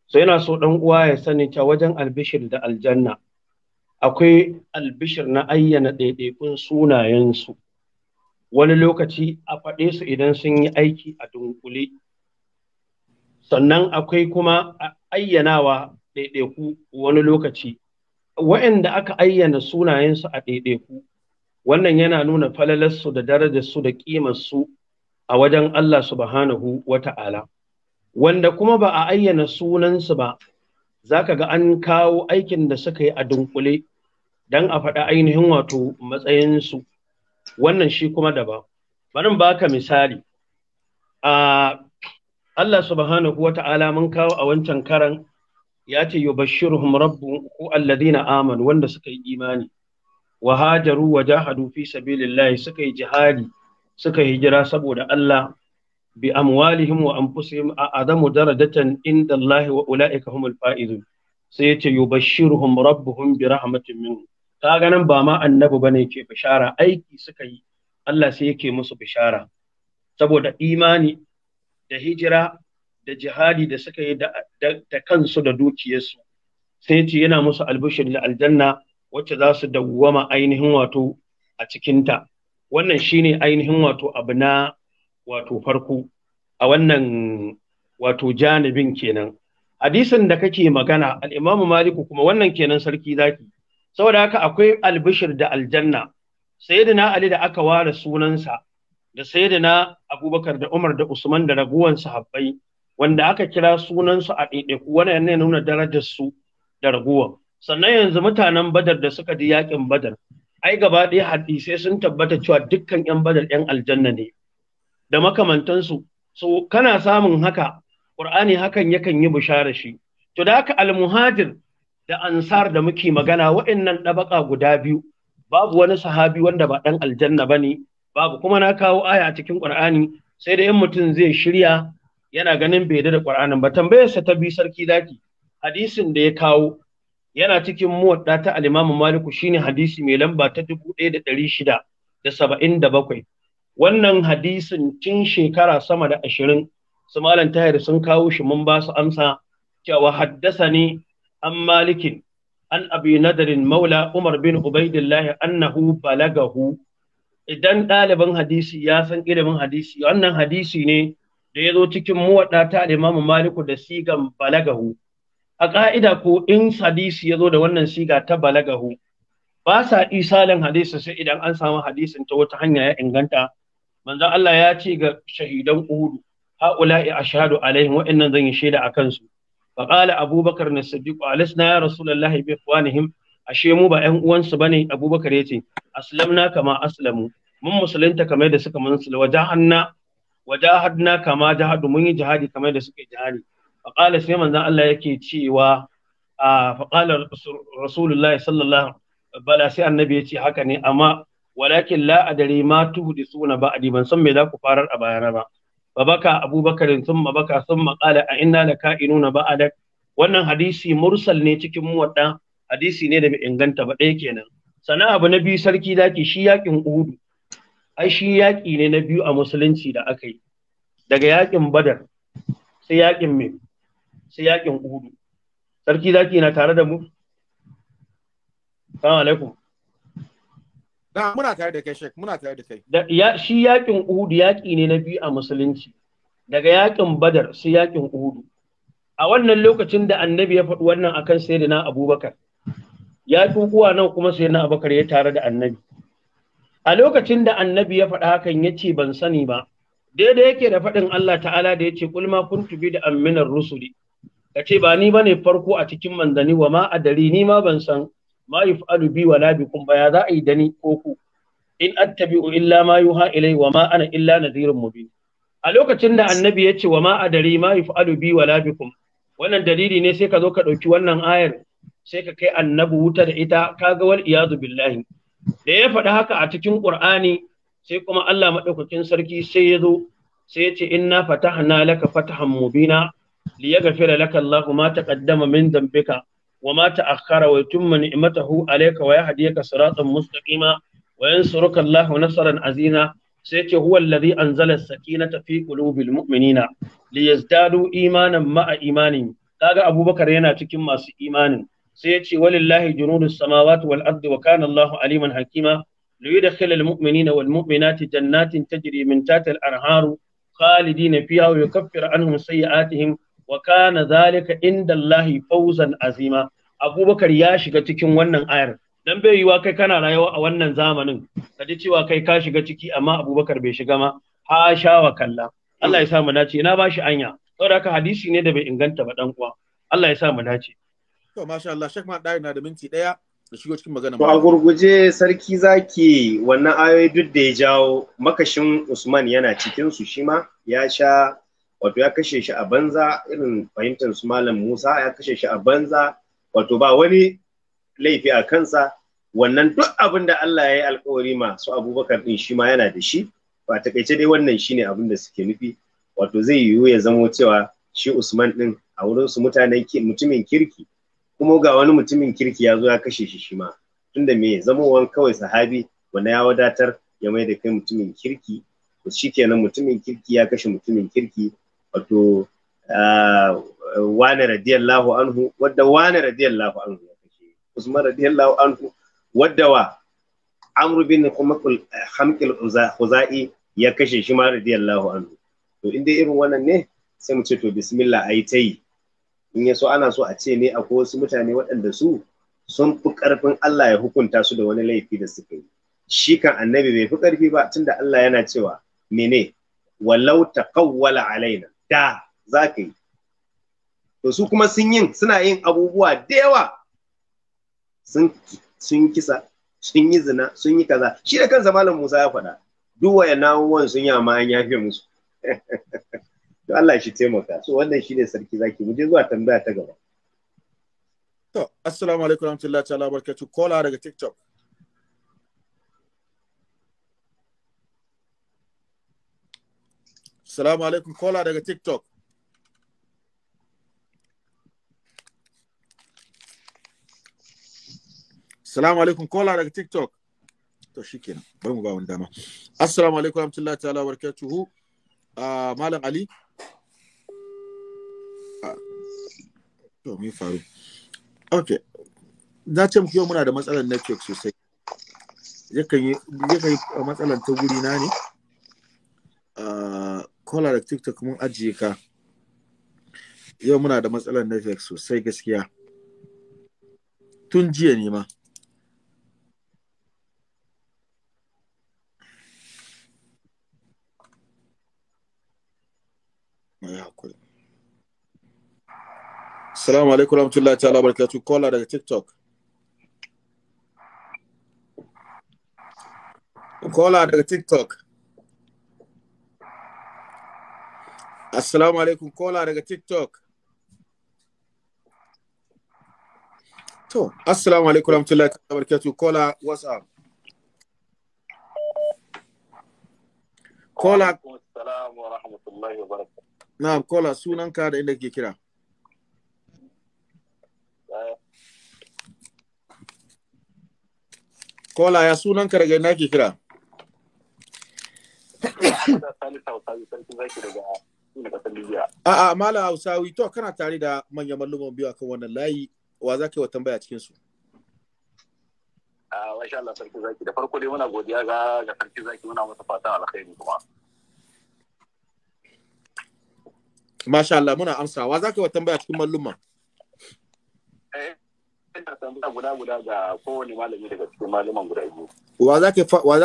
So yana so ɗan uwa ya sani ta wajen albishir da aljanna akwai albishir na ayyana ɗaiɗaikun sunayensu. wani lokaci a faɗe su idan sun yi aiki a dunkule sannan akwai kuma a ayyanawa ɗaiɗaiku wani lokaci wa'anda aka ayyana sunayensu a ɗaiɗaiku wannan yana nuna falalarsu da darajarsu da ƙimarsu a wajen Allah subhanahu wa ta'ala wanda kuma ba a ayyana sunansu ba za ka ga an kawo aikin da suka yi a dunkule don a faɗa ainihin wato matsayinsu wannan shi kuma daban bari in baka misali a Allah subhanahu wa ta'ala mun kawo a wancan karan ya ce yubashshiruhum rabbuhum alladhina amanu wanda suka yi imani wa hajaru wa jahadu fi sabilillahi suka yi jihadi suka yi hijira saboda Allah bi amwalihim wa anfusihim a adamu darajatan inda Allah wa ulaika humul faizun sai ya ce yubashshiruhum rabbuhum bi rahmatin minhu ka ganin ba ma annabi bane ke bishara aiki suka yi Allah sai yake musu bishara saboda imani da hijira da jihadi da suka yi da kansu da dukiyarsu sai ce yana musu albushir da aljanna wacce za su dawwama ainihin wato a cikinta wannan shine ainihin wato abu na wato farko a wannan wato janibin kenan hadisin da kake magana al'imamu maliku kuma wannan kenan sarki zaki saboda haka akwai albishir da aljanna sayyidina ali da aka ware sunansa da sayyidina abubakar da umar da usman da raguwan sahabbai wanda aka kira sunansu a ɗaiɗaiku wannan ne nuna darajar su da raguwan sannan yanzu mutanen badar da suka ji yakin badar ai gaba ɗaya hadisai sun tabbata cewa dukkan yan badar yan aljanna ne da makamantansu so kana samun haka Ƙur'ani hakan yakan yi bishara shi to da haka almuhajir da ansar da muke magana waɗannan ɗabaka guda biyu babu wani sahabi wanda ba ɗan aljanna ba ne babu kuma na kawo aya a cikin ƙur'ani sai da yin mutum zai shirya yana ganin bai da ƙur'anin ba tambayarsa ta bi sarki zaki hadisin da ya kawo yana cikin muwadda ta al Maliku, shine hadisi mai lamba ta dubu ɗaya da da da shida saba'in bakwai. wannan hadisin tun shekara sama da ashirin su malam tahir sun kawo shi mun ba su amsa cewa haddasa ne an malikin an abi nadarin maula umar bin ubaidillahi annahu balagahu idan ɗaliban hadisi ya san ilimin hadisi wannan hadisi ne da ya zo cikin muwaɗa ta imamu maliku da sigan balagahu a ƙa'ida ko in hadisi ya zo da wannan siga ta balagahu ba sa isalin hadisi sai idan an samu hadisin ta wata hanya ya inganta manzon Allah ya ce ga shahidan uhudu ha'ula'i ashhadu alaihim wa'annan zan yi shaida a kansu faqala abubakar na siddiq alasna ya rasulullahi bi ikhwanihim ashe mu ba ƴan uwansu bane abubakar ya yace aslamna kama aslamu mun musulunta kamar da suka musulunta wajahanna wajahadna kama jahadu mun yi jihadi kamar da suka yi jihadi faqala sai manzon Allah yake cewa faqala rasulullahi sallallahu bala sai annabi yace haka ne amma walakin la adari ma tuhdisuna ba'di ban san me za ku farar a bayana ba babaka abubakarin sun mabaka sun maƙala a inna da ka'inuna ba'adak wannan hadisi mursal ne cikin muwaɗa. hadisi ne da bai inganta ba ɗaya kenan sannan abu na biyu sarki zaki shi yakin uhudu ai shi yaƙi ne na biyu a musulunci da aka yi daga yakin badar sai yakin me sai yakin uhudu sarki zaki na tare da mu salamu alaikum
muna tare da kai Sheikh, muna tare da kai.
Ya shi yakin Uhud yaki ne na biyu a musulunci. Daga yakin Badar sai yakin Uhud. A wannan lokacin da Annabi ya faɗi wannan akan Sayyidina Abubakar. Ya kuwa nan kuma Sayyidina Abubakar ya tare da Annabi. A lokacin da Annabi ya faɗi hakan ya ce ban sani ba. Daidai yake da faɗin Allah Ta'ala da ya ce kulma kuntu bi da amminar rusuli. Ka ce ba ni bane farko a cikin manzani wa ma adari ni ma ban san ma yuf'alu bi wa la bikum za a yi dani ko ku in attabi'u illa ma yuha ilai wa ma ana illa nadhirun mubin a lokacin da annabi ya ce wa ma adari ma yuf'alu wa wannan dalili ne sai ka zo ka ɗauki wannan ayar sai ka kai annabi wuta da ita 'Ka ga wal iyadu billahi da ya faɗi haka a cikin qur'ani sai kuma Allah madaukakin sarki sai ya zo sai ya ce inna fatahna laka fatahan mubina liyaghfira laka Allahu ma taqaddama min dambika وما تأخر ويتم نعمته عليك ويهديك صراطا مستقيما وينصرك الله نصرا عزيزا سيتي هو الذي أنزل السكينة في قلوب المؤمنين ليزدادوا إيمانا مع إيمانهم kaga abubakar yana cikin masu imanin sai ya ce walillahi junudus samawati wal ardi wa kana allahu aliman hakima ليدخل المؤمنين والمؤمنات جنات تجري من تحت الأنهار خالدين فيها ويكفر عنهم سيئاتهم وكان ذلك عند الله فوزا عظيما abubakar ya shiga cikin wannan ayar dan bai yiwa kai kana rayuwa a wannan zamanin ka cewa kai ka shiga ciki amma abubakar bai shiga ma ha sha wa kalla Allah ya sa mu dace na bashi anya saboda haka hadisi ne da bai inganta ba dan uwa Allah ya sa mu dace
to masha Allah Sheikh dai na da minti daya da shigo cikin magana to
gurguje sarki zaki wannan ayoyi duk da ya jawo makashin Usman yana cikin su shi ma ya sha wato ya kashe shi a banza irin fahimtar su malam Musa ya kashe shi a banza wato ba wani laifi a kansa wannan duk abin da Allah ya yi alkawari masu abubakar din shi ma yana da shi ba takaice dai wannan shine abin da suke nufi wato zai yiwu ya zamo cewa shi Usman din a wurin su mutanen mutumin kirki kuma ga wani mutumin kirki ya zo ya kashe shi shi ma tunda me wani kawai sahabi wanda ya wadatar ya mai da kai mutumin kirki to shikenan mutumin kirki ya kashe mutumin kirki wato wane radiyallahu anhu wadda wane radiyallahu anhu ya kashe usman radiyallahu anhu wadda wa amru bin hamkil ya kashe shi ma radiyallahu anhu to inda irin wannan ne sai mu ce to bismillah ayi ta yi in ya so ana so a ce ne akwai wasu mutane waɗanda su sun fi ƙarfin Allah ya hukunta su da wani laifi da suka yi shi kan annabi bai fi ƙarfi ba tunda Allah yana cewa mene walau taqawwala alaina da za ka yi to su kuma sun yin suna yin abubuwa da yawa sun kisa sun yi zina sun yi kaza shi da kansa malam Musa ya faɗa duk na abubuwan sun yi amma an yafe musu to Allah shi taimaka so wannan shine sarki zaki mu je zuwa tambaya ta gaba
to assalamu alaikum warahmatullahi ta'ala barkatu kola daga tiktok Assalamu alaikum kola daga TikTok. Assalamu alaikum kola daga TikTok. To shikenan, bari mu ba wani dama. Assalamu alaikum warahmatullahi ta'ala barakatuhu. Ah, Malam Ali. Ah, to me faru. Ok. Na ce muku yau muna da matsalar network sosai. Yakan yi matsalar ta guri na ne. Kola ah, daga TikTok mun ajiye ka. Yau muna da matsalar network sosai gaskiya. Tun jiya ne ma. mai hakuri assalamu alaikum rahmatullahi ta'ala barakatuh kola daga tiktok kola daga tiktok assalamu alaikum kola daga tiktok to assalamu alaikum rahmatullahi ta'ala barakatuh kola whatsapp kola assalamu
alaikum rahmatullahi wa
na kola sunan ka da inda ke kira kola ya sunan ka daga inda ke kira A'a, Malam Hausawi, to kana tare da manyan malluman biyu akan wannan layi, wa za ka yi wa tambaya cikin su?
Ah, masha Allah, Sarki Zaki, da farko dai muna godiya ga Sarki Zaki muna masa fatan alkhairi kuma.
Masha Allah muna amsawa za ka yi tambaya cikin malluma.
Eh, guda guda ga kowane malami daga cikin guda biyu.
Wa za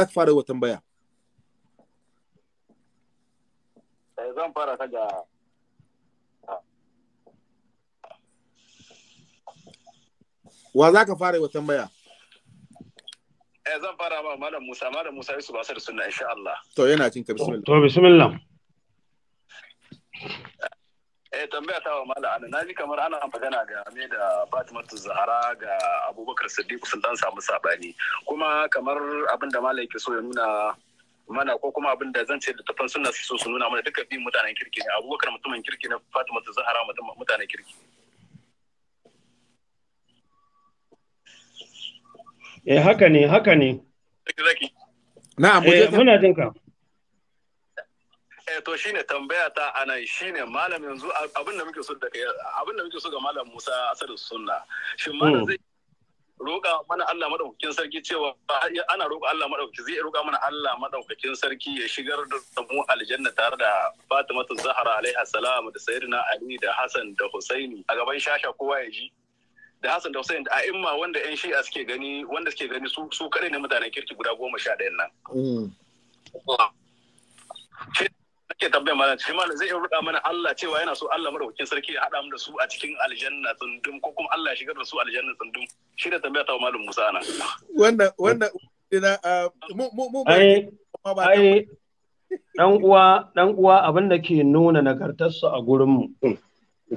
ka fara wa tambaya?
Eh, zan fara ta ga
Wa za ka fara wa tambaya? Eh zan fara ba Malam Musa, Malam Musa Yusuf Asar Sunna insha Allah. To yana cin ka bismillah. To bismillah.
eh tambaya ta wa mala na ji kamar ana magana game da Fatimatu Zahara ga Abubakar Siddiq sun dan samu sabani kuma kamar abin da mala yake so ya nuna mana ko kuma abin da zan ce da tafan sunna su su nuna mana duka bin mutanen kirki ne Abubakar mutumin kirki ne Fatimatu Zahara mutanen kirki
Eh haka ne haka ne
Na'am eh, muna ka eh to shine tambaya ta anan shine
malam yanzu abin da muke so da abin da muke so ga malam Musa Asadu Sunna shin malam hmm. zai roƙa mana Allah madaukakin sarki cewa ana roƙa Allah madaukaki zai roƙa mana Allah madaukakin sarki ya shigar da mu aljanna tare da Fatima Zahra alaiha salam da Sayyidina Ali da Hassan da Husaini a gaban shasha kowa ya ji da Hassan da Hussein a imma wanda yan shi'a suke gani wanda suke gani su su kare ne mutanen kirki guda goma sha ɗayan nan. Hmm. Ake tambayar malam shi ma zai iya ruɗa mana Allah cewa yana so Allah madaukakin sarki ya haɗa mu da su a cikin aljanna tsundum ko kuma Allah ya shigar da su aljanna tsundum shi da tambaya ta malam Musa ana. Wannan wannan ina ah,
mu mu mu
ba. ai dan uwa dan uwa abin da ke nuna nagartar su a gurin mu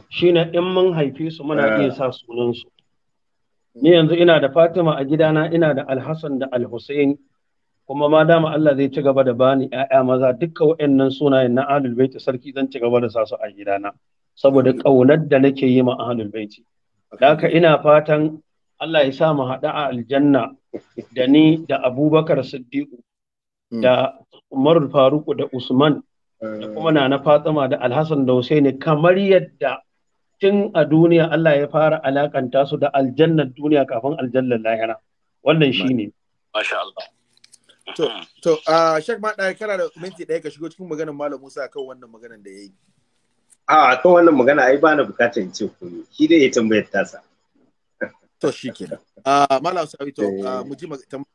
shine in mun haife su muna iya sa sunan su. Ni yanzu ina da Fatima a gidana ina da Alhassan da Alhussein kuma ma dama Allah zai ci gaba da bani ‘ya'ya maza dukkan waɗannan sunayen na ahlul baiti sarki zan ci gaba da sa su a gidana saboda ƙaunar da nake yi ma ahlul baiti haka ina fatan Allah ya sa mu haɗa a aljanna da ni da Abubakar Siddiqu hmm. da Umar faruq da Usman da kuma hmm. Nana Fatima da Alhassan da Husaini kamar yadda tun a duniya Allah ya fara alakanta su da aljannar duniya kafin aljannar lahira wannan shine masha Allah
To, mm-hmm. to,
a shek ma ɗaya kana da minti ɗaya ka shigo cikin maganin Malam Musa kan wannan maganan
da ya yi. A kan wannan magana ai ba na bukatar ce koyo, shi dai ya tambayar tasa. To shi kenan. Malam Sabi to eh. mu ji tambayar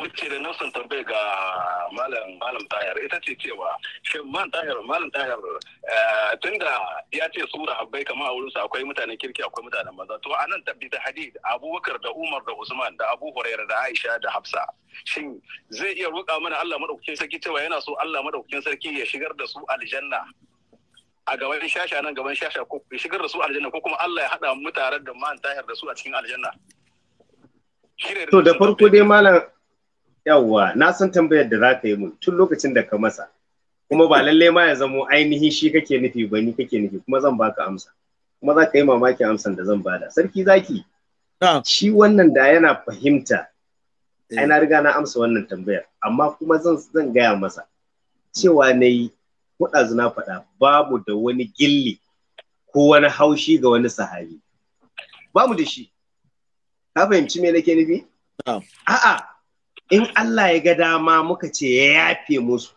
wacce da nafsan
tambaye ga malam malam tayar ita ce cewa shin man tayar malam tayar eh, tunda ya ce su habbai kamar a wurinsa akwai mutanen kirki akwai mutanen maza to a nan tabbita da hadid abubakar da umar da usman da abu huraira da aisha da hafsa shin zai iya roƙa mana allah madaukakin sarki cewa yana so allah madaukakin sarki ya shigar da su aljanna a gaban shasha nan gaban shasha ko shigar da su aljanna ko kuma Allah ya hada mutaren da man tahir da su a cikin aljanna
to da farko dai malam yawwa na san tambayar da za ka yi mun tun lokacin da ka masa kuma ba lalle ma ya zamo ainihi shi kake nufi ba ni kake nufi kuma zan baka amsa kuma za ka yi mamakin amsan da zan bada sarki zaki shi wannan da yana fahimta ai eh. na riga na amsa wannan tambayar amma kuma zan zan gaya masa cewa na yi kuɗazu faɗa babu da wani gilli ko wani haushi ga wani sahabi babu da shi ka fahimci me nake nufi a'a in Allah ya ga dama muka ce ya yafe musu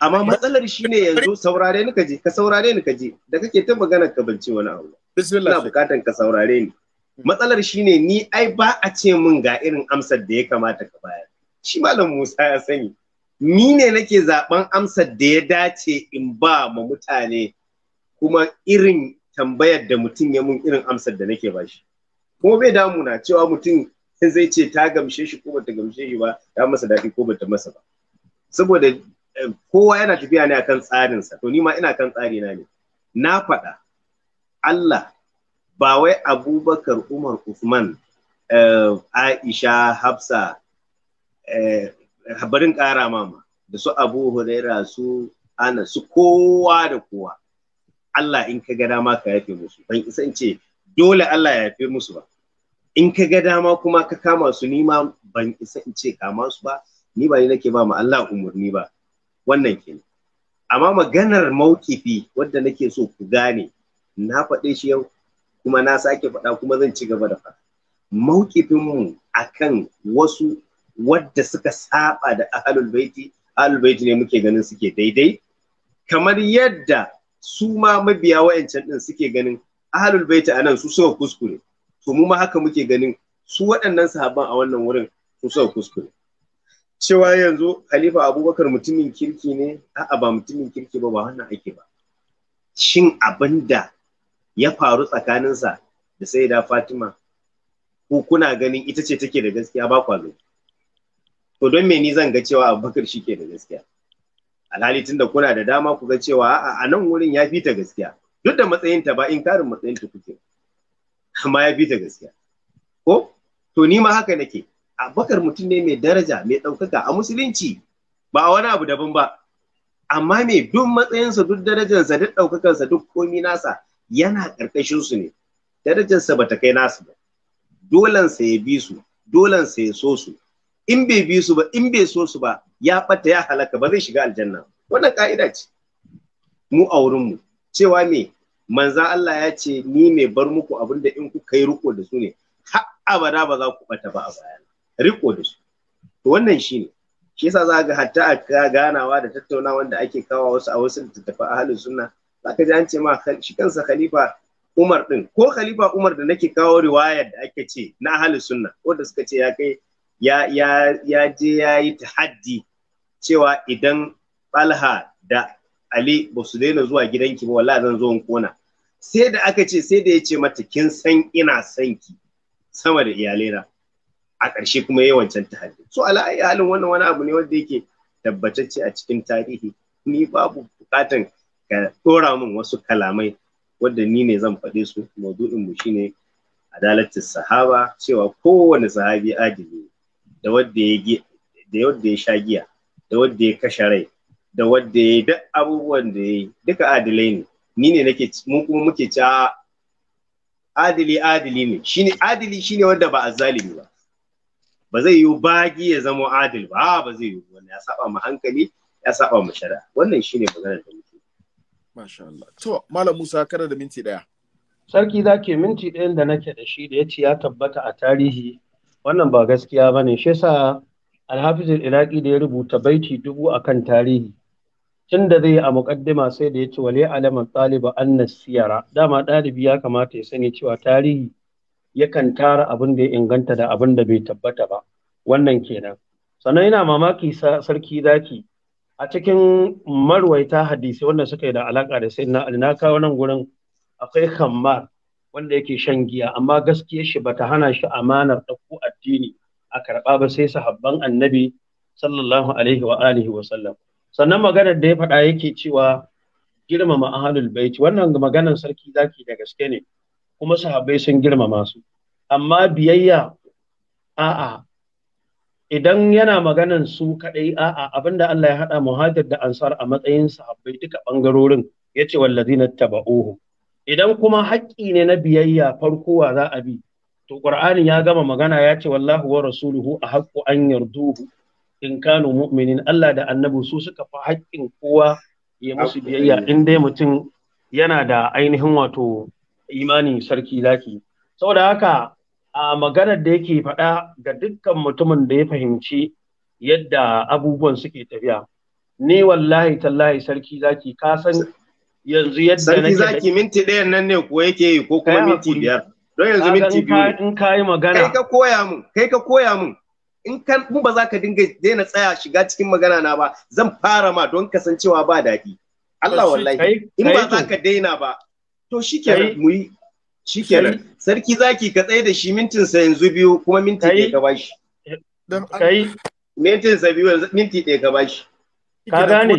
amma matsalar shi ne yanzu saurare ni kaje ka saurare ni kaje da kake ta magana ka banci wani abu bismillah ina bukatan ka saurare ni hmm. matsalar shi ne ni ai ba a ce mun ga irin amsar da ya kamata ka bayar shi malam Musa ya sani ni ne nake zaben amsar da ya dace in ba ma mutane kuma irin tambayar da mutum ya mun irin amsar da nake bashi kuma bai na cewa mutum zai ce ta gamshe shi ko bata gamshe shi ba ta masa daɗi ko bata masa ba saboda eh, kowa yana tafiya ne akan tsarinsa to ni ma ina kan tsari na ne na faɗa Allah ba wai Abubakar Umar Usman eh, Aisha Hafsa eh, barin ƙara mama da su Abu Huraira su ana su kowa da kowa Allah in ka ga dama ka yafe musu ban isa in ce dole Allah ya yafe musu ba in ka ga dama kuma ka kama su ni ma ban isa in ce kama su ba ni ba ni nake ba ma Allah umurni ba wannan ke. amma maganar mawkifi wadda nake so ku gane na faɗe shi yau kuma na sake faɗa kuma zan ci gaba da faɗa mawkifin mu akan wasu wadda suka saba da ahlul baiti ahlul baiti ne muke ganin suke daidai kamar yadda su ma mabiya wayancan din suke ganin ahlul baiti anan su suka kuskure to mu ma haka muke ganin su waɗannan sahabban a wannan wurin su kuskure cewa yanzu Khalifa Abubakar mutumin kirki ne a'a ba mutumin kirki ba ba wannan ake ba shin abin da ya faru tsakaninsa da Sayyida Fatima ko kuna ganin ita ce take da gaskiya ba kwa to don me ni zan ga cewa Abubakar shi ke da gaskiya alhali tunda kuna da dama ku ga cewa a nan wurin ya fi ta gaskiya duk da matsayinta ba in karin matsayinta kuke amma ya fi ta gaskiya ko to ni ma haka nake abubakar mutum ne mai daraja mai ɗaukaka a musulunci ba wani abu daban ba amma me duk matsayinsa duk darajarsa duk ɗaukakarsa duk komi nasa yana ƙarƙashin su ne darajarsa ba ta kai nasu ba dolansa ya bi su dolansa ya so su in bai bi su ba in bai so su ba ya ɓata ya halaka ba zai shiga aljanna wannan ka'ida ce mu a wurinmu cewa me manzan Allah ya ce ni ne bar muku abin da in kuka yi riko da su ne har abada ba za ku bata ba a baya riko da su to wannan shine shi yasa za ga hatta a ganawa da tattaunawa da ake kawo wasu a wasu littattafan ahalin sunna za ka ji an ce ma shi kansa khalifa Umar din ko khalifa Umar da nake kawo riwayar da ake ce na ahalin sunna ko da suka ce ya kai ya ya ya je yayi tahaddi cewa idan Talha da Ali ba su daina zuwa gidanki ba wallahi zan zo in kona sai da aka ce sai da ya ce mata kin san ina san ki sama da iyalena. a ƙarshe kuma yayi wancan tahari so ala ayi halin wannan wani abu ne wanda yake tabbatacce a cikin tarihi ni babu bukatan ka dora min wasu kalamai wanda ni ne zan faɗe su maudu'in mu shine adalatin sahaba cewa kowane sahabi adili da wanda ya da wanda ya sha giya da wanda ya kashe rai da wadda ya duk abubuwan da ya yi duka adilai ne ni ne nake mun kuma muke ca adili adili ne shine adili shine wanda ba zalimi ba ba zai yi bagi ya zama adil ba ba zai yi wannan ya saba ma hankali ya saba ma shari'a wannan shine maganar da muke masha Allah
to malam Musa kada da minti daya sarki zake minti ɗayan da nake da shi da ya ci ya tabbata a tarihi wannan ba gaskiya bane shi yasa Alhafizul Iraki da ya rubuta baiti dubu akan tarihi tun da zai a mukaddima sai da ya ci wale alamar ɗaliba an siyara dama ɗalibi ya kamata ya sani cewa tarihi yakan tara abin da ya inganta da abin da bai tabbata ba wannan kenan sannan yana mamaki sarki zaki a cikin marwaita hadisi wanda suka yi da alaƙa da sai na alina kawo nan gurin akwai kammar wanda yake shan giya amma gaskiyar shi bata hana shi amanar ɗauko addini a karɓa ba sai sahabban annabi sallallahu alaihi wa alihi wa sallam sannan maganar da ya faɗa yake cewa girmama ahalul bait wannan maganar sarki zaki da gaske ne kuma sahabbai sun girmama su amma biyayya a'a idan yana maganan su kadai a'a abinda Allah ya hada muhajir da ansar a matsayin sahabbai duka bangarorin yace wallazina taba'uhu idan kuma haƙƙi ne na biyayya farko za a bi to qur'ani ya gama magana ya ce wallahu wa rasuluhu a haqqu an yarduhu in kanu mu'minin Allah da annabi su suka fi haƙƙin kowa ya musu biyayya in dai mutum yana da ainihin wato imani sarki zaki saboda haka a maganar da yake faɗa ga dukkan mutumin da ya fahimci yadda abubuwan suke tafiya ni wallahi tallahi sarki zaki ka san
yanzu yadda sarki zaki minti ɗaya nan ne ko yake yi ko kuma minti biyar don yanzu minti biyu in ka yi magana kai ka koya mun kai ka koya mun in kan in ba za ka dinga daina tsaya shiga cikin magana na ba zan fara ma don kasancewa ba daɗi Allah wallahi in ba za ka daina ba to shikenan mu yi shikenan sarki zaki ka tsaye da shi mintin sa yanzu biyu kuma minti ɗaya ka bashi kai mintin sa biyu yanzu minti ɗaya ka bashi ka gane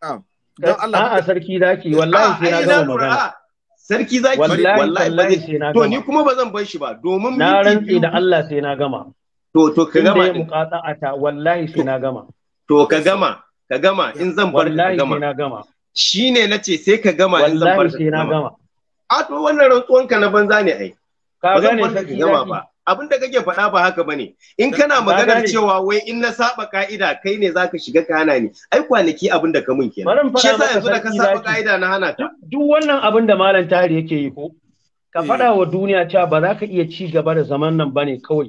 don Allah a sarki zaki wallahi sai na gama magana
sarki zaki wallahi wallahi to ni
kuma ba zan bar shi ba domin na rantsi da Allah sai na gama
to to ka gama in
a ta wallahi shi na gama
to ka gama ka gama in zan bar ka gama wallahi na gama shine nace sai ka gama in zan bar ka gama a to wannan rantsuwan ka na banza ne ai ka gane ka gama ba abin da kake faɗa ba haka bane in kana maganar cewa wai in na saba ka'ida kai ne zaka shiga ka hana ni ai kwanaki abin da ka mun kenan shi yasa yanzu da ka saba ka'ida na hana ta
duk wannan abin da malam tari yake yi ko ka eh. faɗa wa duniya cewa ba za ka iya ci gaba da zaman nan bane kawai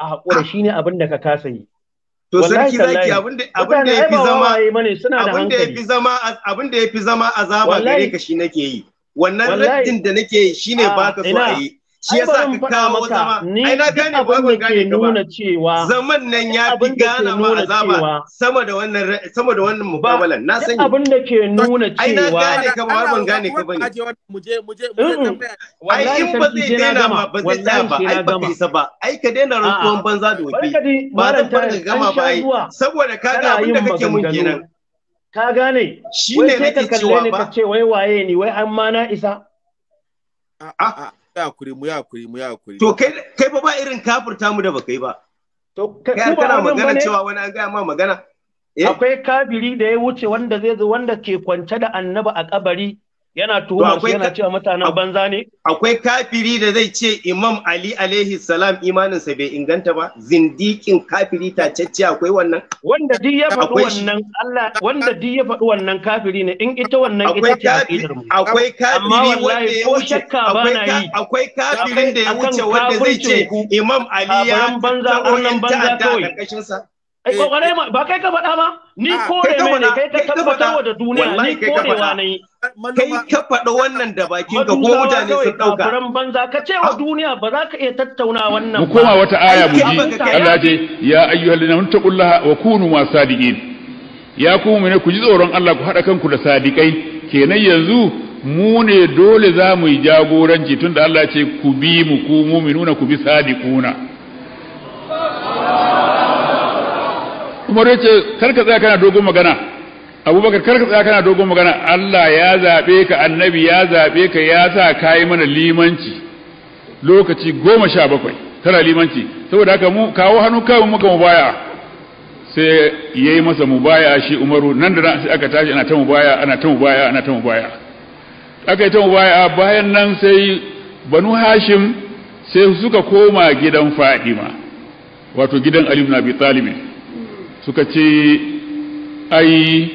a haƙura shine abin da ka kasa yi to sarki zaki abin da abin da yafi zama abin da yafi
zama abin da yafi zama azaba gare ka shi nake yi wannan raddin da nake yi shine ah, baka so a yi shi yasa ka kawo zama Ni
na gane ba ban gane ka ba
zaman nan ya fi gana ma azaba sama da wannan sama da wannan mubabalan na sani abin
da ke nuna cewa ai na gane ka ba ban gane ka bane mu je mu je ai in ba zai daina ma ba zai tsaya ba ai ba kai ba
ai ka daina rantsuwan banza da wafi ba zan fara gama ba ai saboda
ka ga abin da kake mun kenan ka gane shi ne nake cewa ba ka ce wai waye ni wai an ma na isa
a'a Ya kuri mu ya kuri mu ya kuri. To kai kai fa ba irin kafirta mu da baka yi ba.
To
kai kana magana cewa wani
an gaya ma magana.
Eh? Akwai kabiri da ya wuce wanda zai zo wanda ke kwance da annaba a kabari
yana tuhumar su yana cewa mutanen banza ne akwai kafiri da zai ce imam ali alaihi salam imaninsa bai inganta ba zindikin kafiri ta tacece akwai wannan wanda duk ya faɗi wannan
Allah wanda duk ya faɗi wannan kafiri ne in ita wannan ita ce akwai kafiri wanda ya wuce akwai kafirin da ya wuce wanda zai ce
imam ali ya banza wannan banza kawai
Eh, eh, eh. ba kai ka faɗa ba ni ah, kore mai ne kai ka tabbatar wa da duniya ni korewa ne kai ka faɗa wannan da bakin ka ko mutane sun dauka furan banza ka ce wa ah. duniya ba za ka iya tattauna wannan mu koma wata aya mu ji Allah ce
ya ayyuhallazina taqullaha wa kunu sadiqin. ya ku mu ne ku ji tsoron Allah ku haɗa kanku da sadiqai? kenan yanzu mu ne dole za mu yi jagoranci tun da Allah ce ku bi mu ku mu'minuna ku bi sadiquna umar ya ce karka tsaya kana dogon magana abubakar karka tsaya kana dogon magana Allah ya zaɓe ka annabi ya zaɓe ka ya sa ka yi mana limanci lokaci goma sha bakwai tara limanci saboda haka mu kawo hannu kawo muka mubaya sai ya yi masa mubaya shi umaru nan da sai aka tashi ana ta mubaya ana ta mubaya ana ta mubaya aka yi ta mubaya bayan nan sai banu hashim sai suka koma gidan fadima wato gidan Ali ibn Abi Talib suka ce ai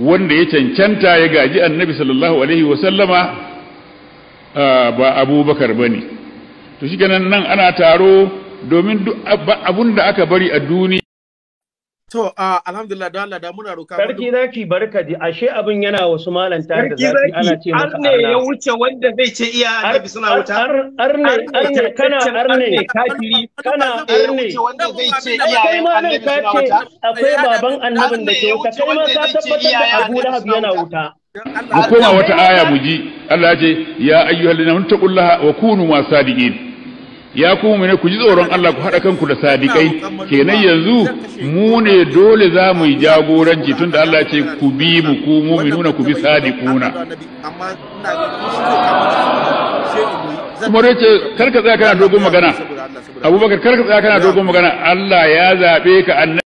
wanda ya cancanta ya gaji annabi sallallahu alaihi wasallama ba abubakar ba ne to shi nan ana taro domin abun da aka bari a duniya To, uh,
alhamdulillah, don Allah da muna roka. Sarki zaki barka ji, ashe abin yana wasu malanta da zaki ana ce maka arne. ya
wuce wanda zai ce iya annabi suna wuta. Arne, arne, kana arne, kafiri, kana arne.
Akwai ma nan ka ce akwai baban annabin da ke wuta, kai ma ka tabbatar da Abu Lahab yana wuta. Mu koma wata aya
mu ji, Allah ya ce, ya ayyuhal mun taqullaha wa kunu masu sadiƙi. ya ku mu ku ji tsoron Allah ku haɗa kanku da sadikai kenan yanzu mu ne dole za mu yi jagoranci tun da Allah ce ku bi mu ku mu'minuna ku bi sadiquna kuma dai ce karka tsaya kana dogon magana abubakar karka tsaya kana dogon magana Allah ya zabe ka